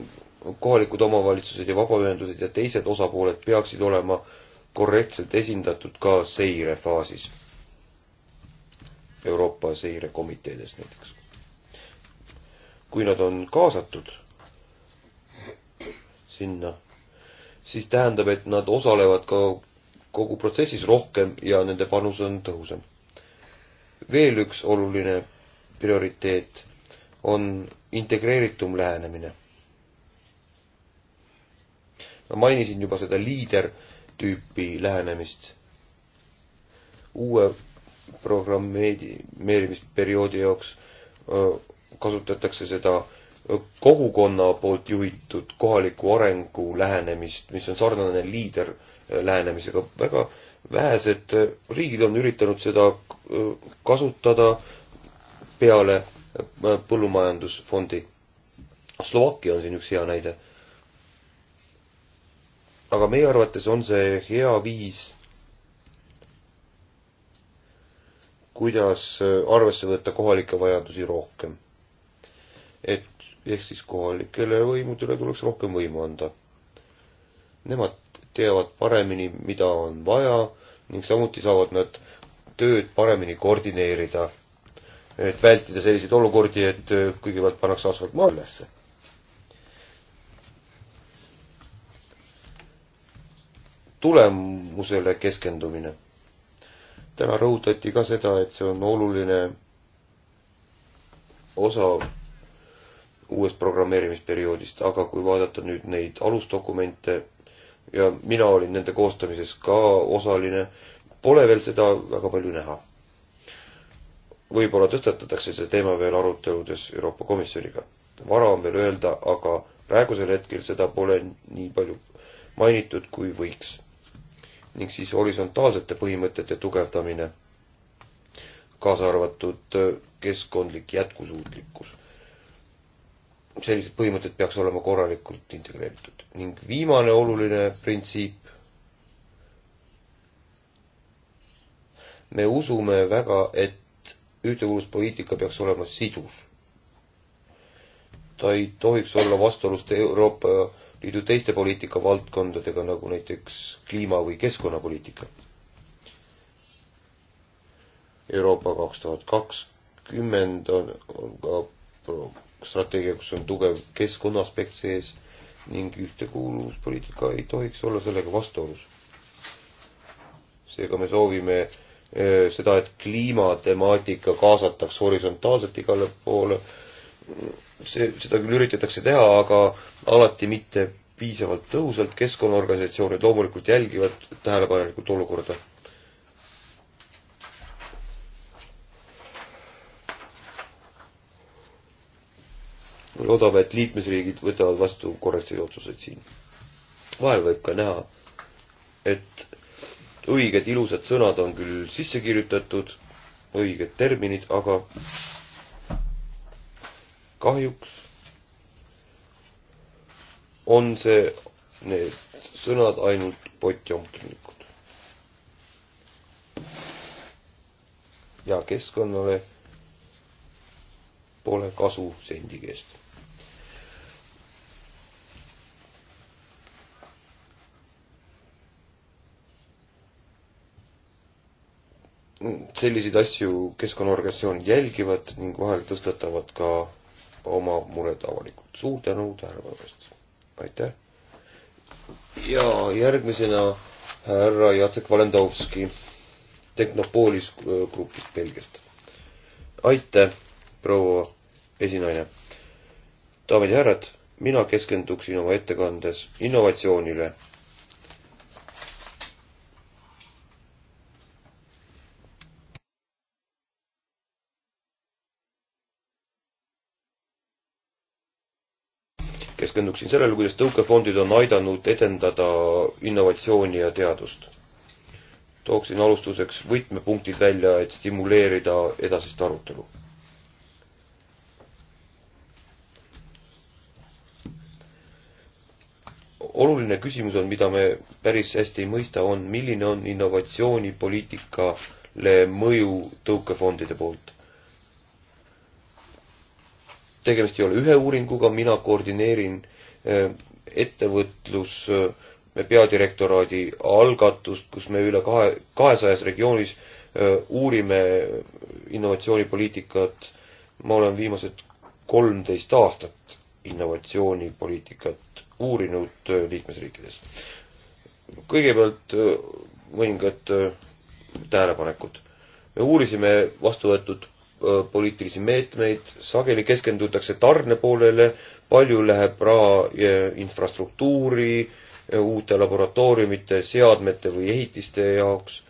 kohalikud omavalitsused ja vabaühendused ja teised osapooled peaksid olema korrektselt esindatud ka seirefaasis. Euroopa seirekomiteedes näiteks. kui nad on kaasatud sinna, siis tähendab, et nad osalevad ka kogu protsessis rohkem ja nende panus on tõhusam. veel üks oluline prioriteet on integreeritum lähenemine. ma mainisin juba seda liider tüüpi lähenemist. uue programmeerimisperioodi jaoks kasutatakse seda kogukonna poolt juhitud kohaliku arengu lähenemist, mis on sarnane liider lähenemisega. väga vähesed riigid on üritanud seda äh, kasutada peale äh, põllumajandusfondi. Slovakkia on siin üks hea näide. aga meie arvates on see hea viis, kuidas äh, arvesse võtta kohalikke vajadusi rohkem. et ehk siis kohalikele võimudele tuleks rohkem võimu anda. Nemad teavad paremini, mida on vaja ning samuti saavad nad tööd paremini koordineerida. et vältida selliseid olukordi, et äh, kõigepealt pannakse asfalt maa ülesse. tulemusele keskendumine. täna rõhutati ka seda, et see on oluline osa uuest programmeerimisperioodist, aga kui vaadata nüüd neid alusdokumente, ja mina olin nende koostamises ka osaline, pole veel seda väga palju näha. võib-olla tõstatatakse see teema veel aruteludes Euroopa Komisjoniga. vara on veel öelda, aga praegusel hetkel seda pole nii palju mainitud, kui võiks. ning siis horisontaalsete põhimõtete tugevdamine, kaasa arvatud keskkondlik jätkusuutlikkus sellised põhimõtted peaks olema korralikult integreeritud. ning viimane oluline printsiip. me usume väga, et ühtekuuluvuspoliitika peaks olema sidus. ta ei tohiks olla vastuolus Euroopa Liidu teiste poliitikavaldkondadega, nagu näiteks kliima- või keskkonnapoliitika. Euroopa kaks tuhat kakskümmend on, on ka strateegia, kus on tugev keskkonna aspekt sees ning ühtekuuluvuspoliitika ei tohiks olla sellega vastuolus. seega me soovime eh, seda, et kliimatemaatika kaasataks horisontaalselt igale poole. see, seda küll üritatakse teha, aga alati mitte piisavalt tõhusalt. keskkonnaorganisatsioonid loomulikult jälgivad tähelepanelikult olukorda. loodame, et liikmesriigid võtavad vastu korrektseid otsuseid siin. vahel võib ka näha, et õiged ilusad sõnad on küll sisse kirjutatud, õiged terminid, aga kahjuks on see, need sõnad ainult potjomkinlikud. ja keskkonnale pole kasu sendi eest selliseid asju keskkonnaorganisatsioonid jälgivad ning vahel tõstatavad ka oma mured avalikult. suur tänu tähelepanu eest. aitäh. ja järgmisena härra Jacek Valendovski Tehnopolis äh, grupist Belgiast. aitäh, proua esinaine. daamid ja härrad, mina keskenduksin oma ettekandes innovatsioonile keskenduksin sellele, kuidas tõukefondid on aidanud edendada innovatsiooni ja teadust. tooksin alustuseks võtmepunktid välja, et stimuleerida edasist arutelu. oluline küsimus on, mida me päris hästi ei mõista, on milline on innovatsioonipoliitikale mõju tõukefondide poolt tegemist ei ole ühe uuringuga, mina koordineerin Äh, ettevõtlus äh, peadirektoraadi algatust, kus me üle kahe, kahesajas regioonis äh, uurime innovatsioonipoliitikat. ma olen viimased kolmteist aastat innovatsioonipoliitikat uurinud liikmesriikides. kõigepealt mõningad tähelepanekud. me uurisime vastu võetud poliitilisi meetmeid, sageli keskendutakse tarne poolele, palju läheb raha eh, infrastruktuuri, eh, uute laboratooriumite, seadmete või ehitiste jaoks.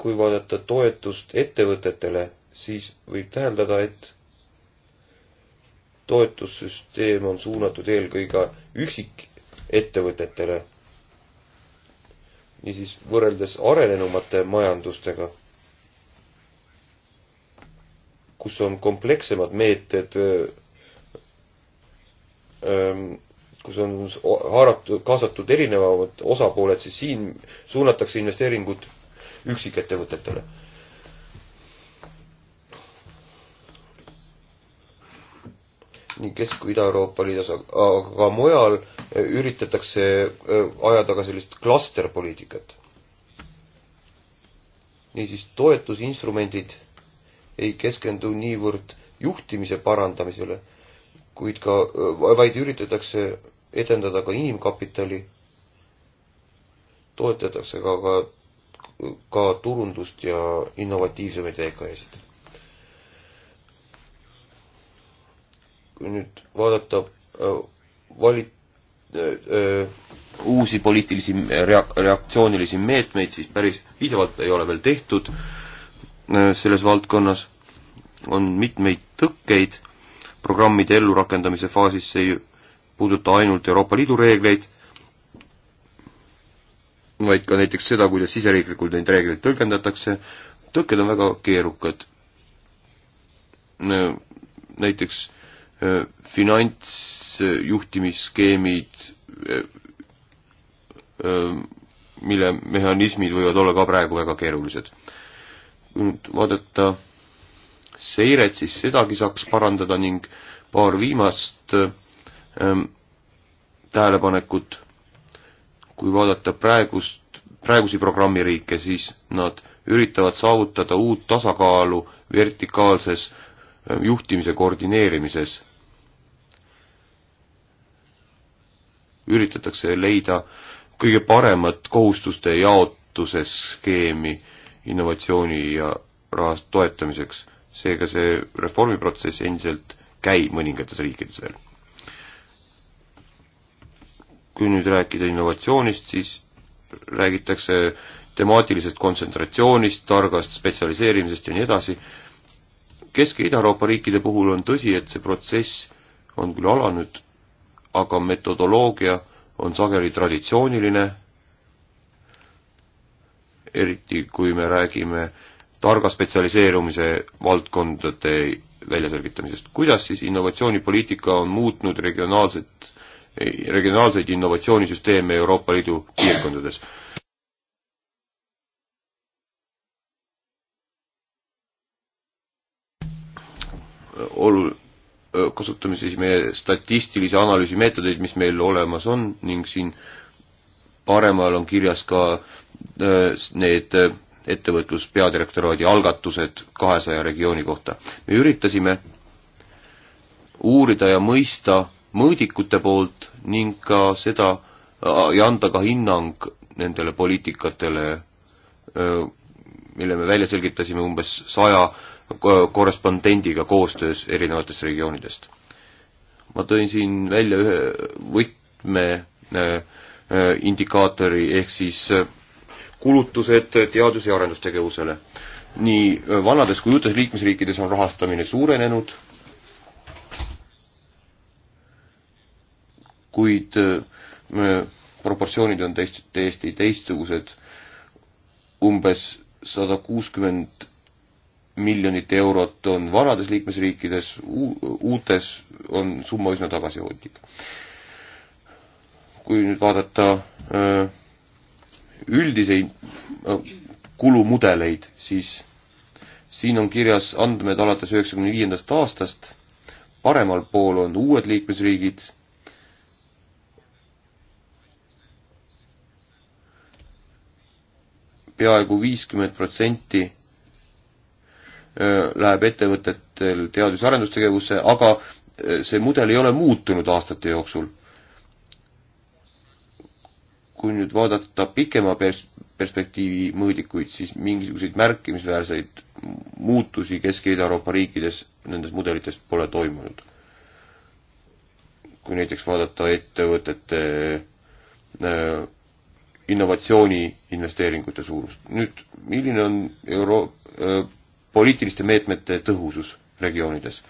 kui vaadata toetust ettevõtetele, siis võib täheldada, et toetussüsteem on suunatud eelkõige üksikettevõtetele. niisiis, võrreldes arenenumate majandustega kus on komplekssemad meetmed, ähm, kus on haaratud, kaasatud erinevad osapooled, siis siin suunatakse investeeringud üksikettevõtetele. nii Kesk- kui Ida-Euroopa Liidus, aga ka mujal äh, üritatakse äh, ajada ka sellist klasterpoliitikat. niisiis, toetusinstrumendid ei keskendu niivõrd juhtimise parandamisele, kuid ka, vaid üritatakse edendada ka inimkapitali, toetatakse ka, ka, ka turundust ja innovatiivsemaid EKS-id. kui nüüd vaadata äh, valit-, äh, uusi poliitilisi reak-, reaktsioonilisi meetmeid, siis päris piisavalt ei ole veel tehtud Äh, selles valdkonnas, on mitmeid tõkkeid programmide ellurakendamise faasis, see ei puuduta ainult Euroopa Liidu reegleid, vaid ka näiteks seda, kuidas siseriiklikult neid reegleid tõlgendatakse, tõkked on väga keerukad. Äh, näiteks äh, finantsjuhtimisskeemid, mille mehhanismid võivad olla ka praegu väga keerulised nüüd vaadata seiret, siis sedagi saaks parandada ning paar viimast ähm, tähelepanekut. kui vaadata praegust, praegusi programmiriike, siis nad üritavad saavutada uut tasakaalu vertikaalses ähm, juhtimise koordineerimises. üritatakse leida kõige paremat kohustuste jaotuse skeemi äh, innovatsiooni ja rahast toetamiseks, seega see reformiprotsess endiselt käib mõningates riikides veel. kui nüüd rääkida innovatsioonist, siis räägitakse temaatilisest kontsentratsioonist, targast spetsialiseerimisest ja nii edasi. Kesk- ja Ida-Euroopa riikide puhul on tõsi, et see protsess on küll alanud, aga metodoloogia on sageli traditsiooniline eriti kui me räägime targa spetsialiseerumise valdkondade väljaselgitamisest. kuidas siis innovatsioonipoliitika on muutnud regionaalset, regionaalseid innovatsioonisüsteeme Euroopa Liidu piirkondades? olu-, kasutame siis meie statistilise analüüsi meetodeid, mis meil olemas on ning siin paremal on kirjas ka Äh, need äh, ettevõtluspeadirektoraadi algatused kahesaja regiooni kohta. me üritasime uurida ja mõista mõõdikute poolt ning ka seda äh, ja anda ka hinnang nendele poliitikatele, mille me välja selgitasime umbes saja korrespondendiga koostöös erinevatest regioonidest. ma tõin siin välja ühe võtme indikaatori ehk siis kulutused teadus- ja arendustegevusele. nii vanades kui uutes liikmesriikides on rahastamine suurenenud, kuid proportsioonid on täiesti, täiesti teistsugused. umbes sada kuuskümmend miljonit eurot on vanades liikmesriikides, uutes on summa üsna tagasihoidlik. kui nüüd vaadata öö, üldiseid äh, kulumudeleid, siis siin on kirjas andmed alates üheksakümne viiendast aastast, paremal pool on uued liikmesriigid, peaaegu viiskümmend protsenti äh, läheb ettevõtetel teadus- ja arendustegevusse, aga äh, see mudel ei ole muutunud aastate jooksul kui nüüd vaadata pikema pers-, perspektiivi mõõdikuid, siis mingisuguseid märkimisväärseid muutusi Kesk- ja Ida-Euroopa riikides nendes mudelites pole toimunud. kui näiteks vaadata ettevõtete äh, innovatsiooni investeeringute suurust. nüüd, milline on euro-, äh, poliitiliste meetmete tõhusus regioonides?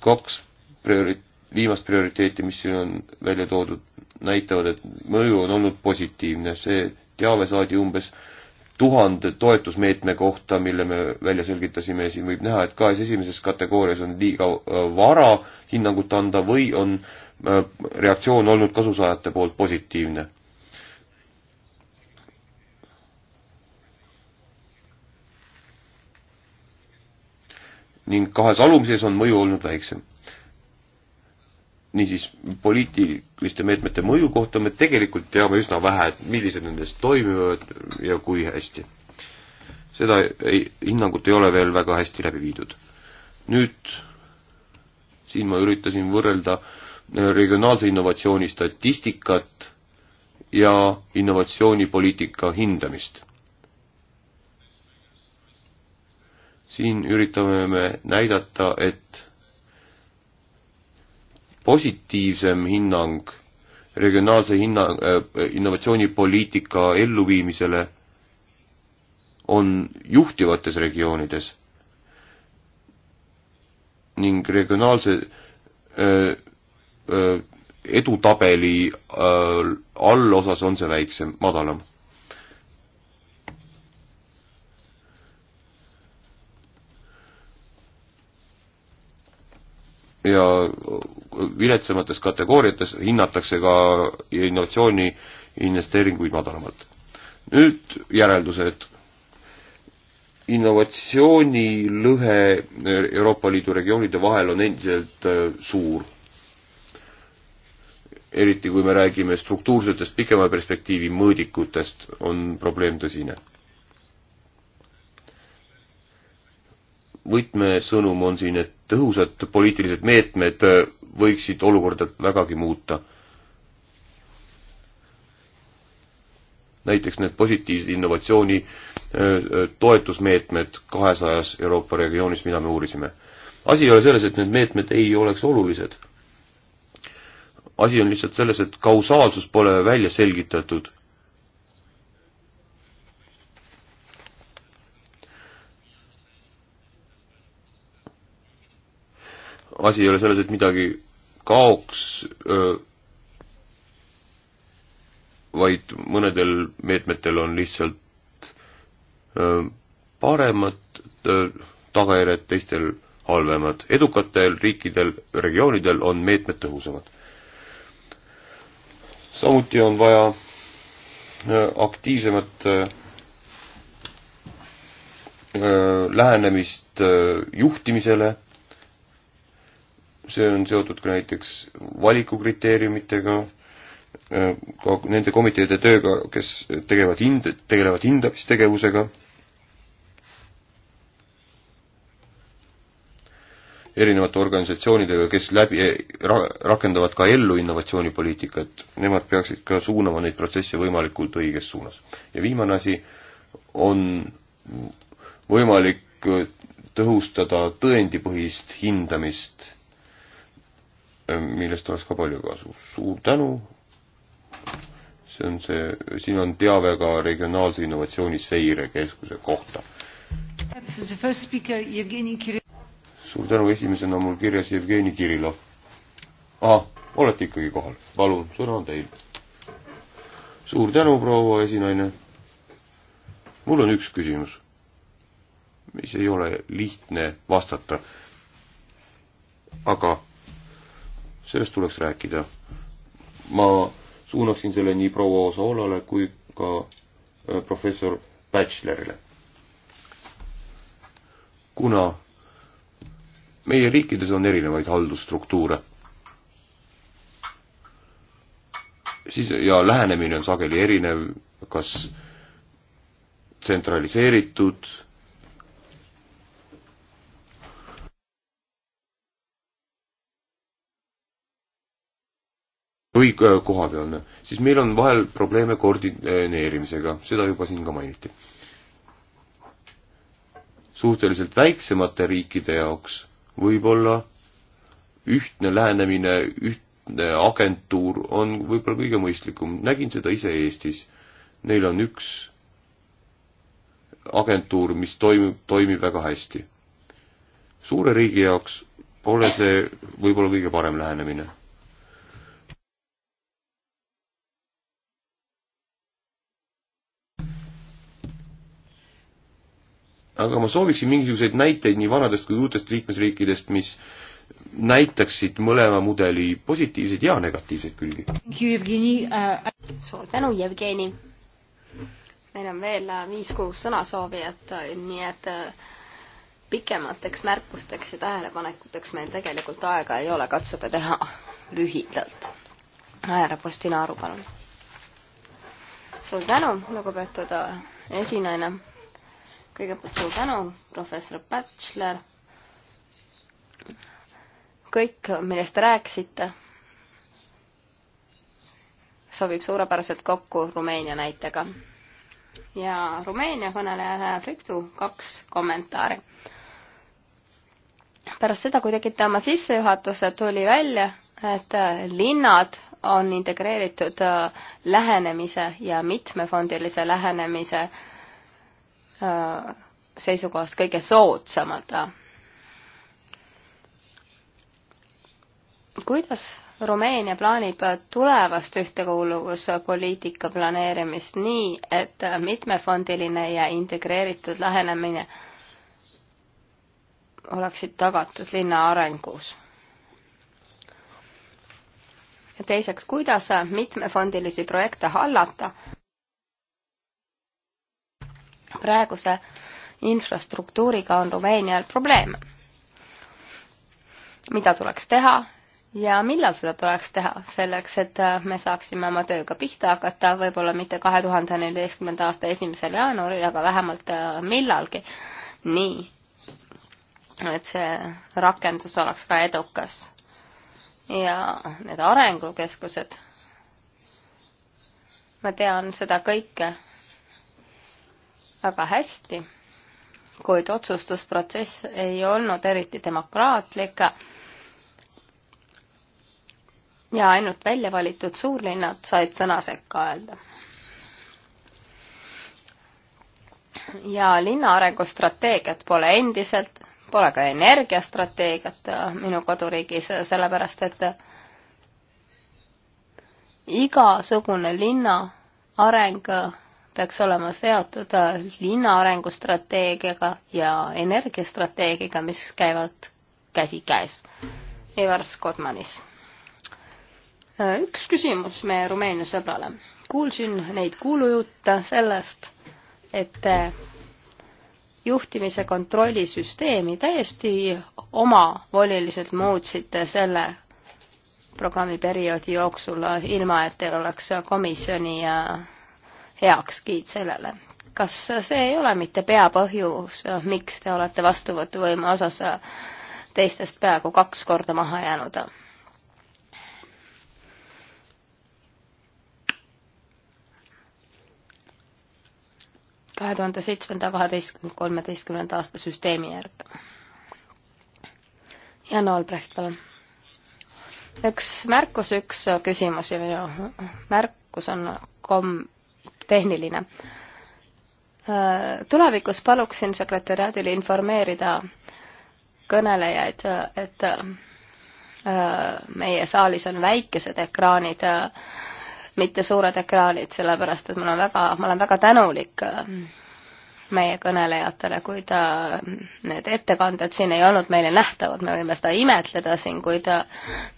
kaks priori-, viimast prioriteeti, mis siin on välja toodud, näitavad, et mõju on olnud positiivne, see teave saadi umbes tuhande toetusmeetme kohta, mille me välja selgitasime ja siin võib näha, et kahes esimeses kategoorias on liiga äh, vara hinnangut anda või on äh, reaktsioon olnud kasusaajate poolt positiivne. ning kahes alumises on mõju olnud väiksem niisiis poliitiliste meetmete mõju kohta me tegelikult teame üsna vähe, et millised nendest toimivad ja kui hästi. seda ei, hinnangut ei ole veel väga hästi läbi viidud. nüüd siin ma üritasin võrrelda äh, regionaalse innovatsiooni statistikat ja innovatsioonipoliitika hindamist. siin üritame me näidata, et positiivsem hinnang regionaalse hinna, äh, innovatsioonipoliitika elluviimisele on juhtivates regioonides ning regionaalse öö, äh, öö, äh, edutabeli öö, allosas on see väiksem, madalam ja viletsamates kategooriates hinnatakse ka innovatsiooni investeeringuid madalamalt. nüüd järeldused. innovatsioonilõhe Euroopa Liidu regioonide vahel on endiselt äh, suur. eriti kui me räägime struktuursetest pikema perspektiivi mõõdikutest, on probleem tõsine võtmesõnum on siin, et tõhusad poliitilised meetmed äh, võiksid olukorda vägagi muuta. näiteks need positiivse innovatsiooni äh, äh, toetusmeetmed kahesajas Euroopa regioonis, mida me uurisime. asi ei ole selles, et need meetmed ei oleks olulised. asi on lihtsalt selles, et kausaalsus pole välja selgitatud asi ei ole selles, et midagi kaoks, vaid mõnedel meetmetel on lihtsalt öö, paremad öö, tagajärjed, teistel halvemad. edukatel riikidel, regioonidel on meetmed tõhusamad. samuti on vaja öö, aktiivsemat lähenemist juhtimisele see on seotud ka näiteks valikukriteeriumitega, äh, ka nende komiteede tööga, kes tegevad hind-, tegelevad hindamistegevusega. erinevate organisatsioonidega, kes läbi eh, ra,, rakendavad ka ellu innovatsioonipoliitikat, nemad peaksid ka suunama neid protsesse võimalikult õiges suunas. ja viimane asi, on võimalik äh, tõhustada tõendipõhist hindamist millest oleks ka palju kasu. suur tänu. see on see, siin on teave ka regionaalse innovatsiooni seirekeskuse kohta. suur tänu, esimesena on mul kirjas Jevgeni Kirillov. ahah, olete ikkagi kohal, palun, sõna on teil. suur tänu, proua esinaine. mul on üks küsimus, mis ei ole lihtne vastata. aga sellest tuleks rääkida. ma suunaksin selle nii proua Osolale kui ka äh, professor Bachelorile. kuna meie riikides on erinevaid haldusstruktuure, siis ja lähenemine on sageli erinev, kas tsentraliseeritud või äh, kohapealne, siis meil on vahel probleeme koordineerimisega, seda juba siin ka mainiti. suhteliselt väiksemate riikide jaoks võib-olla ühtne lähenemine, ühtne agentuur on võib-olla kõige mõistlikum, nägin seda ise Eestis. Neil on üks agentuur, mis toimib, toimib väga hästi. suure riigi jaoks pole see võib-olla kõige parem lähenemine aga ma sooviksin mingisuguseid näiteid nii vanadest kui uutest liikmesriikidest, mis näitaksid mõlema mudeli positiivseid ja negatiivseid külgi. Uh, suur tänu, Jevgeni! meil on veel uh, viis-kuus sõnasoovijat, uh, nii et pikemateks märkusteks ja tähelepanekuteks meil tegelikult aega ei ole, katsume teha lühidalt. härra Postinaru, palun! suur tänu, lugupeetud esinaine kõigepealt suur tänu, professor Pätsler. kõik, millest te rääkisite, sobib suurepäraselt kokku Rumeenia näitega. ja Rumeenia kõneleja Friptu kaks kommentaari. pärast seda, kui tegite oma sissejuhatuse, tuli välja, et linnad on integreeritud äh, lähenemise ja mitmefondilise lähenemise äh, Äh, seisukohast kõige soodsamad. kuidas Rumeenia plaanib tulevast ühtekuuluvuspoliitika planeerimist nii, et mitmefondiline ja integreeritud lähenemine oleksid tagatud linna arengus? ja teiseks, kuidas mitmefondilisi projekte hallata? praeguse infrastruktuuriga on Rumeenial probleeme. mida tuleks teha ja millal seda tuleks teha, selleks et me saaksime oma tööga pihta hakata, võib-olla mitte kahe tuhande neljateistkümnenda aasta esimesel jaanuaril, aga vähemalt äh, millalgi. nii, et see rakendus oleks ka edukas. ja need arengukeskused, ma tean seda kõike väga hästi, kuid otsustusprotsess ei olnud eriti demokraatlik ja ainult välja valitud suurlinnad said sõna sekka öelda. ja linna arengustrateegiat pole endiselt, pole ka energiastrateegiat minu koduriigis, sellepärast et igasugune linna areng peaks olema seotud linna arengustrateegiaga ja energiastrateegiaga, mis käivad käsikäes. Ivar Skotmanis. üks küsimus meie Rumeenia sõbrale. kuulsin neid kuulujutte sellest, et juhtimise kontrollisüsteemi täiesti omavoliliselt muutsite selle programmi perioodi jooksul, ilma et teil oleks komisjoni heakskiit sellele. kas see ei ole mitte peapõhjus, miks te olete vastuvõtuvõime osas teistest peaaegu kaks korda maha jäänud? kahe tuhande seitsmenda, kaheteistkümnenda, kolmeteistkümnenda aasta süsteemi järgi. Jan Albrecht, palun. üks märkus, üks küsimus ja minu märkus on kom-, tehniline. Äh, tulevikus paluksin sekretäriaadil informeerida kõnelejaid, et äh, meie saalis on väikesed ekraanid, äh, mitte suured ekraanid, sellepärast et mul on väga, ma olen väga tänulik meie kõnelejatele, kui ta, need ettekanded siin ei olnud meile nähtavad, me võime seda imetleda siin, kui ta,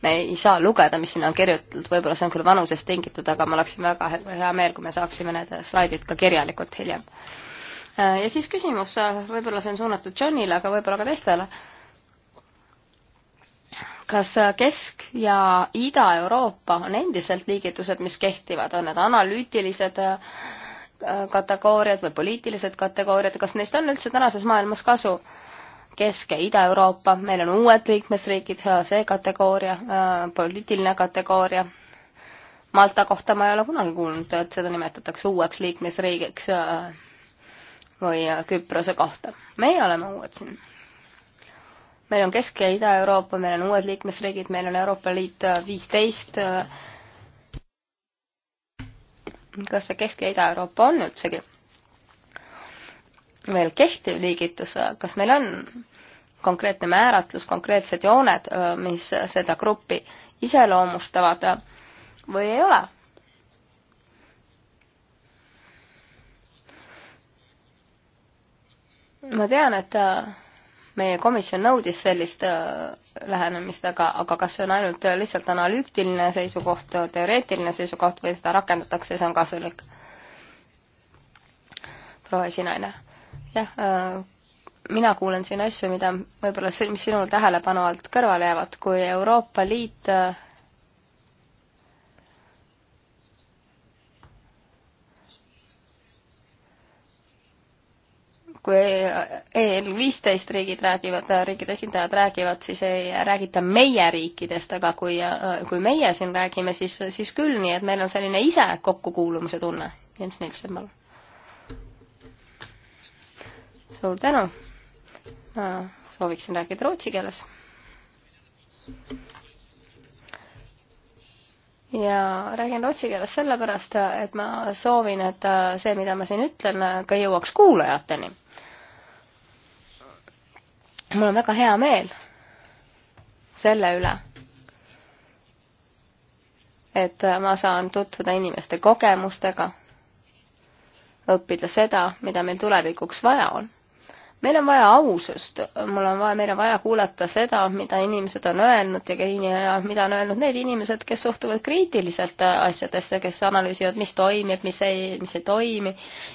me ei saa lugeda, mis sinna on kirjutatud, võib-olla see on küll vanusest tingitud, aga ma oleksin väga hea meel, kui me saaksime need slaidid ka kirjalikult hiljem. ja siis küsimus, võib-olla see on suunatud Johnile, aga võib-olla ka teistele. kas Kesk- ja Ida-Euroopa on endiselt liigitused, mis kehtivad, on need analüütilised äh, kategooriad või poliitilised kategooriad, kas neist on üldse tänases maailmas kasu? Kesk- ja Ida-Euroopa, meil on uued liikmesriigid, see kategooria, äh, poliitiline kategooria. Malta kohta ma ei ole kunagi kuulnud, et seda nimetatakse uueks liikmesriigiks äh, või äh, Küprose kohta. meie oleme uued siin. meil on Kesk- ja Ida-Euroopa, meil on uued liikmesriigid, meil on Euroopa Liit viisteist 15 kas see Kesk- ja Ida-Euroopa on üldsegi veel kehtiv liigitus, kas meil on konkreetne määratlus, konkreetsed jooned, mis seda gruppi iseloomustavad või ei ole? ma tean, et meie komisjon nõudis sellist lähenemist, aga, aga kas see on ainult lihtsalt analüütiline seisukoht, teoreetiline seisukoht või seda rakendatakse ja see on kasulik? proua esinaine. jah äh,, mina kuulen siin asju, mida võib-olla, mis sinul tähelepanu alt kõrvale jäävad, kui Euroopa Liit äh, kui EL viisteist riigid räägivad, riikide esindajad räägivad, siis ei räägita meie riikidest, aga kui, kui meie siin räägime, siis, siis küll, nii et meil on selline ise kokkukuulumise tunne. Jens Nilsen, palun. suur tänu. ma sooviksin rääkida rootsi keeles. ja räägin rootsi keeles sellepärast, et ma soovin, et see, mida ma siin ütlen, ka jõuaks kuulajateni mul on väga hea meel selle üle, et ma saan tutvuda inimeste kogemustega, õppida seda, mida meil tulevikuks vaja on meil on vaja ausust, mul on vaja, meil on vaja kuulata seda, mida inimesed on öelnud ja, ja mida on öelnud need inimesed, kes suhtuvad kriitiliselt asjadesse, kes analüüsivad, mis toimib, mis ei, mis ei toimi.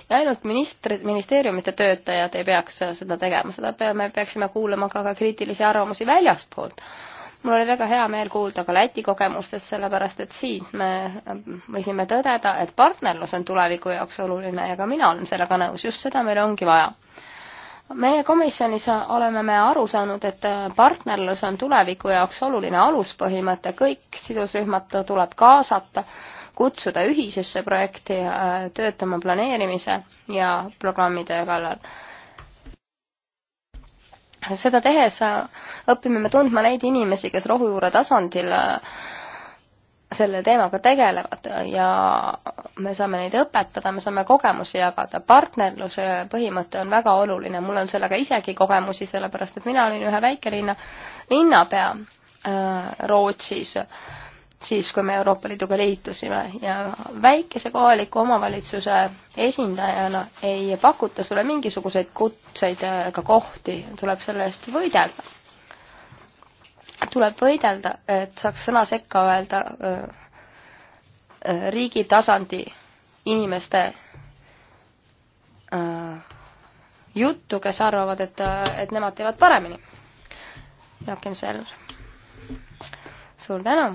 ja ainult ministrid, ministeeriumite töötajad ei peaks seda tegema, seda peame, peaksime kuulama ka, ka kriitilisi arvamusi väljaspoolt mul oli väga hea meel kuulda ka Läti kogemustest, sellepärast et siin me võisime tõdeda, et partnerlus on tuleviku jaoks oluline ja ka mina olen sellega nõus, just seda meil ongi vaja meie komisjonis oleme me aru saanud, et partnerlus on tuleviku jaoks oluline aluspõhimõte, kõik sidusrühmad tuleb kaasata, kutsuda ühisesse projekti, äh, töötama planeerimise ja programmide kallal. seda tehes äh, õpime me tundma neid inimesi, kes rohujuure tasandil äh, selle teemaga tegelevad ja me saame neid õpetada, me saame kogemusi jagada. partnerluse põhimõte on väga oluline, mul on sellega isegi kogemusi, sellepärast et mina olin ühe väikelinna linnapea äh, Rootsis, siis kui me Euroopa Liiduga liitusime ja väikese kohaliku omavalitsuse esindajana ei pakuta sulle mingisuguseid kutseid ega kohti, tuleb selle eest võidelda tuleb võidelda, et saaks sõna sekka öelda äh, äh, riigi tasandi inimeste äh, juttu, kes arvavad, et, et nemad teevad paremini. Joakim Seller, suur tänu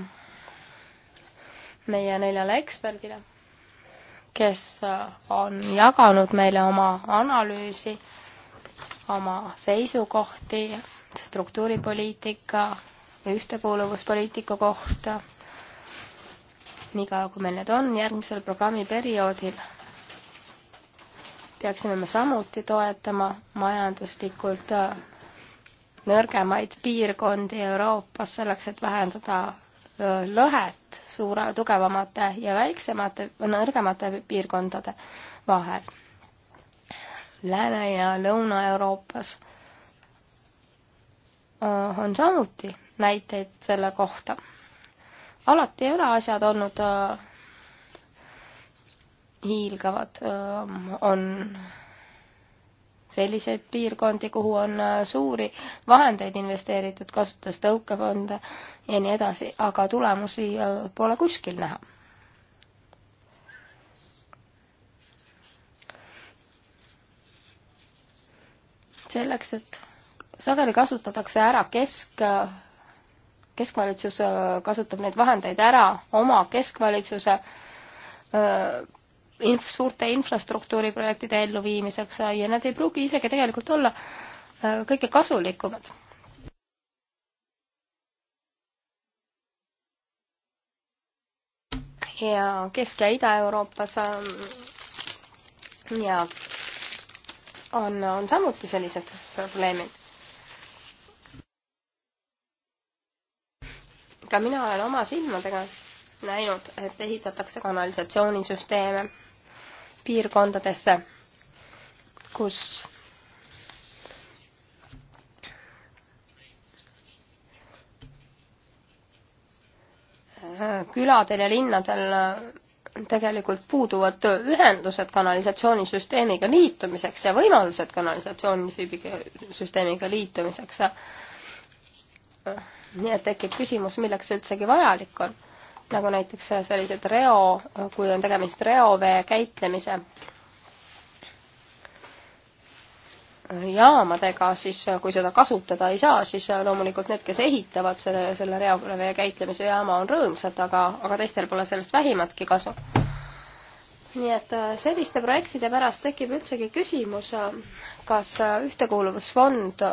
meie neljale eksperdile, kes on jaganud meile oma analüüsi, oma seisukohti, struktuuripoliitika ja ühtekuuluvuspoliitika kohta. niikaua, kui meil need on, järgmisel programmiperioodil peaksime me samuti toetama majanduslikult äh, nõrgemaid piirkondi Euroopas selleks, et vähendada äh, lõhet suure, tugevamate ja väiksemate, nõrgemate piirkondade vahel. Lääne- ja Lõuna-Euroopas äh, on samuti näiteid selle kohta. alati ei ole asjad olnud äh, hiilgavad, äh, on selliseid piirkondi, kuhu on äh, suuri vahendeid investeeritud, kasutades tõukefonde ja nii edasi, aga tulemusi pole kuskil näha. selleks, et sageli kasutatakse ära kesk- keskvalitsus kasutab neid vahendeid ära oma keskvalitsuse inf-, suurte infrastruktuuriprojektide elluviimiseks äh, ja need ei pruugi isegi tegelikult olla kõige kasulikumad. ja Kesk- ja Ida-Euroopas ähm, ja on, on samuti sellised probleemid ka mina olen oma silmadega näinud, et ehitatakse kanalisatsioonisüsteeme piirkondadesse, kus küladel ja linnadel tegelikult puuduvad ühendused kanalisatsioonisüsteemiga liitumiseks ja võimalused kanalisatsioonisüsteemiga liitumiseks nii et tekib küsimus, milleks see üldsegi vajalik on. nagu näiteks sellised reo, kui on tegemist reovee käitlemise jaamadega, siis kui seda kasutada ei saa, siis loomulikult need, kes ehitavad selle, selle reovee käitlemise jaama, on rõõmsad, aga, aga teistel pole sellest vähimatki kasu. nii et äh, selliste projektide pärast tekib üldsegi küsimus, äh, kas äh, Ühtekuuluvusfond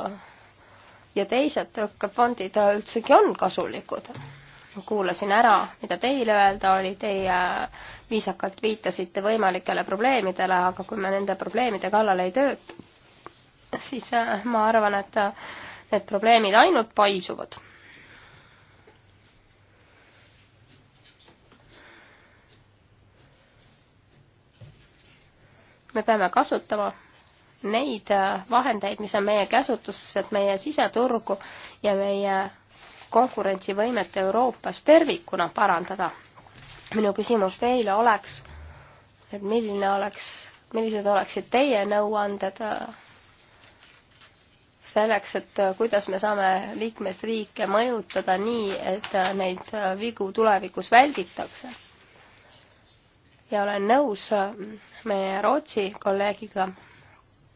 ja teised tõukefondid üldsegi on kasulikud. kuulasin ära, mida teil öelda oli, teie viisakalt viitasite võimalikele probleemidele, aga kui me nende probleemide kallal ei tööta, siis äh, ma arvan, et äh, need probleemid ainult paisuvad me peame kasutama neid äh, vahendeid, mis on meie käsutuses, et meie siseturgu ja meie konkurentsivõimet Euroopas tervikuna parandada. minu küsimus teile oleks, et milline oleks, millised oleksid teie nõuanded äh, selleks, et äh, kuidas me saame liikmesriike mõjutada nii, et neid vigu tulevikus välditakse. ja olen nõus meie Rootsi kolleegiga,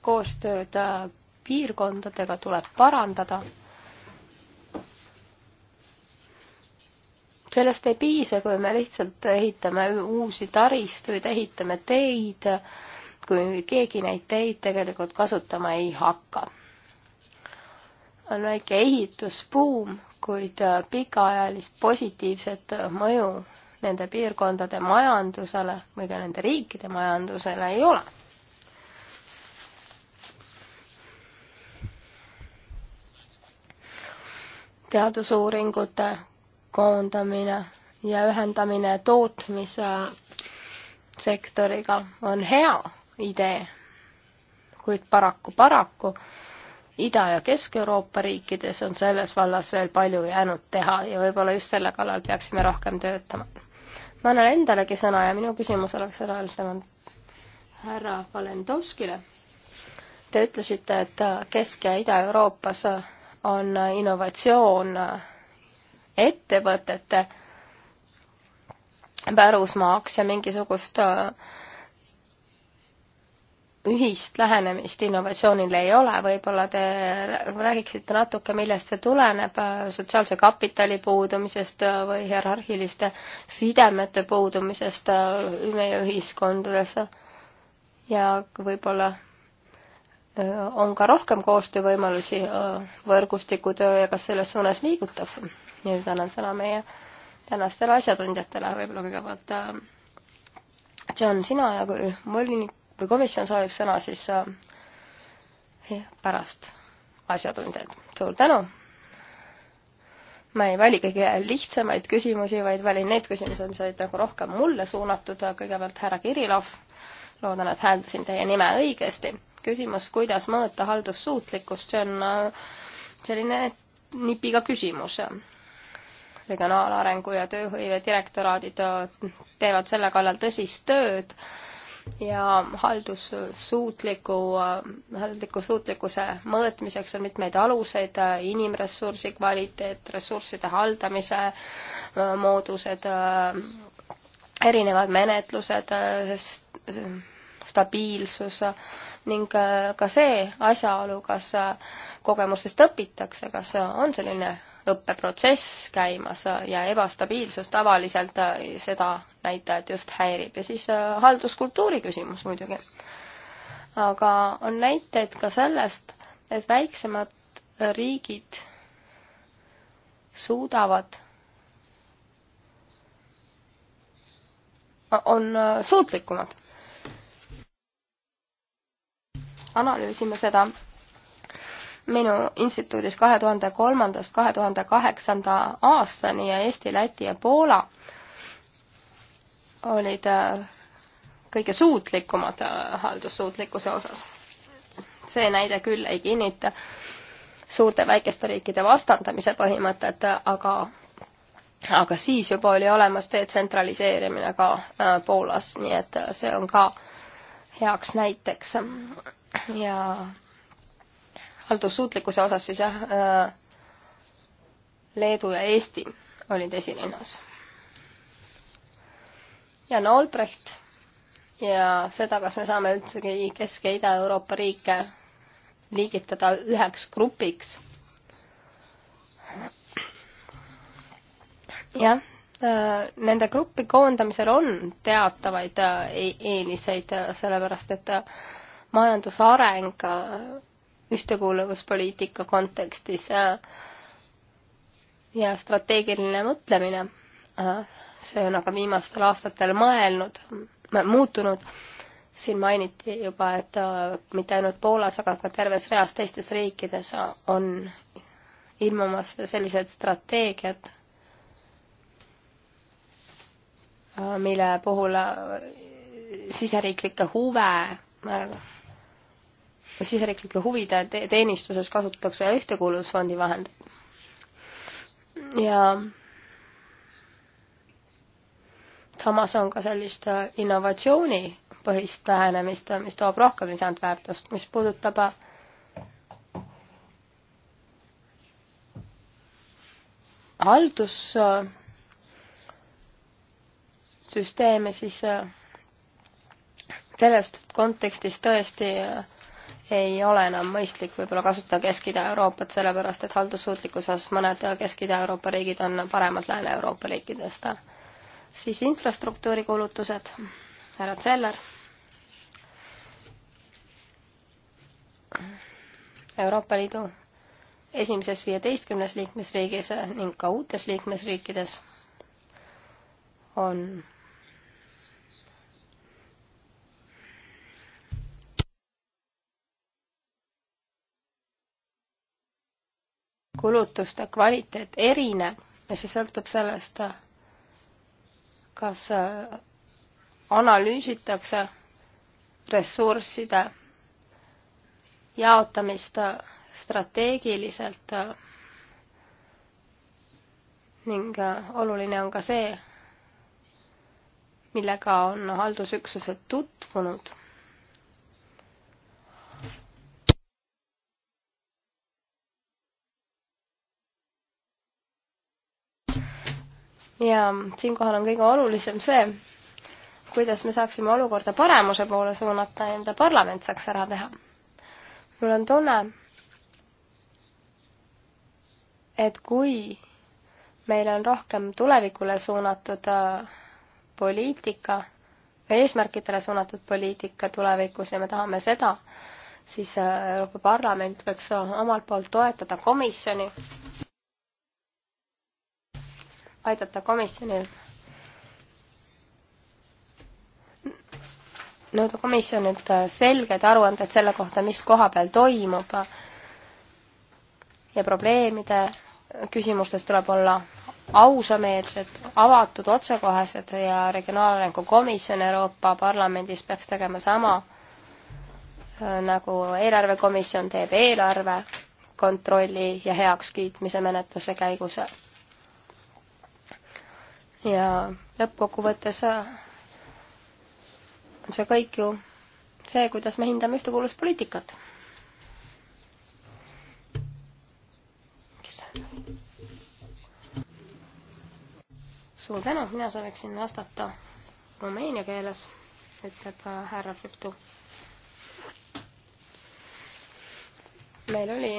koostööd äh, piirkondadega tuleb parandada. sellest ei piisa, kui me lihtsalt ehitame uusi taristuid, ehitame teid, kui keegi neid teid tegelikult kasutama ei hakka on väike ehitusbuum, kuid äh, pikaajalist positiivset mõju nende piirkondade majandusele või ka nende riikide majandusele ei ole. teadusuuringute koondamine ja ühendamine tootmise sektoriga on hea idee, kuid paraku, paraku Ida- ja Kesk-Euroopa riikides on selles vallas veel palju jäänud teha ja võib-olla just selle kallal peaksime rohkem töötama. ma annan endalegi sõna ja minu küsimus oleks sellel härra Valentovskile. Te ütlesite, et Kesk- ja Ida-Euroopas on innovatsioon ettevõtete pärusmaaks ja mingisugust äh, ühist lähenemist innovatsioonile ei ole, võib-olla te räägiksite natuke, millest see tuleneb, äh, sotsiaalse kapitali puudumisest äh, või hierarhiliste sidemete puudumisest meie ühiskondades ja võib-olla Äh, on ka rohkem koostöövõimalusi äh, võrgustikutöö ja kas selles suunas liigutakse? ja nüüd annan sõna meie tänastele asjatundjatele, võib-olla kõigepealt äh, John, sina ja kui volinik või komisjon soovib sõna, siis eh, pärast asjatundjaid. suur tänu! ma ei vali kõige lihtsamaid küsimusi, vaid valin need küsimused, mis olid nagu rohkem mulle suunatud, kõigepealt härra Kirillov, loodan, et hääldasin teie nime õigesti küsimus, kuidas mõõta haldussuutlikkust, see on äh, selline nipiga küsimus. regionaalarengu ja tööhõive direktoraadid äh, teevad selle kallal tõsist tööd ja haldussuutliku, äh, haldusliku suutlikkuse mõõtmiseks on mitmeid aluseid, inimressursi kvaliteet, ressursside haldamise moodused, erinevad menetlused, stabiilsus ning äh, ka see asjaolu, kas äh, kogemustest õpitakse, kas äh, on selline õppeprotsess käimas ja ebastabiilsus tavaliselt seda näitajat just häirib ja siis halduskultuuri küsimus muidugi. aga on näiteid ka sellest, et väiksemad riigid suudavad on suutlikumad analüüsima seda. minu instituudis kahe tuhande kolmandast kahe tuhande kaheksanda aastani ja Eesti, Läti ja Poola olid äh, kõige suutlikumad äh, haldussuutlikkuse osas. see näide küll ei kinnita suurte väikeste riikide vastandamise põhimõtet, aga aga siis juba oli olemas detsentraliseerimine ka äh, Poolas, nii et see on ka äh, heaks näiteks. ja haldussuutlikkuse osas siis jah, äh, Leedu ja Eesti olid esilinnas. Jan Olbrecht ja seda, kas me saame üldsegi Kesk- ja Ida-Euroopa riike liigitada üheks grupiks. jah, Äh, nende gruppi koondamisel on teatavaid äh, e-, eeliseid, äh, sellepärast et majandusareng ühtekuuluvuspoliitika kontekstis ja strateegiline mõtlemine, see on aga viimastel aastatel mõelnud, muutunud, siin mainiti juba, et mitte ainult Poolas, aga ka terves reas teistes riikides on ilmumas sellised strateegiad, mille puhul äh, siseriiklikke huve äh, siseriiklike huvide teenistuses kasutatakse ühtekuuluvusfondi vahendeid. ja samas on ka sellist äh, innovatsioonipõhist lähenemist, mis toob rohkem lisandväärtust, mis puudutab haldus süsteeme, siis äh, sellest kontekstist tõesti äh, ei ole enam mõistlik võib-olla kasutada Kesk-Ida-Euroopat, sellepärast et haldussuutlikkuse osas mõned Kesk-Ida-Euroopa riigid on paremad Lääne-Euroopa riikidest. siis infrastruktuuri kulutused, härra Zeller. Euroopa Liidu esimeses viieteistkümnes liikmesriigis ning ka uutes liikmesriikides on kulutuste kvaliteet erineb ja see sõltub sellest, kas äh, analüüsitakse ressursside jaotamist äh, strateegiliselt äh, ning oluline on ka see, millega on haldusüksused tutvunud ja siinkohal on kõige olulisem see, kuidas me saaksime olukorda paremuse poole suunata ja mida parlament saaks ära teha. mul on tunne, et kui meil on rohkem tulevikule suunatud äh, poliitika, eesmärkidele suunatud poliitika tulevikus ja me tahame seda, siis äh, Euroopa Parlament võiks äh, omalt poolt toetada komisjoni aidata komisjonil nõuda komisjonilt äh, selged aruanded selle kohta, mis koha peal toimub ja probleemide küsimustes tuleb olla ausameelsed, avatud, otsekohesed ja Regionaalarengu Komisjon Euroopa Parlamendis peaks tegema sama, äh, nagu eelarvekomisjon teeb eelarve kontrolli ja heakskiitmise menetluse käigus ja lõppkokkuvõttes äh, on see kõik ju see, kuidas me hindame ühtekuuluvuspoliitikat. suur tänu, mina sooviksin vastata rumeenia keeles, ütleb äh, härra Rüptu. meil oli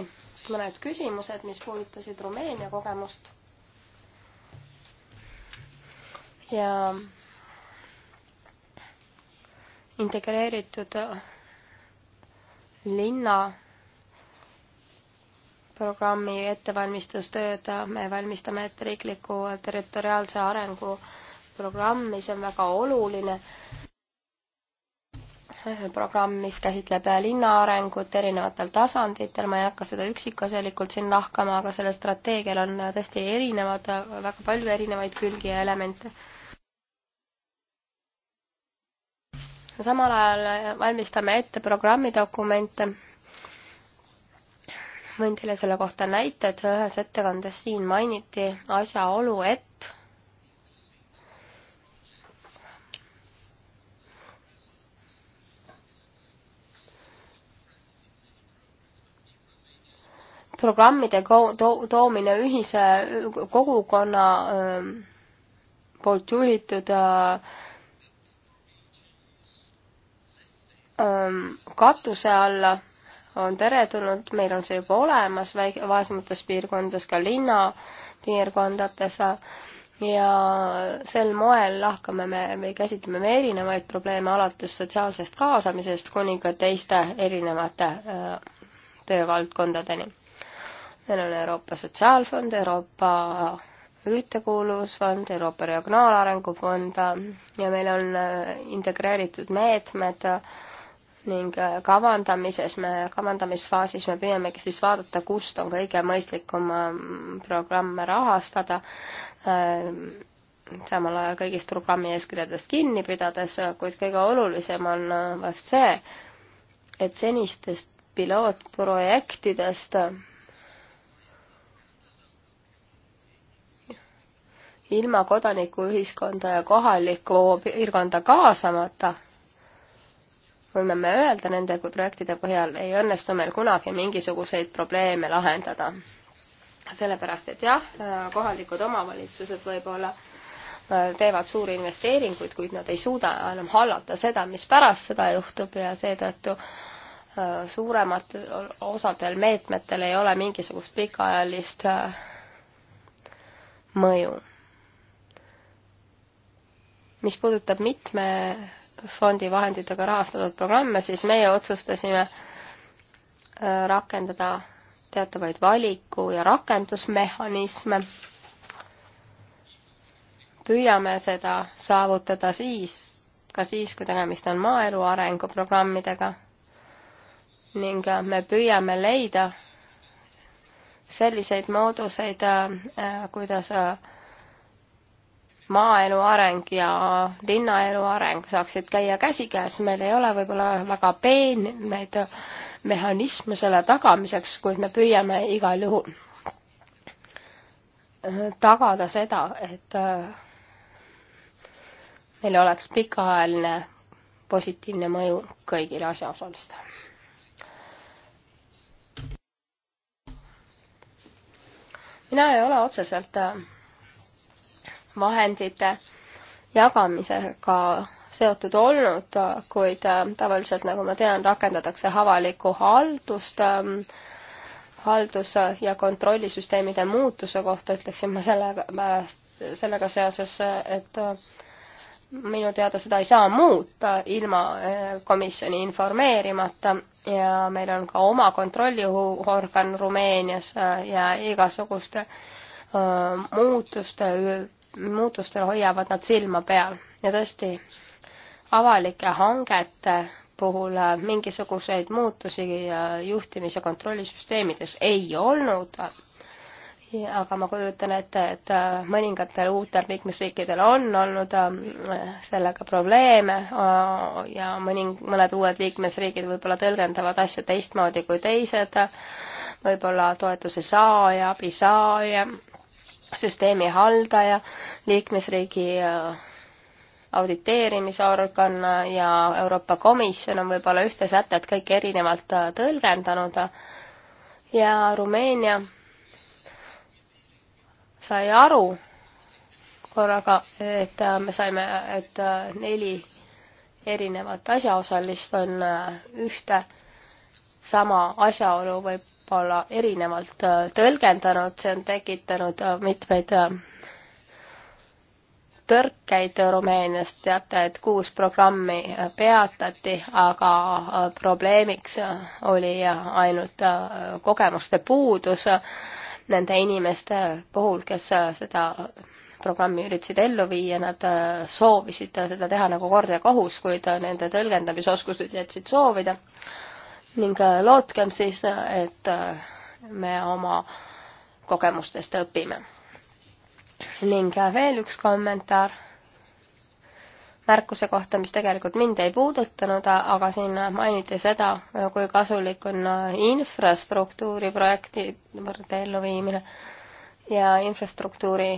mõned küsimused, mis puudutasid Rumeenia kogemust ja integreeritud linna programmi ettevalmistustööd, me valmistame ette riikliku territoriaalse arengu programmi, see on väga oluline programm, mis käsitleb linna arengut erinevatel tasanditel, ma ei hakka seda üksikasjalikult siin lahkama, aga sellel strateegial on tõesti erinevad, väga palju erinevaid külgi ja elemente samal ajal valmistame ette programmidokumente. võin teile selle kohta näite, et ühes ettekandes siin mainiti asjaolu, et programmide to toomine ühise kogukonna öö, ähm, poolt juhitud öö, äh, katuse alla on teretulnud, meil on see juba olemas väike, vaesemates piirkondades, ka linnapiirkondades ja sel moel lahkame me või käsitleme me erinevaid probleeme alates sotsiaalsest kaasamisest kuni ka teiste erinevate töövaldkondadeni. meil on Euroopa Sotsiaalfond, Euroopa Ühtekuuluvusfond, Euroopa Regionaalarengu Fond ja meil on integreeritud meetmed ning äh, kavandamises me, kavandamisfaasis me püüamegi siis vaadata, kust on kõige mõistlikum ähm, programme rahastada, ähm, samal ajal kõigist programmi eeskirjadest kinni pidades, äh, kuid kõige olulisem on äh, vast see, et senistest pilootprojektidest ilma kodanikuühiskonda ja kohalikku piirkonda kaasamata võime me öelda nende projektide põhjal, ei õnnestu meil kunagi mingisuguseid probleeme lahendada. sellepärast, et jah, kohalikud omavalitsused võib-olla äh, teevad suuri investeeringuid, kuid nad ei suuda enam hallata seda, mis pärast seda juhtub ja seetõttu äh, suurematel osadel meetmetel ei ole mingisugust pikaajalist äh, mõju. mis puudutab mitme fondi vahenditega rahastatud programme, siis meie otsustasime äh, rakendada teatavaid valiku- ja rakendusmehhanisme. püüame seda saavutada siis, ka siis, kui tegemist on maaelu arenguprogrammidega ning äh, me püüame leida selliseid mooduseid, äh, kuidas maaelu areng ja linnaelu areng saaksid käia käsikäes, meil ei ole võib-olla väga peeneid mehhanisme selle tagamiseks, kuid me püüame igal juhul tagada seda, et äh, meil oleks pikaajaline positiivne mõju kõigile asjaosalistele. mina ei ole otseselt äh, vahendite jagamisega seotud olnud, kuid äh, tavaliselt, nagu ma tean, rakendatakse avalikku haldust ähm,, haldus- ja kontrollisüsteemide muutuse kohta ütleksin ma selle pärast, sellega seoses, et äh, minu teada seda ei saa muuta ilma äh, komisjoni informeerimata ja meil on ka oma kontrolliorgan Rumeenias ja igasuguste muutuste muutustel hoiavad nad silma peal ja tõesti, avalike hangete puhul äh, mingisuguseid muutusi äh, juhtimis- ja kontrollisüsteemides ei olnud, aga ma kujutan ette, et äh, mõningatel uutel liikmesriikidel on olnud sellega probleeme ja mõning-, mõned uued liikmesriigid võib-olla tõlgendavad asju teistmoodi kui teised, võib-olla toetuse saaja, abi saaja süsteemi haldaja, liikmesriigi äh, auditeerimisorgan ja Euroopa Komisjon on võib-olla ühte sätet kõik erinevalt äh, tõlgendanud ja Rumeenia sai aru korraga, et äh, me saime, et neli erinevat asjaosalist on ühte sama asjaolu võib võib-olla erinevalt äh, tõlgendanud, see on tekitanud äh, mitmeid äh, tõrkeid Rumeenias, teate, et kuus programmi peatati, aga probleemiks oli ainult kogemuste puudus nende inimeste puhul, kes seda programmi üritasid ellu viia, nad soovisid seda teha nagu kord ja kohus, kuid nende tõlgendamisoskused jätsid soovida ning äh, lootkem siis, äh, et äh, me oma kogemustest õpime. ning veel üks kommentaar märkuse kohta, mis tegelikult mind ei puudutanud, aga siin mainiti seda, kui kasulik on infrastruktuuri projekti elluviimine ja infrastruktuuri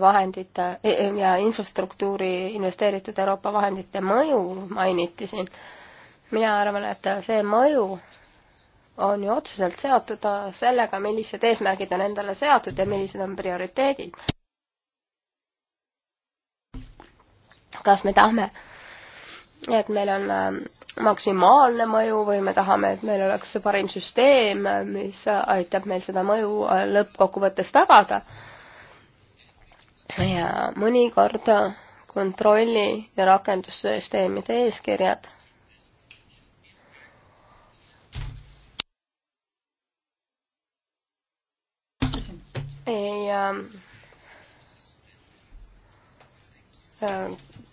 vahendite e, e, ja infrastruktuuri investeeritud Euroopa vahendite mõju mainiti siin. mina arvan, et see mõju on ju otseselt seotud sellega, millised eesmärgid on endale seatud ja millised on prioriteedid. kas me tahame, et meil on äh, maksimaalne mõju või me tahame, et meil oleks parim süsteem, mis aitab meil seda mõju äh, lõppkokkuvõttes tagada ja mõnikord kontrolli- ja rakendussüsteemide eeskirjad ei äh,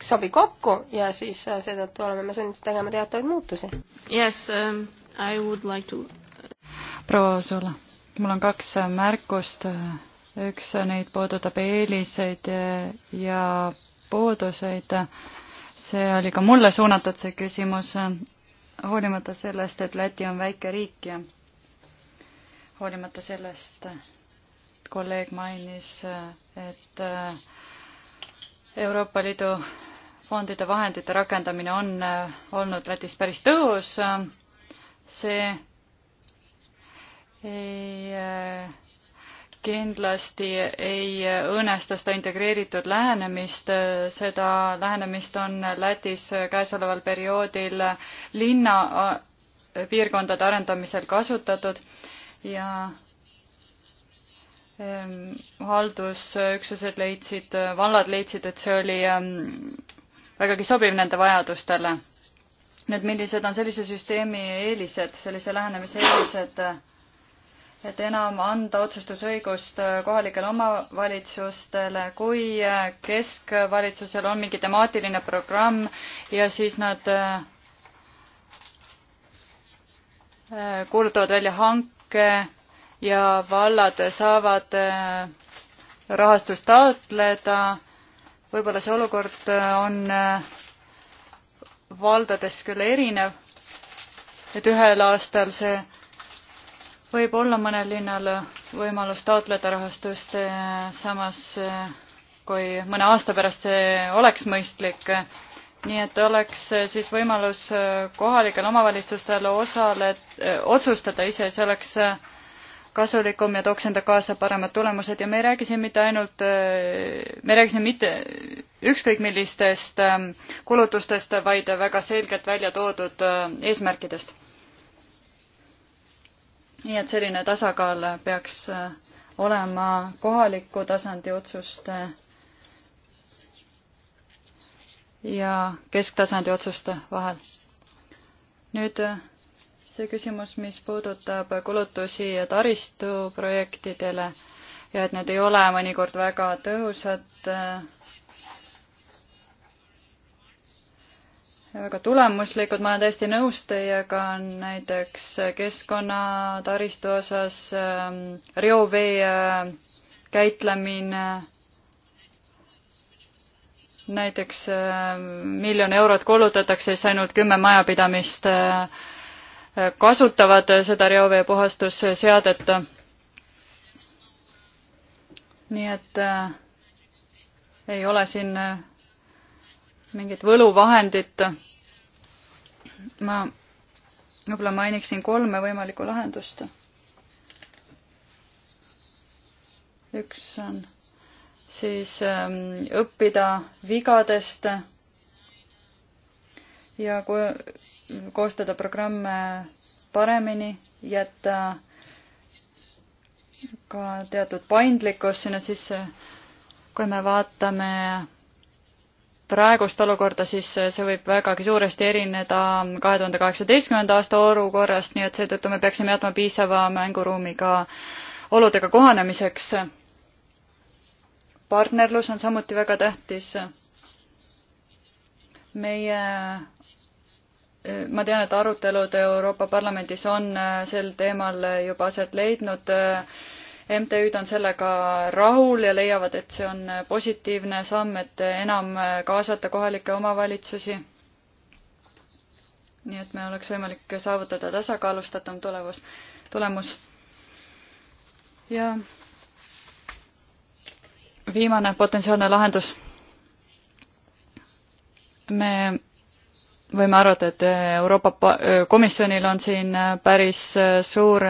sobi kokku ja siis äh, seetõttu oleme me sunnitud tegema teatavaid muutusi. Yes um,, I would like to. proua Soola, mul on kaks märkust äh, üks neid puudutab eeliseid ja puuduseid. see oli ka mulle suunatud, see küsimus, hoolimata sellest, et Läti on väike riik ja hoolimata sellest, et kolleeg mainis, et Euroopa Liidu fondide vahendite rakendamine on olnud Lätis päris tõhus, see ei kindlasti ei õõnesta seda integreeritud lähenemist, seda lähenemist on Lätis käesoleval perioodil linna piirkondade arendamisel kasutatud ja ehm, haldusüksused leidsid, vallad leidsid, et see oli ehm, vägagi sobiv nende vajadustele. nüüd millised on sellise süsteemi eelised, sellise lähenemise eelised? et enam anda otsustusõigust äh, kohalikele omavalitsustele, kui äh, keskvalitsusel on mingi temaatiline programm ja siis nad äh, kuulutavad välja hanke ja vallad saavad rahastust taotleda. võib-olla see olukord on valdades küll erinev, et ühel aastal see võib olla mõnel linnal võimalus taotleda rahastust, eh, samas eh, kui mõne aasta pärast see oleks mõistlik, nii et oleks eh, siis võimalus kohalikel omavalitsustel osale-, otsustada ise, see oleks kasulikum ja tooks enda kaasa paremad tulemused ja me ei räägi siin mitte ainult, me ei räägi siin mitte ükskõik millistest kulutustest, vaid väga selgelt välja toodud eesmärkidest nii et selline tasakaal peaks äh, olema kohaliku tasandi otsuste ja kesktasandi otsuste vahel. nüüd äh, see küsimus, mis puudutab kulutusi taristuprojektidele ja et need ei ole mõnikord väga tõhusad äh, väga tulemuslikud, ma olen täiesti nõus teiega näiteks keskkonnataristu osas, ähm, reovee äh, käitlemine, näiteks ähm, miljon eurot kulutatakse, siis ainult kümme majapidamist äh, kasutavad seda reoveepuhastusseadet. nii et äh, ei ole siin mingit võluvahendit. ma võib-olla mainiksin kolme võimalikku lahendust. üks on siis ähm, õppida vigadest ja ko koostada programme paremini, jätta ka teatud paindlikkus sinna sisse. kui me vaatame praegust olukorda, siis see võib vägagi suuresti erineda kahe tuhande kaheksateistkümnenda aasta olukorrast, nii et seetõttu me peaksime jätma piisava mänguruumi ka oludega kohanemiseks. partnerlus on samuti väga tähtis. meie, ma tean, et arutelud Euroopa Parlamendis on sel teemal juba aset leidnud MTÜ-d on sellega rahul ja leiavad, et see on positiivne samm, et enam kaasata kohalikke omavalitsusi. nii et meil oleks võimalik saavutada tasakaalustatum tulevus, tulemus. ja viimane potentsiaalne lahendus. me võime arvata, et Euroopa Komisjonil on siin päris suur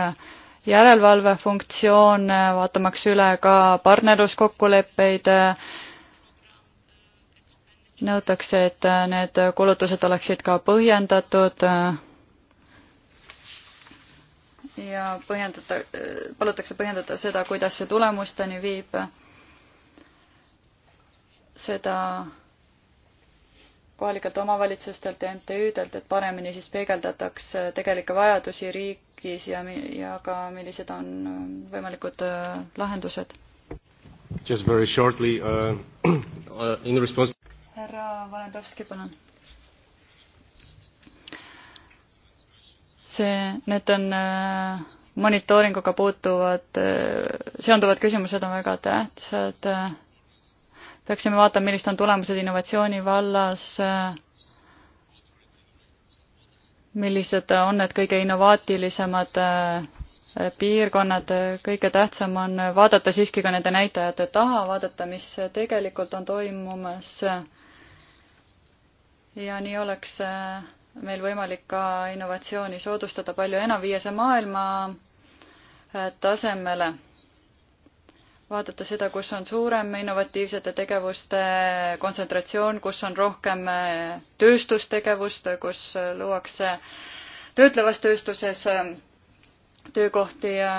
järelevalvefunktsioon, vaatamaks üle ka partnerluskokkuleppeid, nõutakse, et need kulutused oleksid ka põhjendatud ja põhjendada, palutakse põhjendada seda, kuidas see tulemusteni viib. seda kohalikelt omavalitsustelt ja MTÜ-delt, et paremini siis peegeldataks tegelikke vajadusi riik, riskis ja, ja ka millised on äh, võimalikud äh, lahendused? Just very shortly uh, uh in response. härra Valendovski, palun. see, need on uh, monitooringuga puutuvad uh,, seonduvad küsimused on väga tähtsad uh,. peaksime vaatama, millised on tulemused innovatsiooni vallas uh, millised on need kõige innovaatilisemad äh, piirkonnad, kõige tähtsam on vaadata siiski ka nende näitajate taha, vaadata, mis tegelikult on toimumas. ja nii oleks äh, meil võimalik ka innovatsiooni soodustada palju enam, viia see maailma äh, tasemele vaadata seda, kus on suurem innovatiivsete tegevuste kontsentratsioon, kus on rohkem eh, tööstustegevust, kus eh, luuakse töötlevas tööstuses eh, töökohti ja,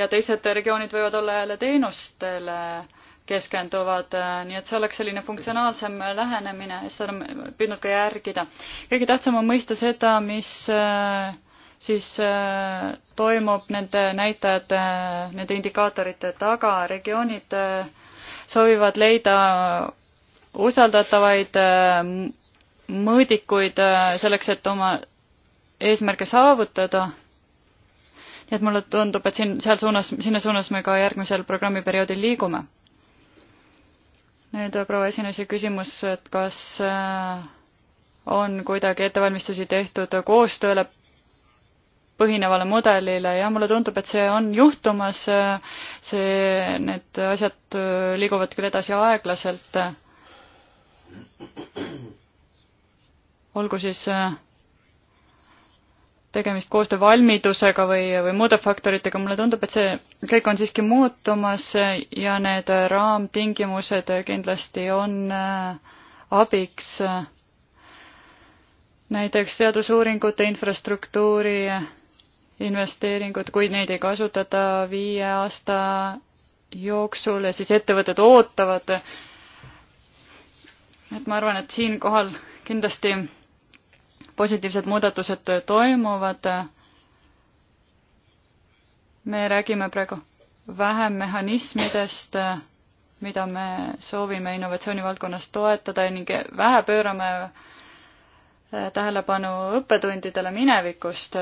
ja teised regioonid võivad olla jälle teenustele keskenduvad, nii et see oleks selline funktsionaalsem lähenemine, seda on püüdnud ka järgida. kõige tähtsam on mõista seda, mis äh, siis äh, toimub nende näitajate, nende indikaatorite taga, regioonid äh, soovivad leida usaldatavaid äh, mõõdikuid selleks, et oma eesmärke saavutada. nii et mulle tundub, et siin, seal suunas, sinna suunas me ka järgmisel programmiperioodil liigume. nüüd proua esinemise küsimus, et kas on kuidagi ettevalmistusi tehtud koostööle põhinevale mudelile ja mulle tundub, et see on juhtumas, see, need asjad äh, liiguvad küll edasi aeglaselt, olgu siis äh, tegemist koostöövalmidusega või, või muude faktoritega, mulle tundub, et see kõik on siiski muutumas ja need raamtingimused kindlasti on äh, abiks näiteks teadusuuringute infrastruktuuri investeeringud, kuid neid ei kasutata viie aasta jooksul ja siis ettevõtted ootavad. et ma arvan, et siinkohal kindlasti positiivsed muudatused toimuvad. me räägime praegu vähem mehhanismidest, mida me soovime innovatsiooni valdkonnas toetada ning vähe pöörame tähelepanu õppetundidele minevikust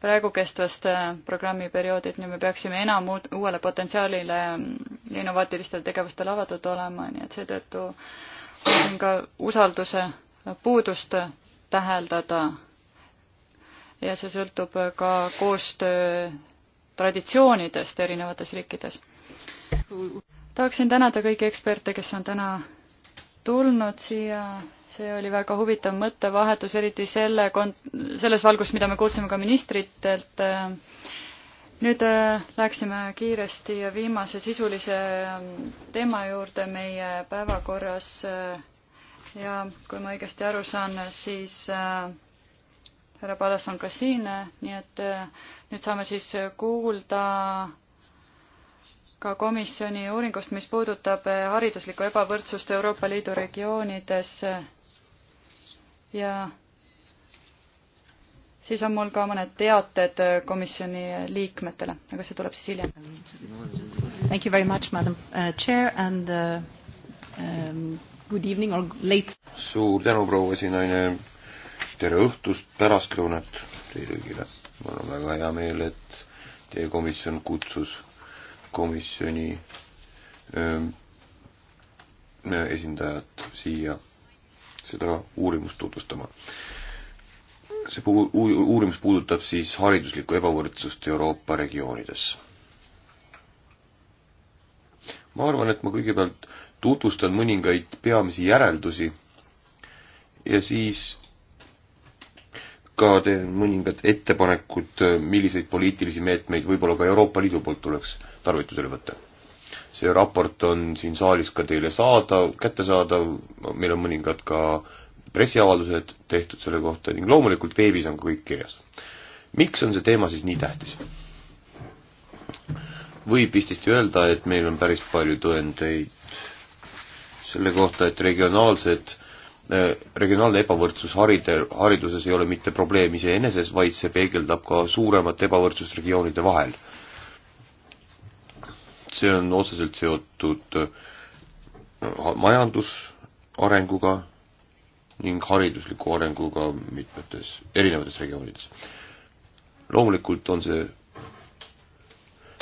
praegu kestvast äh, programmiperioodit, nii me peaksime enam uuele potentsiaalile ja mm, innovaatilistele tegevustele avatud olema, nii et seetõttu on ka usalduse puudust täheldada. ja see sõltub ka koostöö traditsioonidest erinevates riikides. tahaksin tänada kõiki eksperte, kes on täna tulnud siia see oli väga huvitav mõttevahetus, eriti selle kon-, selles valgus, mida me kuulsime ka ministritelt. nüüd äh, läksime kiiresti viimase sisulise ähm, teema juurde meie päevakorras äh, ja kui ma õigesti aru saan, siis äh, härra Palas on ka siin, nii et nüüd saame siis kuulda ka komisjoni uuringust, mis puudutab hariduslikku ebavõrdsust Euroopa Liidu regioonides ja siis on mul ka mõned teated komisjoni liikmetele, aga see tuleb siis hiljem. Thank you very much, madam uh, chair and uh, um, good evening or late. suur tänu, proua esinaine. tere õhtust, pärastlõunat teile kõigile. mul on väga hea meel, et teie komisjon kutsus komisjoni öö, um, esindajad siia seda uurimust tutvustama. see puu-, uurimus puudutab siis hariduslikku ebavõrdsust Euroopa regioonides. ma arvan, et ma kõigepealt tutvustan mõningaid peamisi järeldusi ja siis ka teen mõningad ettepanekud, milliseid poliitilisi meetmeid võib-olla ka Euroopa Liidu poolt tuleks tarvitusele võtta see raport on siin saalis ka teile saadav, kättesaadav, meil on mõningad ka pressiavaldused tehtud selle kohta ning loomulikult veebis on kõik kirjas. miks on see teema siis nii tähtis? võib vististi öelda, et meil on päris palju tõendeid selle kohta, et regionaalsed, regionaalne ebavõrdsus haride, hariduses ei ole mitte probleem iseeneses, vaid see peegeldab ka suuremat ebavõrdsust regioonide vahel see on otseselt seotud äh, majandusarenguga ning haridusliku arenguga mitmetes erinevates regioonides. loomulikult on see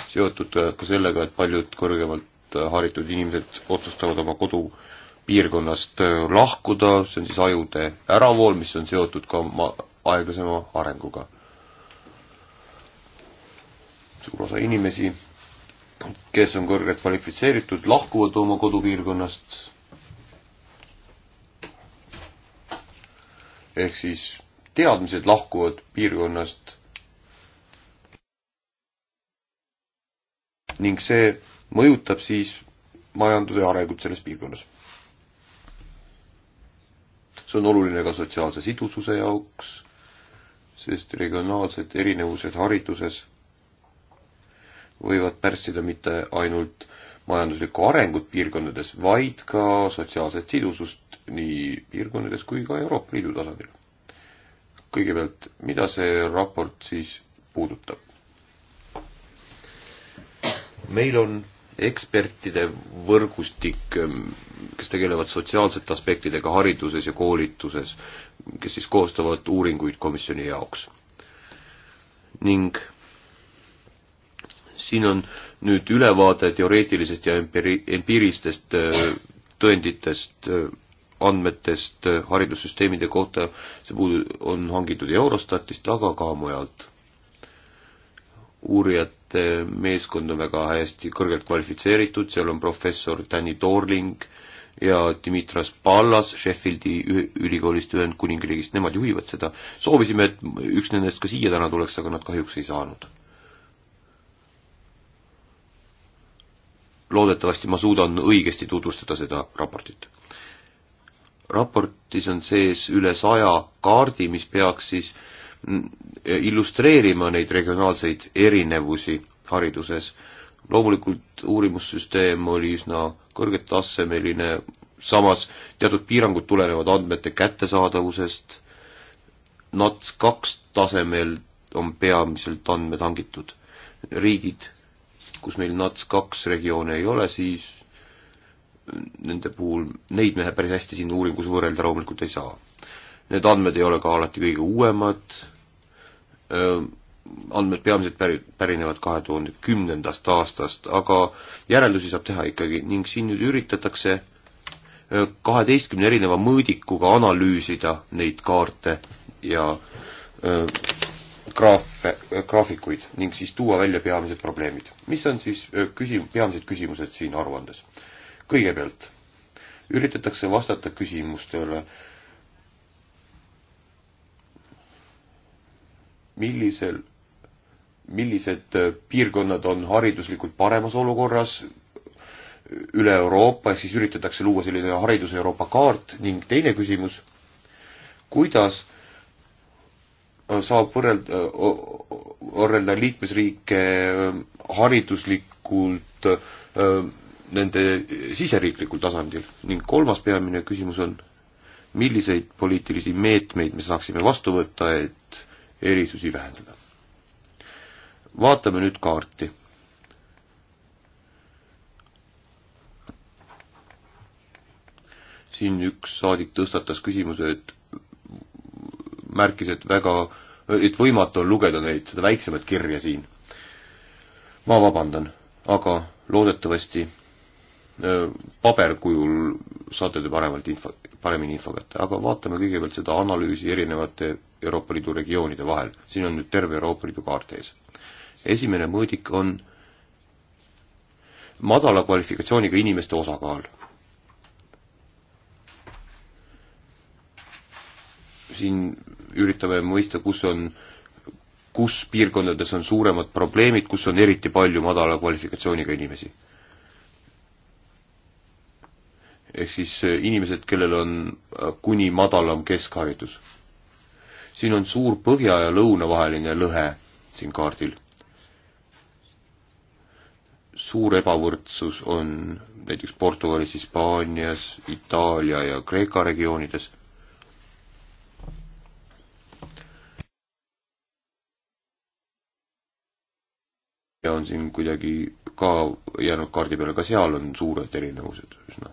seotud äh, ka sellega, et paljud kõrgemalt äh, haritud inimesed otsustavad oma kodupiirkonnast lahkuda, see on siis ajude äravool, mis on seotud ka ma-, aeglasema arenguga. suur osa inimesi kes on kõrgelt kvalifitseeritud, lahkuvad oma kodupiirkonnast. ehk siis teadmised lahkuvad piirkonnast. ning see mõjutab siis majanduse arengut selles piirkonnas. see on oluline ka sotsiaalse sidususe jaoks, sest regionaalsed erinevused hariduses võivad pärssida mitte ainult majanduslikku arengut piirkondades, vaid ka sotsiaalset sidusust nii piirkondades kui ka Euroopa Liidu tasandil. kõigepealt, mida see raport siis puudutab? meil on ekspertide võrgustik, kes tegelevad sotsiaalsete aspektidega hariduses ja koolituses, kes siis koostavad uuringuid komisjoni jaoks. ning siin on nüüd ülevaade teoreetilisest ja empiri-, empiiristest äh, tõenditest, äh, andmetest äh, haridussüsteemide kohta, see puudu-, on hangitud Eurostatist, aga ka mujalt. uurijate meeskond on väga hästi kõrgelt kvalifitseeritud, seal on professor Danny Dorling ja Dimitras Pallas Sheffieldi ülikoolist Ühendkuningriigist, nemad juhivad seda. soovisime, et üks nendest ka siia täna tuleks, aga nad kahjuks ei saanud loodetavasti ma suudan õigesti tutvustada seda raportit. raportis on sees üle saja kaardi, mis peaks siis mm, illustreerima neid regionaalseid erinevusi hariduses. loomulikult uurimussüsteem oli üsna kõrgetasemeline, samas teatud piirangud tulenevad andmete kättesaadavusest, NATS kaks tasemel on peamiselt andmed hangitud. riigid kus meil NATS kaks regioone ei ole, siis nende puhul, neid me päris hästi siin uuringus võrrelda loomulikult ei saa. Need andmed ei ole ka alati kõige uuemad, andmed peamiselt päri-, pärinevad kahe tuhande kümnendast aastast, aga järeldusi saab teha ikkagi ning siin nüüd üritatakse kaheteistkümne erineva mõõdikuga analüüsida neid kaarte ja öö, graafe, graafikuid ning siis tuua välja peamised probleemid. mis on siis küsim-, peamised küsimused siin aruandes? kõigepealt üritatakse vastata küsimustele, millisel, millised piirkonnad on hariduslikult paremas olukorras üle Euroopa, ehk siis üritatakse luua selline hariduse Euroopa kaart ning teine küsimus, kuidas saab võrrelda, võrrelda liikmesriike ähm, hariduslikult ähm, nende siseriiklikul tasandil ning kolmas peamine küsimus on, milliseid poliitilisi meetmeid me saaksime vastu võtta, et erisusi vähendada. vaatame nüüd kaarti. siin üks saadik tõstatas küsimuse, et märkis, et väga, et võimatu on lugeda neid, seda väiksemat kirja siin. ma vabandan, aga loodetavasti äh, paberkujul saate te paremalt info, paremini info kätte, aga vaatame kõigepealt seda analüüsi erinevate Euroopa Liidu regioonide vahel. siin on nüüd terve Euroopa Liidu kaart ees. esimene mõõdik on madala kvalifikatsiooniga inimeste osakaal. siin üritame mõista, kus on, kus piirkondades on suuremad probleemid, kus on eriti palju madala kvalifikatsiooniga inimesi. ehk siis eh, inimesed, kellel on eh, kuni madalam keskharidus. siin on suur põhja ja lõuna vaheline lõhe siin kaardil suur ebavõrdsus on näiteks Portugalis, Hispaanias, Itaalia ja Kreeka regioonides. ja on siin kuidagi ka jäänud kaardi peale, ka seal on suured erinevused üsna.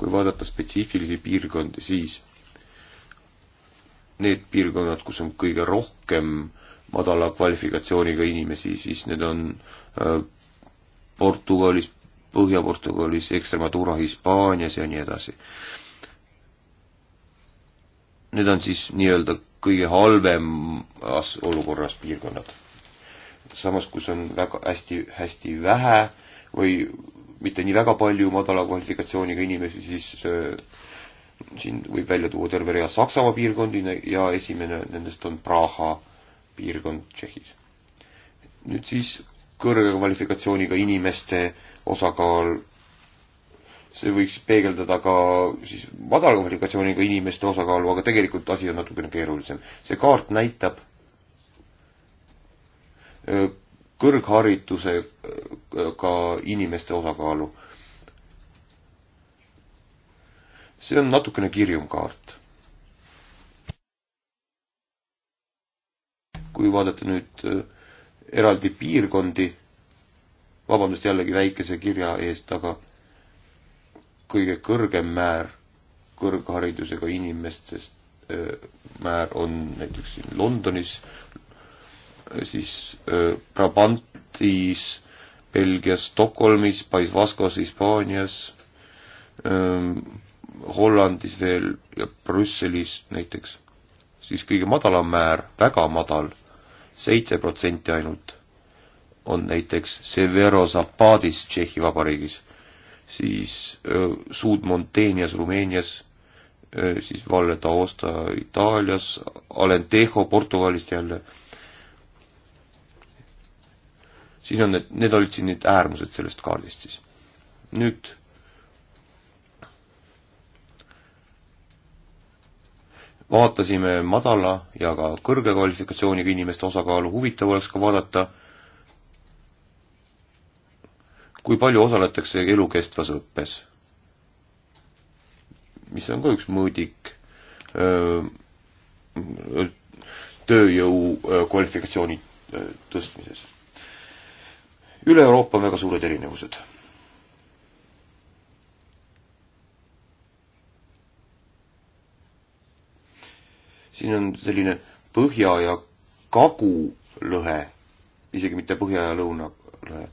kui vaadata spetsiifilisi piirkondi, siis need piirkonnad, kus on kõige rohkem madala kvalifikatsiooniga inimesi, siis need on äh, Portugalis, Põhja-Portugalis, Extremadura, Hispaanias ja nii edasi need on siis nii-öelda kõige halvemas olukorras piirkonnad. samas, kus on väga hästi, hästi vähe või mitte nii väga palju madala kvalifikatsiooniga inimesi, siis äh, siin võib välja tuua terve rea Saksamaa piirkondi ja esimene nendest on Praha piirkond Tšehhis. nüüd siis kõrge kvalifikatsiooniga inimeste osakaal see võiks peegeldada ka siis madala kvalifikatsiooniga inimeste osakaalu, aga tegelikult asi on natukene keerulisem. see kaart näitab kõrgharidusega inimeste osakaalu. see on natukene kirjum kaart. kui vaadata nüüd eraldi piirkondi, vabandust jällegi väikese kirja eest, aga kõige kõrgem määr kõrgharidusega inimestest määr on näiteks siin Londonis, siis Brabantis, Belgias, Stockholmis, Pais Vaskos, Hispaanias, Hollandis veel ja Brüsselis näiteks, siis kõige madalam määr, väga madal, seitse protsenti ainult, on näiteks Severo Zapadis Tšehhi Vabariigis siis Suud-Monteenias Rumeenias, siis Valle d'Aosta Itaalias, Alentejo Portugalist jälle. siis on need, need olid siin need äärmused sellest kaardist siis. nüüd vaatasime madala ja ka kõrge kvalifikatsiooniga inimeste osakaalu, huvitav oleks ka vaadata kui palju osaletakse elukestvas õppes, mis on ka üks mõõdik tööjõu kvalifikatsiooni tõstmises. üle Euroopa on väga suured erinevused. siin on selline põhja ja kagu lõhe, isegi mitte põhja ja lõuna lõhe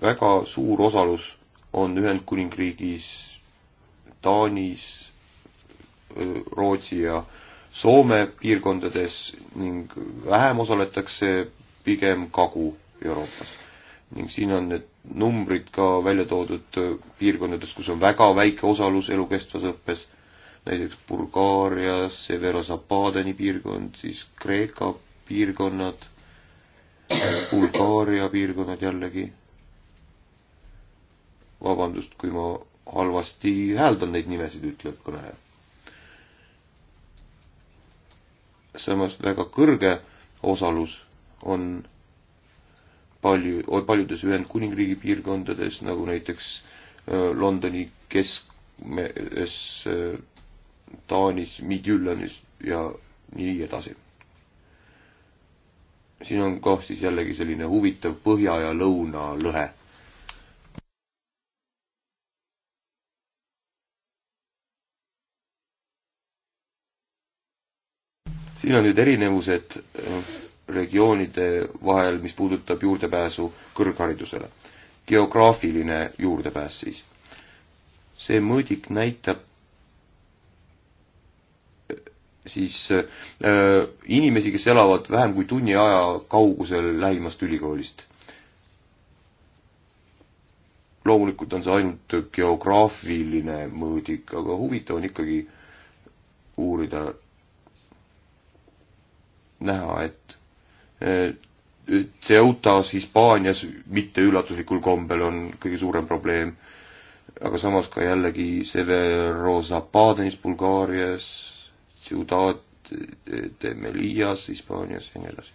väga suur osalus on Ühendkuningriigis, Taanis, Rootsi ja Soome piirkondades ning vähem osaletakse pigem Kagu-Euroopas. ning siin on need numbrid ka välja toodud piirkondades, kus on väga väike osalus elukestvas õppes, näiteks Bulgaaria, Severo-Zapadeni piirkond, siis Kreeka piirkonnad, Bulgaaria piirkonnad jällegi vabandust, kui ma halvasti hääldan neid nimesid, ütleb kõneleja. samas väga kõrge osalus on palju, paljudes Ühendkuningriigi piirkondades, nagu näiteks äh, Londoni keskmes, äh, Taanis, Midjüllanis ja nii edasi. siin on kah siis jällegi selline huvitav põhja ja lõuna lõhe siin on nüüd erinevused äh, regioonide vahel, mis puudutab juurdepääsu kõrgharidusele. geograafiline juurdepääs siis. see mõõdik näitab äh, siis äh, inimesi, kes elavad vähem kui tunni aja kaugusel lähimast ülikoolist. loomulikult on see ainult geograafiline mõõdik, aga huvitav on ikkagi uurida näha, et Ceutas eh, Hispaanias mitte üllatuslikul kombel on kõige suurem probleem, aga samas ka jällegi Severo Zapadenis Bulgaarias, Ciudad de Melias Hispaanias ja nii edasi.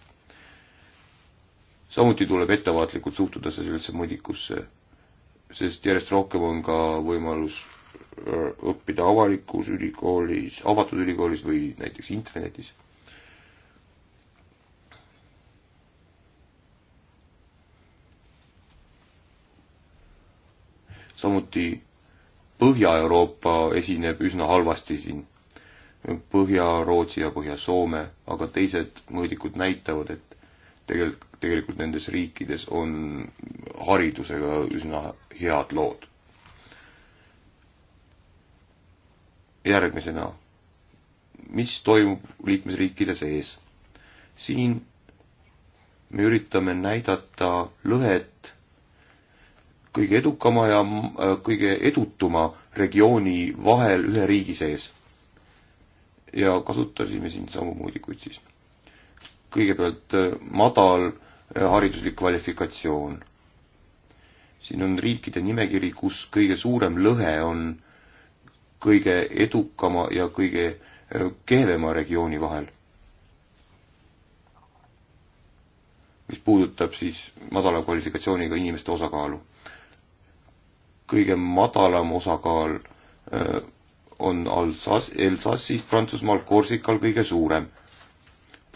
samuti tuleb ettevaatlikult suhtuda sellesse mõõdikusse, sest järjest rohkem on ka võimalus eh, õppida avalikus ülikoolis, avatud ülikoolis või näiteks internetis samuti Põhja-Euroopa esineb üsna halvasti siin. Põhja-Rootsi ja Põhja-Soome, aga teised mõõdikud näitavad, et tegelikult, tegelikult nendes riikides on haridusega üsna head lood. järgmisena, mis toimub liikmesriikide sees? siin me üritame näidata lõhet kõige edukama ja äh, kõige edutuma regiooni vahel ühe riigi sees. ja kasutasime siin samu mõõdikuid siis. kõigepealt äh, madal äh, hariduslik kvalifikatsioon. siin on riikide nimekiri, kus kõige suurem lõhe on kõige edukama ja kõige kehvema regiooni vahel. mis puudutab siis madala kvalifikatsiooniga inimeste osakaalu kõige madalam osakaal on Alsas-, Elsassis, Prantsusmaal, Korsikal kõige suurem.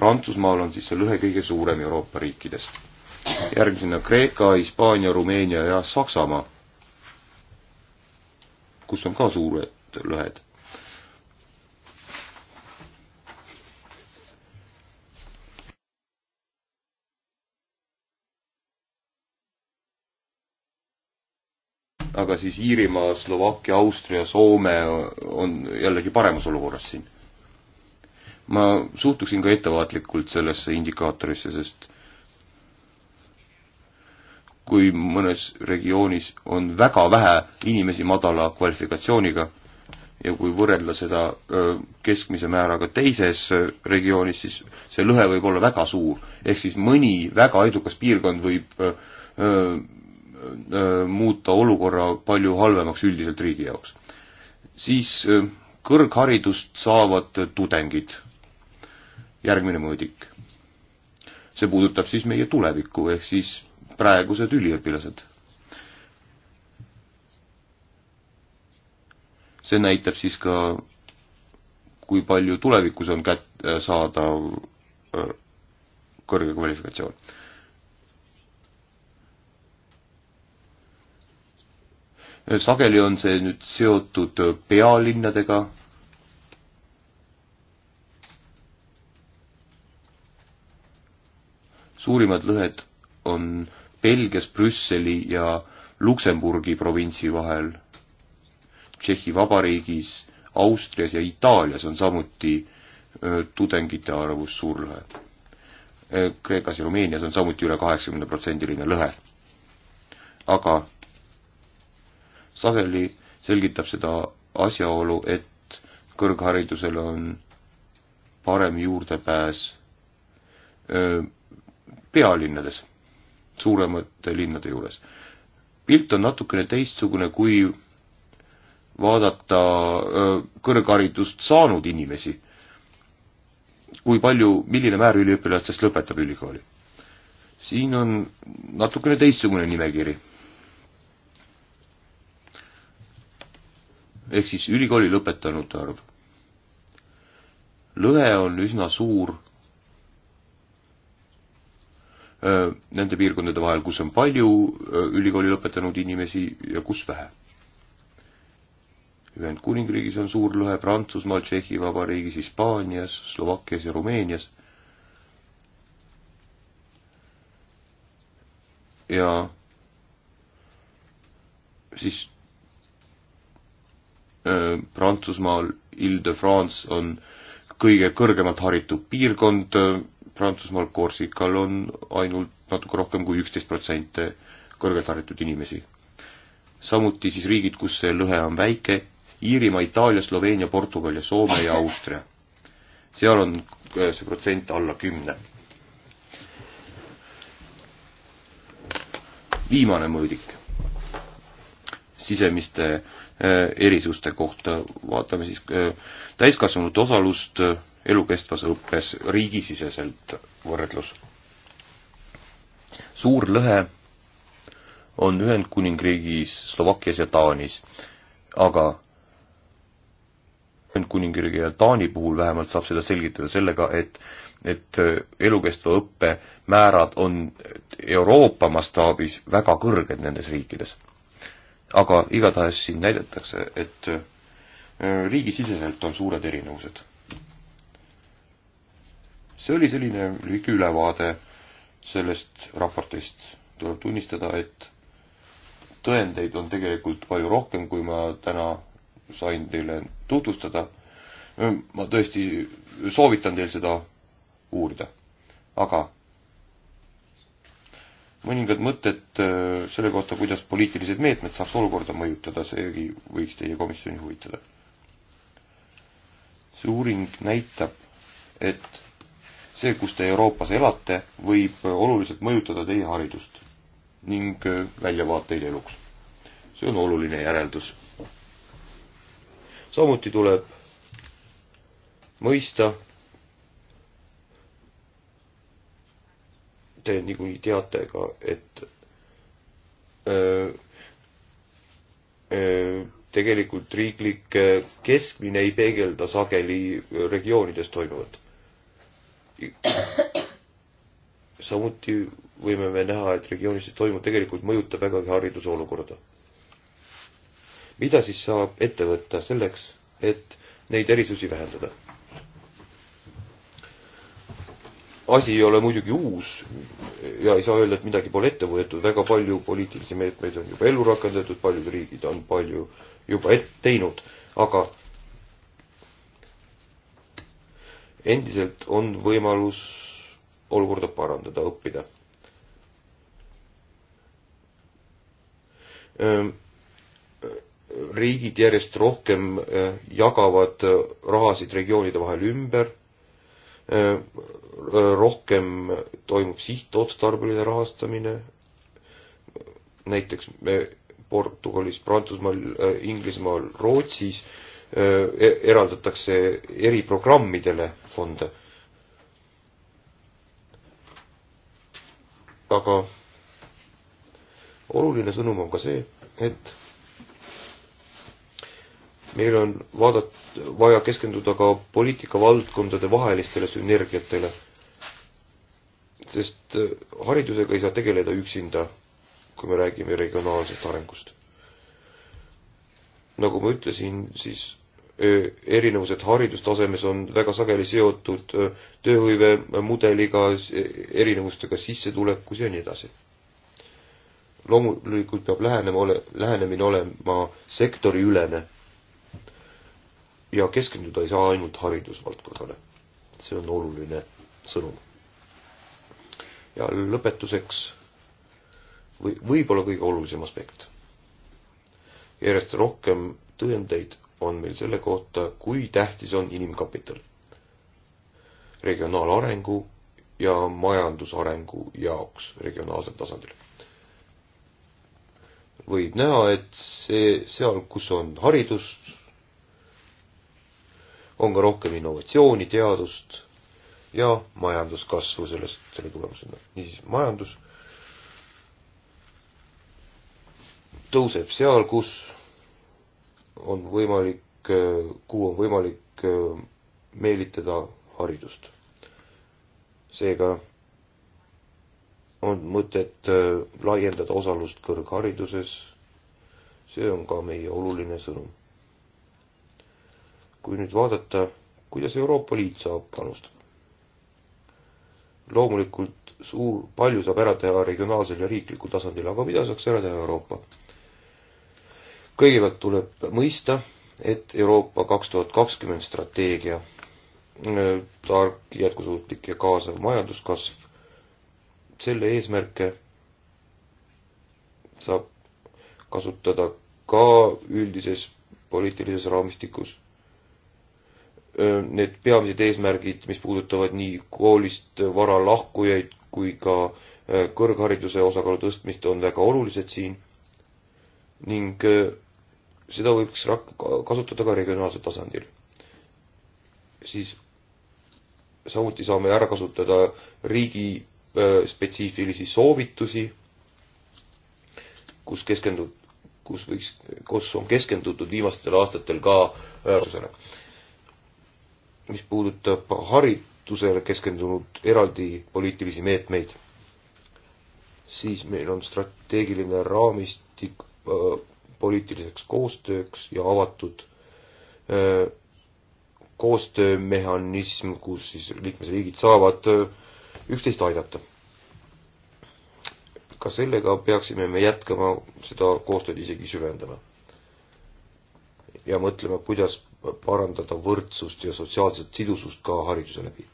Prantsusmaal on siis see lõhe kõige suurem Euroopa riikidest. järgmisena Kreeka, Hispaania, Rumeenia ja Saksamaa, kus on ka suured lõhed aga siis Iirimaa, Slovakkia, Austria, Soome on jällegi paremas olukorras siin. ma suhtuksin ka ettevaatlikult sellesse indikaatorisse, sest kui mõnes regioonis on väga vähe inimesi madala kvalifikatsiooniga ja kui võrrelda seda keskmise määraga teises regioonis, siis see lõhe võib olla väga suur. ehk siis mõni väga edukas piirkond võib Äh, muuta olukorra palju halvemaks üldiselt riigi jaoks. siis äh, kõrgharidust saavad tudengid, järgmine mõõdik. see puudutab siis meie tulevikku, ehk siis praegused üliõpilased. see näitab siis ka, kui palju tulevikus on kät-, saada äh, kõrge kvalifikatsioon sageli on see nüüd seotud äh, pealinnadega. suurimad lõhed on Belgias Brüsseli ja Luksemburgi provintsi vahel. Tšehhi Vabariigis, Austrias ja Itaalias on samuti äh, tudengite arvus suur lõhe. Äh, Kreekas ja Rumeenias on samuti üle kaheksakümne protsendiline lõhe. aga sageli selgitab seda asjaolu, et kõrgharidusele on parem juurdepääs pealinnades, suuremate linnade juures. pilt on natukene teistsugune, kui vaadata kõrgharidust saanud inimesi. kui palju, milline määr üliõpilastest lõpetab ülikooli? siin on natukene teistsugune nimekiri ehk siis ülikooli lõpetanute arv. lõhe on üsna suur öö, äh, nende piirkondade vahel, kus on palju öö, äh, ülikooli lõpetanud inimesi ja kus vähe. Ühendkuningriigis on suur lõhe Prantsusmaal, Tšehhi Vabariigis, Hispaanias, Slovakkias ja Rumeenias ja siis Prantsusmaal Ile-de-France on kõige kõrgemalt haritud piirkond, Prantsusmaal Korsikal on ainult natuke rohkem kui üksteist protsenti kõrgelt haritud inimesi. samuti siis riigid, kus see lõhe on väike, Iirimaa, Itaalia, Sloveenia, Portugal ja Soome ja Austria. seal on see protsent alla kümne. viimane mõõdik sisemiste Äh, erisuste kohta, vaatame siis äh, täiskasvanute osalust äh, elukestvas õppes riigisiseselt võrdlus. suur lõhe on Ühendkuningriigis, Slovakkias ja Taanis, aga Ühendkuningriigi ja Taani puhul vähemalt saab seda selgitada sellega, et et elukestva õppe määrad on Euroopa mastaabis väga kõrged nendes riikides aga igatahes siin näidatakse, et äh, riigisiseselt on suured erinevused. see oli selline lühike ülevaade sellest raportist. tuleb tunnistada, et tõendeid on tegelikult palju rohkem, kui ma täna sain teile tutvustada. Äh, ma tõesti soovitan teil seda uurida. aga mõningad mõtted äh, selle kohta, kuidas poliitilised meetmed saaks olukorda mõjutada, seegi võiks teie komisjoni huvitada. see uuring näitab, et see, kus te Euroopas elate, võib äh, oluliselt mõjutada teie haridust ning äh, väljavaateid eluks. see on oluline järeldus. samuti tuleb mõista, te niikuinii teate ka, et öö, äh, öö, äh, tegelikult riiklik äh, keskmine ei peegelda sageli regioonides toimuvat. samuti võime me näha, et regioonis toimuv tegelikult mõjutab vägagi hariduse olukorda. mida siis saab ette võtta selleks, et neid erisusi vähendada? asi ei ole muidugi uus ja ei saa öelda, et midagi pole ette võetud, väga palju poliitilisi meetmeid on juba ellu rakendatud, paljud riigid on palju juba et-, teinud, aga endiselt on võimalus olukorda parandada, õppida. Ehm, riigid järjest rohkem eh, jagavad rahasid regioonide vahel ümber rohkem toimub sihtotstarbeline rahastamine, näiteks me Portugalis, Prantsusmaal, Inglismaal, Rootsis e-, eraldatakse eriprogrammidele fonde. aga oluline sõnum on ka see, et meil on vaadat-, vaja keskenduda ka poliitikavaldkondade vahelistele sünergiatele. sest äh, haridusega ei saa tegeleda üksinda, kui me räägime regionaalsest arengust. nagu ma ütlesin, siis äh, erinevused haridustasemes on väga sageli seotud äh, tööhõive mudeliga, erinevustega sissetulekus ja nii edasi loomulikult peab lähenema ole, lähenemine olema sektoriülene ja keskenduda ei saa ainult haridusvaldkonnale. see on oluline sõnum. ja lõpetuseks või võib-olla kõige olulisem aspekt. järjest rohkem tõendeid on meil selle kohta, kui tähtis on inimkapital regionaalarengu ja majandusarengu jaoks regionaalsel tasandil. võib näha, et see seal, kus on haridust, on ka rohkem innovatsiooni, teadust ja majanduskasvu sellest, selle tulemusena. niisiis, majandus tõuseb seal, kus on võimalik, kuhu on võimalik meelitada haridust. seega on mõtet äh, laiendada osalust kõrghariduses. see on ka meie oluline sõnum kui nüüd vaadata, kuidas Euroopa Liit saab panustada. loomulikult suur, palju saab ära teha regionaalsel ja riiklikul tasandil, aga mida saaks ära teha Euroopa? kõigepealt tuleb mõista, et Euroopa kaks tuhat kakskümmend strateegia, äh, tark, jätkusuutlik ja kaasav majanduskasv, selle eesmärke saab kasutada ka üldises poliitilises raamistikus need peamised eesmärgid, mis puudutavad nii koolist vara lahkujaid kui ka kõrghariduse osakaalu tõstmist, on väga olulised siin ning seda võiks rak-, kasutada ka regionaalsel tasandil. siis samuti saame ära kasutada riigi spetsiifilisi soovitusi, kus keskendub, kus võiks, kus on keskendutud viimastel aastatel ka äh, mis puudutab haridusele keskendunud eraldi poliitilisi meetmeid, siis meil on strateegiline raamistik äh, poliitiliseks koostööks ja avatud äh, koostöömehhanism, kus siis liikmesriigid saavad äh, üksteist aidata. ka sellega peaksime me jätkama seda koostööd isegi süvendama. ja mõtlema, kuidas parandada võrdsust ja sotsiaalset sidusust ka hariduse läbi.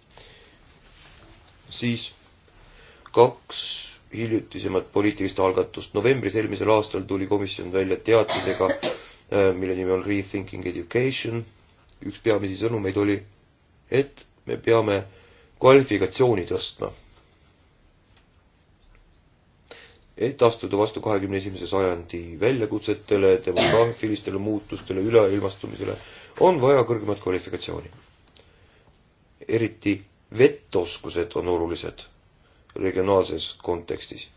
siis kaks hiljutisemat poliitilist algatust. novembris eelmisel aastal tuli komisjon välja teatisega, äh, mille nimi on Rethinking Education. üks peamisi sõnumeid oli, et me peame kvalifikatsiooni tõstma. et astuda vastu kahekümne esimese sajandi väljakutsetele, demograafilistele muutustele, üleilmastumisele on vaja kõrgemat kvalifikatsiooni. eriti vetoskused on olulised regionaalses kontekstis.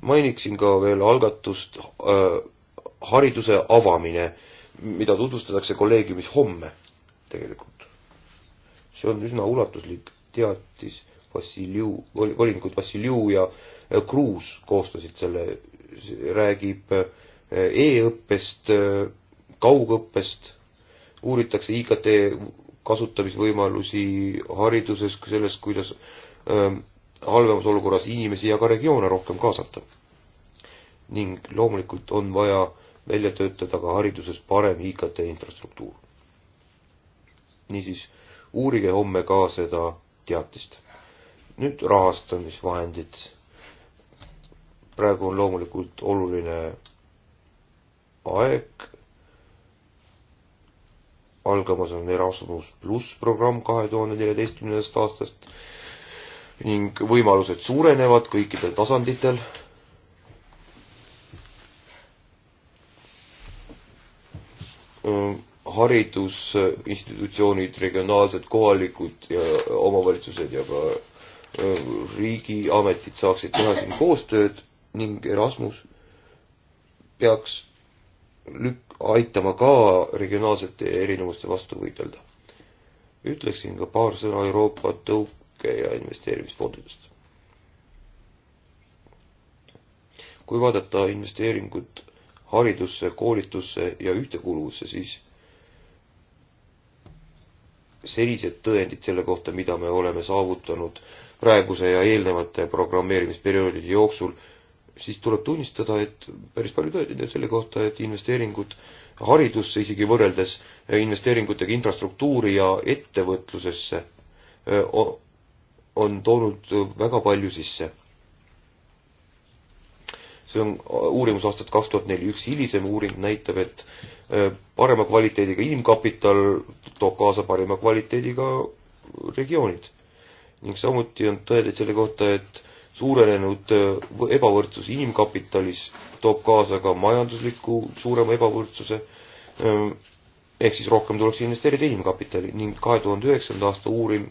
mainiksin ka veel algatust äh, hariduse avamine, mida tutvustatakse kolleegiumis homme tegelikult. see on üsna ulatuslik teatis Vassiljev, volinikud Vassiljev ja äh, Kruus koostasid selle räägib eh, e-õppest, eh, kaugõppest, uuritakse IKT kasutamisvõimalusi hariduses, sellest, kuidas ehm, halvemas olukorras inimesi ja ka regioone rohkem kaasata. ning loomulikult on vaja välja töötada ka hariduses parem IKT infrastruktuur. niisiis, uurige homme ka seda teatist. nüüd rahastamisvahendid praegu on loomulikult oluline aeg. algamas on Erasmus pluss programm kahe tuhande neljateistkümnendast aastast ning võimalused suurenevad kõikidel tasanditel. haridusinstitutsioonid, regionaalsed, kohalikud ja omavalitsused ja ka riigiametid saaksid teha siin koostööd ning Erasmus peaks lük-, aitama ka regionaalsete erinevuste vastu võidelda. ütleksin ka paar sõna Euroopa tõuke- ja investeerimisfondidest. kui vaadata investeeringut haridusse, koolitusse ja ühtekuuluvusse, siis senised tõendid selle kohta, mida me oleme saavutanud praeguse ja eelnevate programmeerimisperioodide jooksul siis tuleb tunnistada, et päris palju tööd selle kohta, et investeeringud haridusse isegi võrreldes eh, investeeringutega infrastruktuuri ja ettevõtlusesse eh, on toonud väga palju sisse. see on uurimus aastast kaks tuhat neli, üks hilisem uuring näitab, et eh, parema kvaliteediga inimkapital toob kaasa parema kvaliteediga regioonid. ning samuti on tõendeid selle kohta, et suurenenud äh, ebavõrdsus inimkapitalis toob kaasa ka majandusliku suurema ebavõrdsuse, ähm, ehk siis rohkem tuleks investeerida inimkapitali ning kahe tuhande üheksanda aasta uuring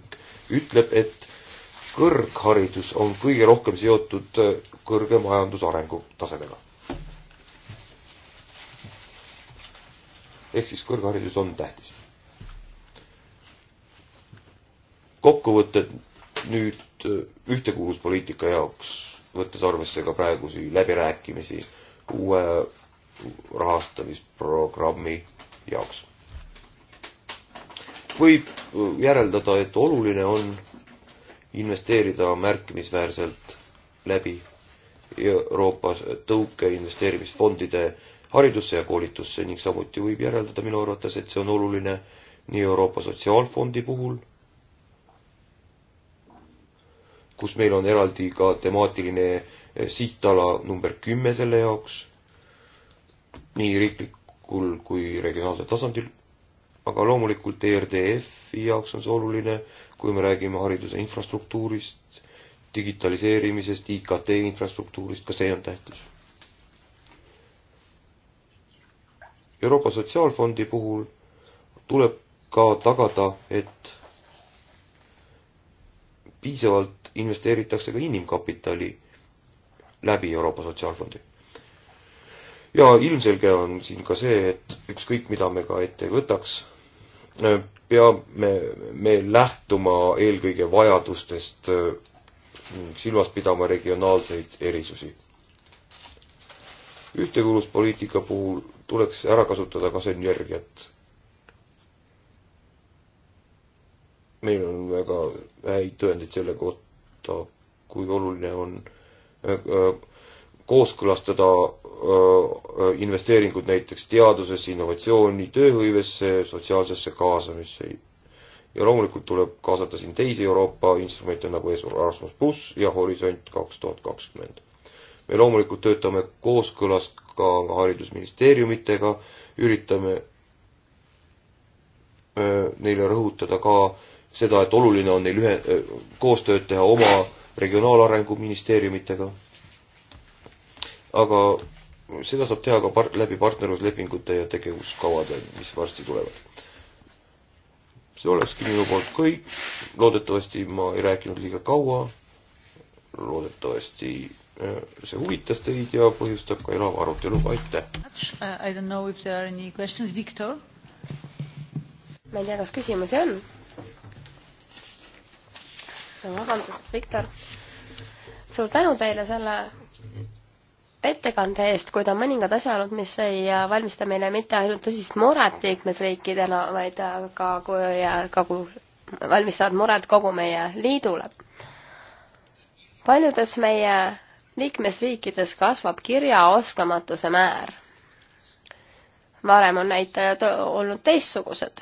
ütleb, et kõrgharidus on kõige rohkem seotud äh, kõrge majandusarengu tasemega. ehk siis kõrgharidus on tähtis. kokkuvõtted nüüd äh, ühtekuuluvuspoliitika jaoks, võttes arvesse ka praegusi läbirääkimisi uue rahastamisprogrammi jaoks. võib äh, järeldada, et oluline on investeerida märkimisväärselt läbi Euroopas tõukeinvesteerimisfondide haridusse ja koolitusse ning samuti võib järeldada minu arvates, et see on oluline nii Euroopa Sotsiaalfondi puhul kus meil on eraldi ka temaatiline eh, sihtala number kümme selle jaoks, nii riiklikul kui regionaalsel tasandil. aga loomulikult ERDF-i jaoks on see oluline, kui me räägime hariduse infrastruktuurist, digitaliseerimisest, IKT infrastruktuurist, ka see on tähtis. Euroopa Sotsiaalfondi puhul tuleb ka tagada, et piisavalt investeeritakse ka inimkapitali läbi Euroopa Sotsiaalfondi. ja ilmselge on siin ka see, et ükskõik, mida me ka ette võtaks, peame me lähtuma eelkõige vajadustest, silmas pidama regionaalseid erisusi. ühtekuuluvuspoliitika puhul tuleks ära kasutada ka sünergiat. meil on väga häid tõendeid selle kohta, kohta, kui oluline on äh, äh, kooskõlastada äh, investeeringud näiteks teadusesse, innovatsiooni, tööhõivesse, sotsiaalsesse kaasamisse. ja loomulikult tuleb kaasata siin teisi Euroopa instrumente nagu Erasmus pluss ja Horisont kaks tuhat kakskümmend. me loomulikult töötame kooskõlas ka haridusministeeriumitega, üritame neile rõhutada ka äh, seda, et oluline on neil ühe, koostööd teha oma regionaalarengu ministeeriumitega. aga seda saab teha ka par-, läbi partnerluslepingute ja tegevuskavade, mis varsti tulevad. see olekski minu poolt kõik, loodetavasti ma ei rääkinud liiga kaua, loodetavasti see huvitas teid ja põhjustab ka elava arutelu, aitäh! Uh, I don't know if there are any questions, Victor? ma ei tea, kas küsimusi on? vabandust, Viktor. suur tänu teile selle ettekande eest, kuid on mõningad asjaolud, mis ei valmista meile mitte ainult tõsist muret liikmesriikidena, vaid ka kui kogu, valmistavad muret kogu meie liidule. paljudes meie liikmesriikides kasvab kirjaoskamatuse määr. varem on näitajad olnud teistsugused.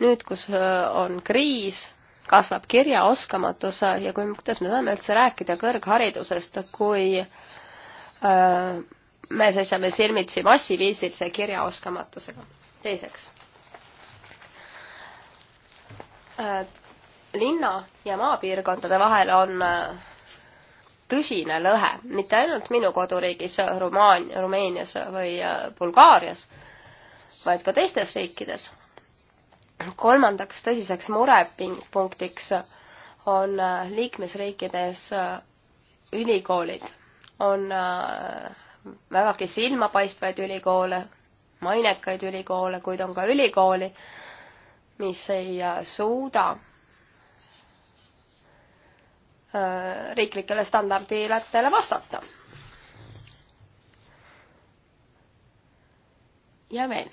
nüüd, kus on kriis kasvab kirjaoskamatus ja kui, kuidas me saame üldse rääkida kõrgharidusest, kui öö, äh, me seisame silmitsi massiviisilise kirjaoskamatusega. teiseks äh,. linna ja maapiirkondade vahel on äh, tõsine lõhe, mitte ainult minu koduriigis Rumaan-, Rumeenias või äh, Bulgaarias, vaid ka teistes riikides kolmandaks tõsiseks murepunktiks on äh, liikmesriikides äh, ülikoolid. on äh, vägagi silmapaistvaid ülikoole, mainekaid ülikoole, kuid on ka ülikooli, mis ei suuda riiklikele standarditele vastata. ja veel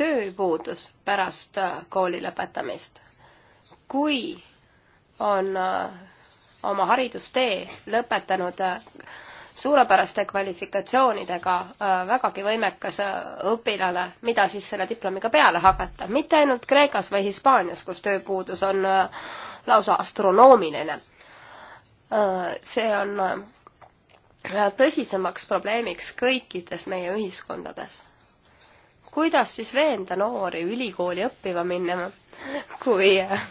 tööpuudus pärast äh, kooli lõpetamist. kui on äh, oma haridustee lõpetanud äh, suurepäraste kvalifikatsioonidega vägagi võimekas õpilane, mida siis selle diplomiga peale hakata, mitte ainult Kreekas või Hispaanias, kus tööpuudus on lausa astronoomiline. see on tõsisemaks probleemiks kõikides meie ühiskondades kuidas siis veenda noori ülikooli õppima minema, kui äh,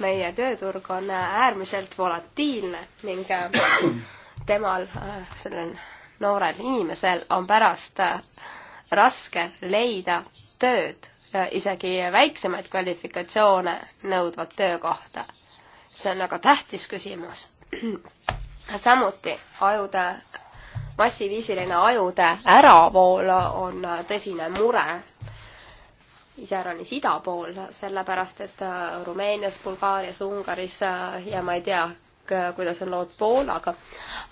meie tööturg on äh, äärmiselt volatiilne ning äh, temal, sellel noorel inimesel on pärast raske leida tööd, isegi väiksemaid kvalifikatsioone nõudvat töökohta. see on väga tähtis küsimus. samuti ajude, massiviisiline ajude äravool on tõsine mure iseäranis ida pool, sellepärast et äh, Rumeenias, Bulgaarias, Ungaris äh, ja ma ei tea, kuidas on lood Poolaga,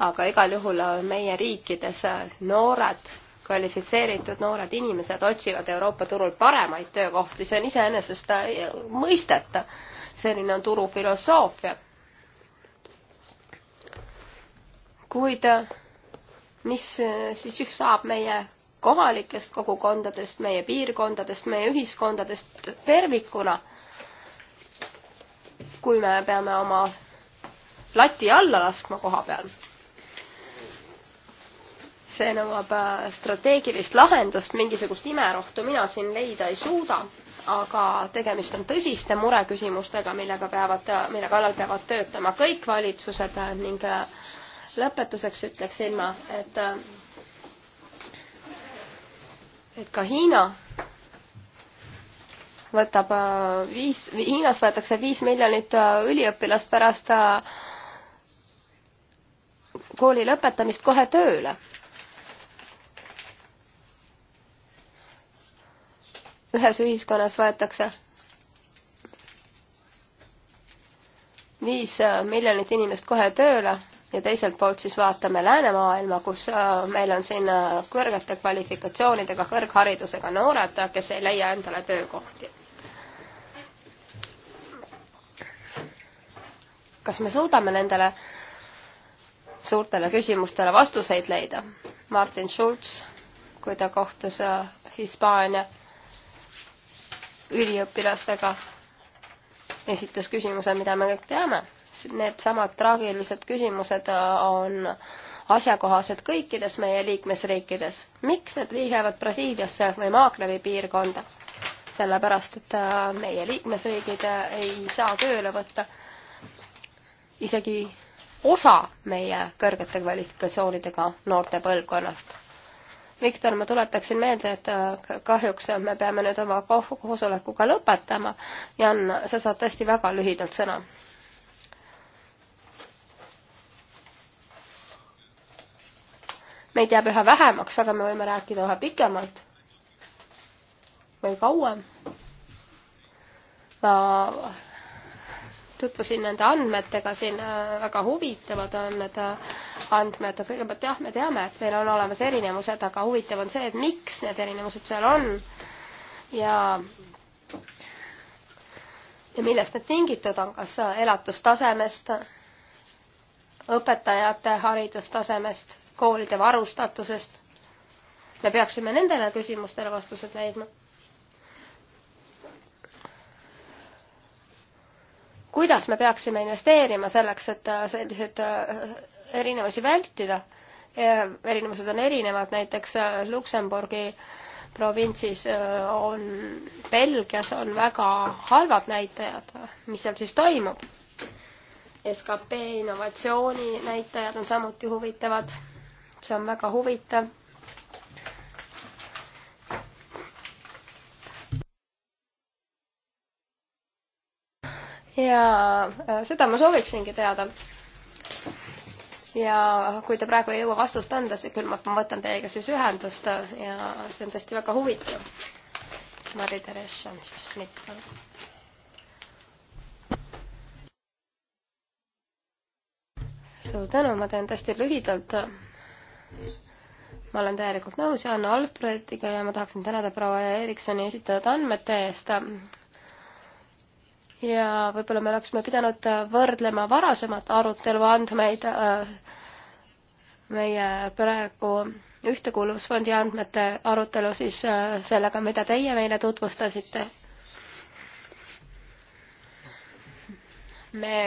aga igal juhul äh, meie riikides noored, kvalifitseeritud noored inimesed otsivad Euroopa turul paremaid töökohti, see on iseenesest mõistetav. selline on turufilosoofia. kuid mis siis saab meie kohalikest kogukondadest, meie piirkondadest, meie ühiskondadest tervikuna. kui me peame oma lati alla laskma koha peal. see nõuab äh, strateegilist lahendust, mingisugust imerohtu mina siin leida ei suuda, aga tegemist on tõsiste mureküsimustega, millega peavad, äh, mille kallal peavad töötama kõik valitsused äh, ning lõpetuseks ütleksin ma, et et ka Hiina võtab äh, viis, Hiinas võetakse viis miljonit äh, üliõpilast pärast äh, kooli lõpetamist kohe tööle. ühes ühiskonnas võetakse viis miljonit inimest kohe tööle ja teiselt poolt siis vaatame läänemaailma, kus äh, meil on siin äh, kõrgete kvalifikatsioonidega, kõrgharidusega noored, äh, kes ei leia endale töökohti. kas me suudame nendele suurtele küsimustele vastuseid leida? Martin Schulz, kui ta kohtus Hispaania üliõpilastega, esitas küsimuse, mida me kõik teame needsamad traagilised küsimused äh, on asjakohased kõikides meie liikmesriikides. miks need liiglevad Brasiiliasse või Maagrevi piirkonda? sellepärast, et äh, meie liikmesriigid äh, ei saa tööle võtta isegi osa meie kõrgete kvalifikatsioonidega noorte põlvkonnast. Viktor, ma tuletaksin meelde, et kahjuks me peame nüüd oma koosolekuga lõpetama. Jan, sa saad tõesti väga lühidalt sõna meid jääb üha vähemaks, aga me võime rääkida üha pikemalt või kauem. ma tutvusin nende andmetega siin, äh, väga huvitavad on need äh, andmed, kõigepealt jah, me teame, et meil on olemas erinevused, aga huvitav on see, et miks need erinevused seal on ja ja millest need tingitud on, kas äh, elatustasemest, õpetajate haridustasemest koolide varustatusest. me peaksime nendele küsimustele vastused leidma. kuidas me peaksime investeerima selleks, et äh, selliseid äh, erinevusi vältida? erinevused on erinevad, näiteks äh, Luksemburgi provintsis on, Belgias on väga halvad näitajad, mis seal siis toimub. skp innovatsiooni näitajad on samuti huvitavad see on väga huvitav. ja äh, seda ma sooviksingi teada. ja kui te praegu ei jõua vastust anda, siis küll ma võtan teiega siis ühendust äh, ja see on tõesti väga huvitav. Mari-Teres Šantšov-Schmidt, palun. suur tänu, ma teen tõesti lühidalt ma olen täielikult nõus Jaan Alfrediga ja ma tahaksin tänada proua Eriksoni esitatud andmete eest. ja võib-olla me oleksime pidanud võrdlema varasemat arutelu andmeid äh, meie praegu ühtekuuluvusfondi andmete arutelu siis äh, sellega, mida teie meile tutvustasite. me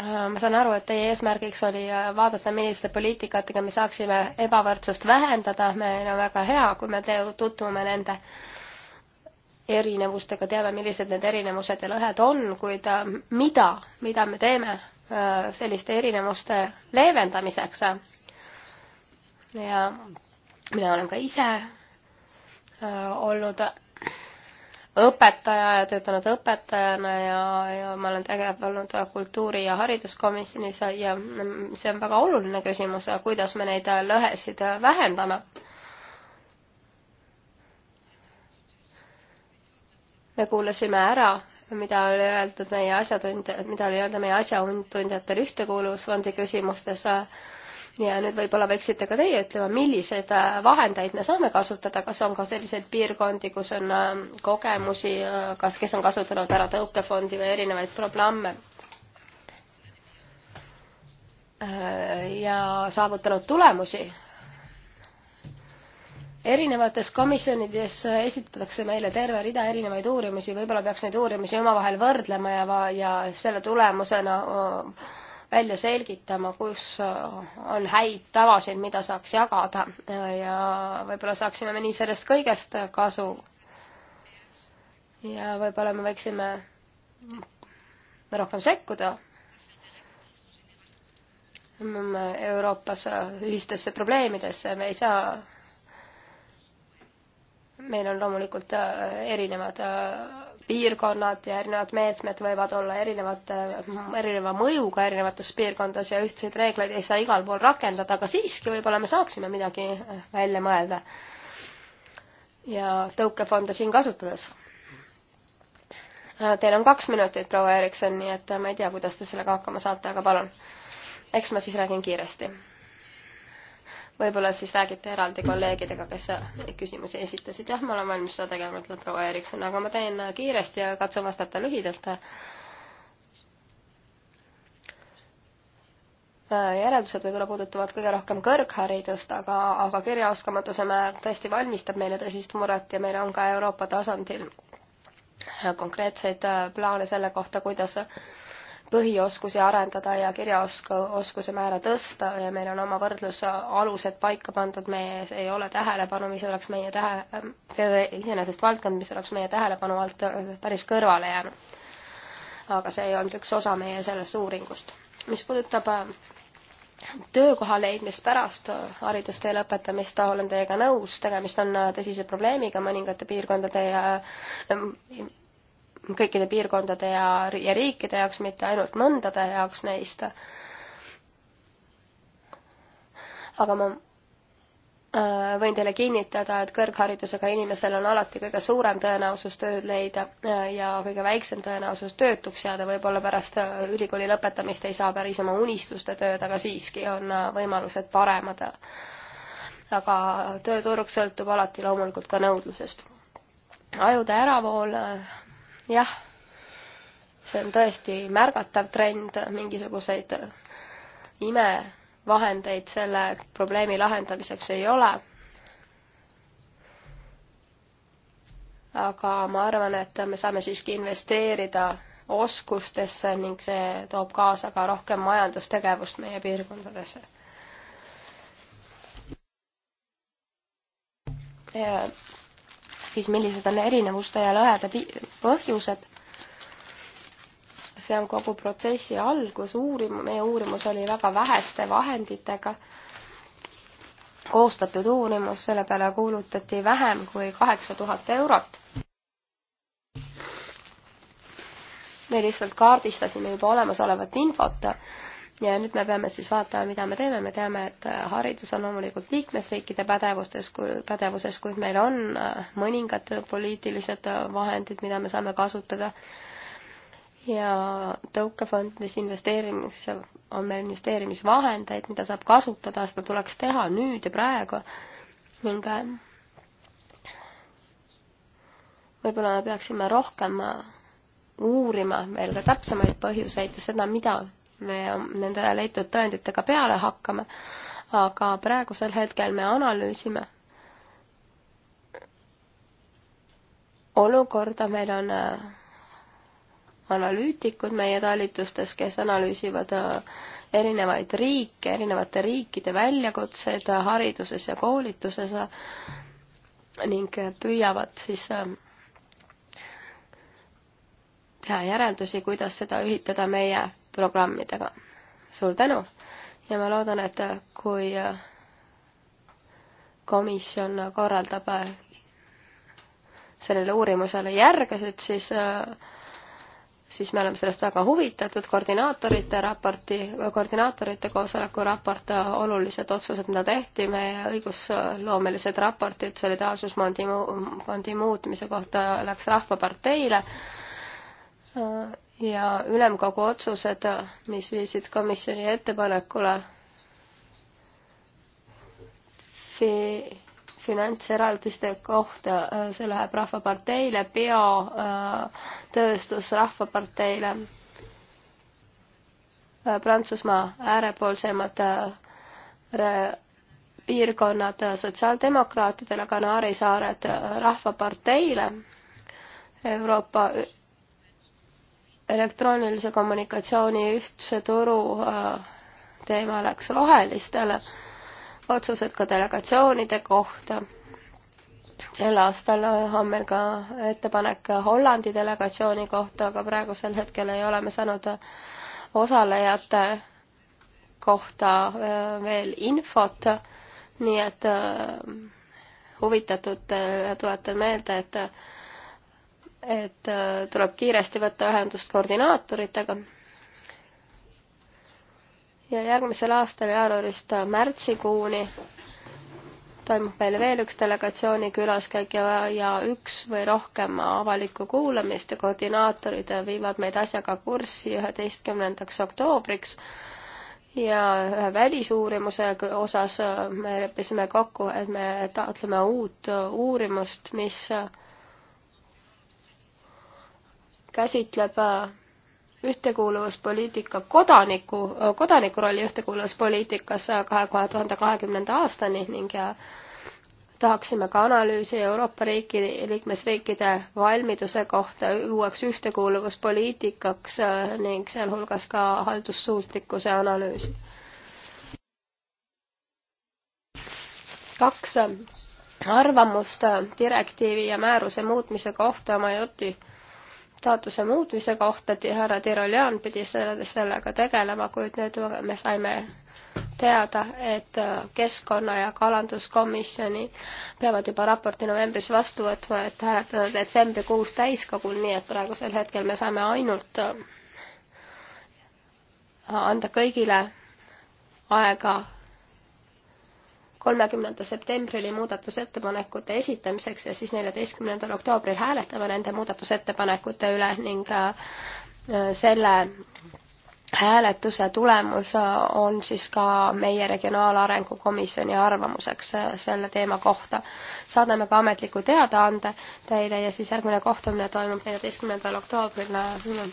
Äh, ma saan aru, et teie eesmärgiks oli äh, vaadata, milliste poliitikatega me saaksime ebavõrdsust vähendada, meil on väga hea, kui me tutvume nende erinevustega, teame, millised need erinevused ja lõhed on, kuid äh, mida, mida me teeme selliste erinevuste leevendamiseks. ja mina olen ka ise olnud õpetaja ja töötanud õpetajana ja, ja ma olen tegev olnud kultuuri- ja hariduskomisjonis ja see on väga oluline küsimus, kuidas me neid lõhesid vähendame. me kuulasime ära, mida oli öeldud meie asjatundja, mida oli öelda meie asjatundjatel ühtekuuluvusfondi küsimustes äh, ja nüüd võib-olla võiksite ka teie ütlema, milliseid äh, vahendeid me saame kasutada, kas on ka selliseid piirkondi, kus on äh, kogemusi, äh, kas, kes on kasutanud ära tõukefondi või erinevaid programme ja saavutanud tulemusi erinevates komisjonides esitatakse meile terve rida erinevaid uurimusi, võib-olla peaks neid uurimusi omavahel võrdlema ja, ja selle tulemusena välja selgitama, kus äh, on häid tavasid, mida saaks jagada ja võib-olla saaksime me nii sellest kõigest kasu. ja võib-olla me võiksime rohkem sekkuda Euroopas ühistesse probleemidesse, me ei saa meil on loomulikult äh, erinevad äh, piirkonnad ja erinevad meetmed võivad olla erinevate, erineva mõjuga erinevates piirkondades ja ühtseid reegleid ei saa igal pool rakendada, aga siiski võib-olla me saaksime midagi välja mõelda. ja tõukefonde siin kasutades. Teil on kaks minutit, proua Erikson, nii et ma ei tea, kuidas te sellega hakkama saate, aga palun. eks ma siis räägin kiiresti võib-olla siis räägite eraldi kolleegidega, kes küsimusi esitasid. jah, ma olen valmis seda tegema, ütleb proua Erikson, aga ma teen kiiresti ja katsun vastata lühidalt. järeldused võib-olla puudutavad kõige rohkem kõrgharidust, aga, aga kirjaoskamatuse määr tõesti valmistab meile tõsist muret ja meil on ka Euroopa tasandil konkreetseid plaane selle kohta, kuidas põhioskusi arendada ja kirjaoskuse määra tõsta ja meil on oma võrdlusalused paika pandud, me ei ole tähelepanu, mis oleks meie tähe, see ei ole iseenesest valdkond, mis oleks meie tähelepanu alt päris kõrvale jäänud. aga see ei olnud üks osa meie sellest uuringust. mis puudutab äh, töökoha leidmist pärast haridustee lõpetamist olen teiega nõus, tegemist on äh, tõsise probleemiga mõningate piirkondade ja äh, kõikide piirkondade ja, ja riikide jaoks, mitte ainult mõndade jaoks neist. aga ma äh, võin teile kinnitada, et kõrgharidusega inimesel on alati kõige suurem tõenäosus tööd leida äh, ja kõige väiksem tõenäosus töötuks jääda, võib-olla pärast äh, ülikooli lõpetamist ei saa päris oma unistuste tööd, aga siiski on võimalused paremad. aga tööturg sõltub alati loomulikult ka nõudlusest. ajude äravool jah, see on tõesti märgatav trend, mingisuguseid imevahendeid selle probleemi lahendamiseks ei ole aga ma arvan, et me saame siiski investeerida oskustesse ning see toob kaasa ka rohkem majandustegevust meie piirkondadesse siis millised on erinevuste ja lõhede põhjused. see on kogu protsessi algus, uurim-, meie uurimus oli väga väheste vahenditega koostatud uurimus, selle peale kuulutati vähem kui kaheksa tuhat eurot. me lihtsalt kaardistasime juba olemasolevat infot ja nüüd me peame siis vaatama, mida me teeme, me teame, et äh, haridus on loomulikult liikmesriikide pädevustes, pädevuses, kuid meil on äh, mõningad äh, poliitilised vahendid, mida me saame kasutada. ja tõukefondides investeerimiseks on meil investeerimisvahendeid, mida saab kasutada, seda tuleks teha nüüd ja praegu ning võib-olla me peaksime rohkem uurima veel ka täpsemaid põhjuseid ja seda, mida me nende leitud tõenditega peale hakkame, aga praegusel hetkel me analüüsime olukorda, meil on äh, analüütikud meie talitustes, kes analüüsivad äh, erinevaid riike, erinevate riikide väljakutseid äh, hariduses ja koolituses ning püüavad siis teha järeldusi, kuidas seda ühitada meie programmidega. suur tänu ja ma loodan, et kui komisjon korraldab sellele uurimusele järgesid, siis siis me oleme sellest väga huvitatud, koordinaatorite raporti, koordinaatorite koosoleku raport, olulised otsused, mida tehti, meie õigusloomelised raportid solidaarsusfondi, fondi muutmise kohta läks Rahvaparteile ja ülemkogu otsused, mis viisid komisjoni ettepanekule fi-, finantseraldiste kohta, see läheb Rahvaparteile, biotööstus Rahvaparteile, Prantsusmaa äärepoolsemad piirkonnad sotsiaaldemokraatidele, Kanaari saared Rahvaparteile, Euroopa elektroonilise kommunikatsiooni ühtse turu äh, teema läks rohelistele, otsused ka delegatsioonide kohta. sel aastal äh, on meil ka ettepanek Hollandi delegatsiooni kohta, aga praegusel hetkel ei ole me saanud äh, osalejate kohta veel infot, nii et huvitatutele tuletan meelde, et et äh, tuleb kiiresti võtta ühendust koordinaatoritega. ja järgmisel aastal jaanuarist märtsikuuni toimub meil veel üks delegatsiooni külaskäik ja, ja üks või rohkem avalikku kuulamist ja koordinaatorid viivad meid asjaga kurssi üheteistkümnendaks oktoobriks ja ühe välisuurimuse osas me leppisime kokku, et me taotleme uut uurimust, mis käsitleb äh, ühtekuuluvuspoliitika kodaniku, äh, kodaniku rolli ühtekuuluvuspoliitikas äh, kahe tuhande kahekümnenda aastani ning ja tahaksime ka analüüsi Euroopa riiki, liikmesriikide valmiduse kohta uueks ühtekuuluvuspoliitikaks ning sealhulgas ka haldussuutlikkuse analüüsi. kaks arvamust direktiivi ja määruse muutmise kohta oma juti staatuse muutmise kohta, härra Tiroljan pidi sellega tegelema, kuid nüüd me saime teada, et äh, Keskkonna- ja Kalanduskomisjoni peavad juba raporti novembris vastu võtma, et hääletada detsembrikuus täiskogul, nii et praegusel hetkel me saame ainult äh, anda kõigile aega kolmekümnenda septembrini muudatusettepanekute esitamiseks ja siis neljateistkümnendal oktoobril hääletame nende muudatusettepanekute üle ning äh, selle hääletuse tulemus äh, on siis ka meie Regionaalarengu Komisjoni arvamuseks äh, selle teema kohta. saadame ka ametliku teadaande teile ja siis järgmine kohtumine toimub neljateistkümnendal oktoobril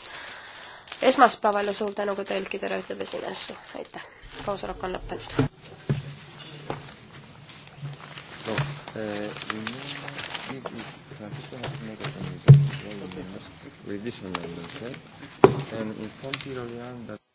esmaspäeval ja suur tänu ka tõlkidele, ütleb esimees. aitäh, koosolek on lõppenud. Uh, we need, we, Francisco has to make a commitment with this amendment, right? And inform Peter Leon that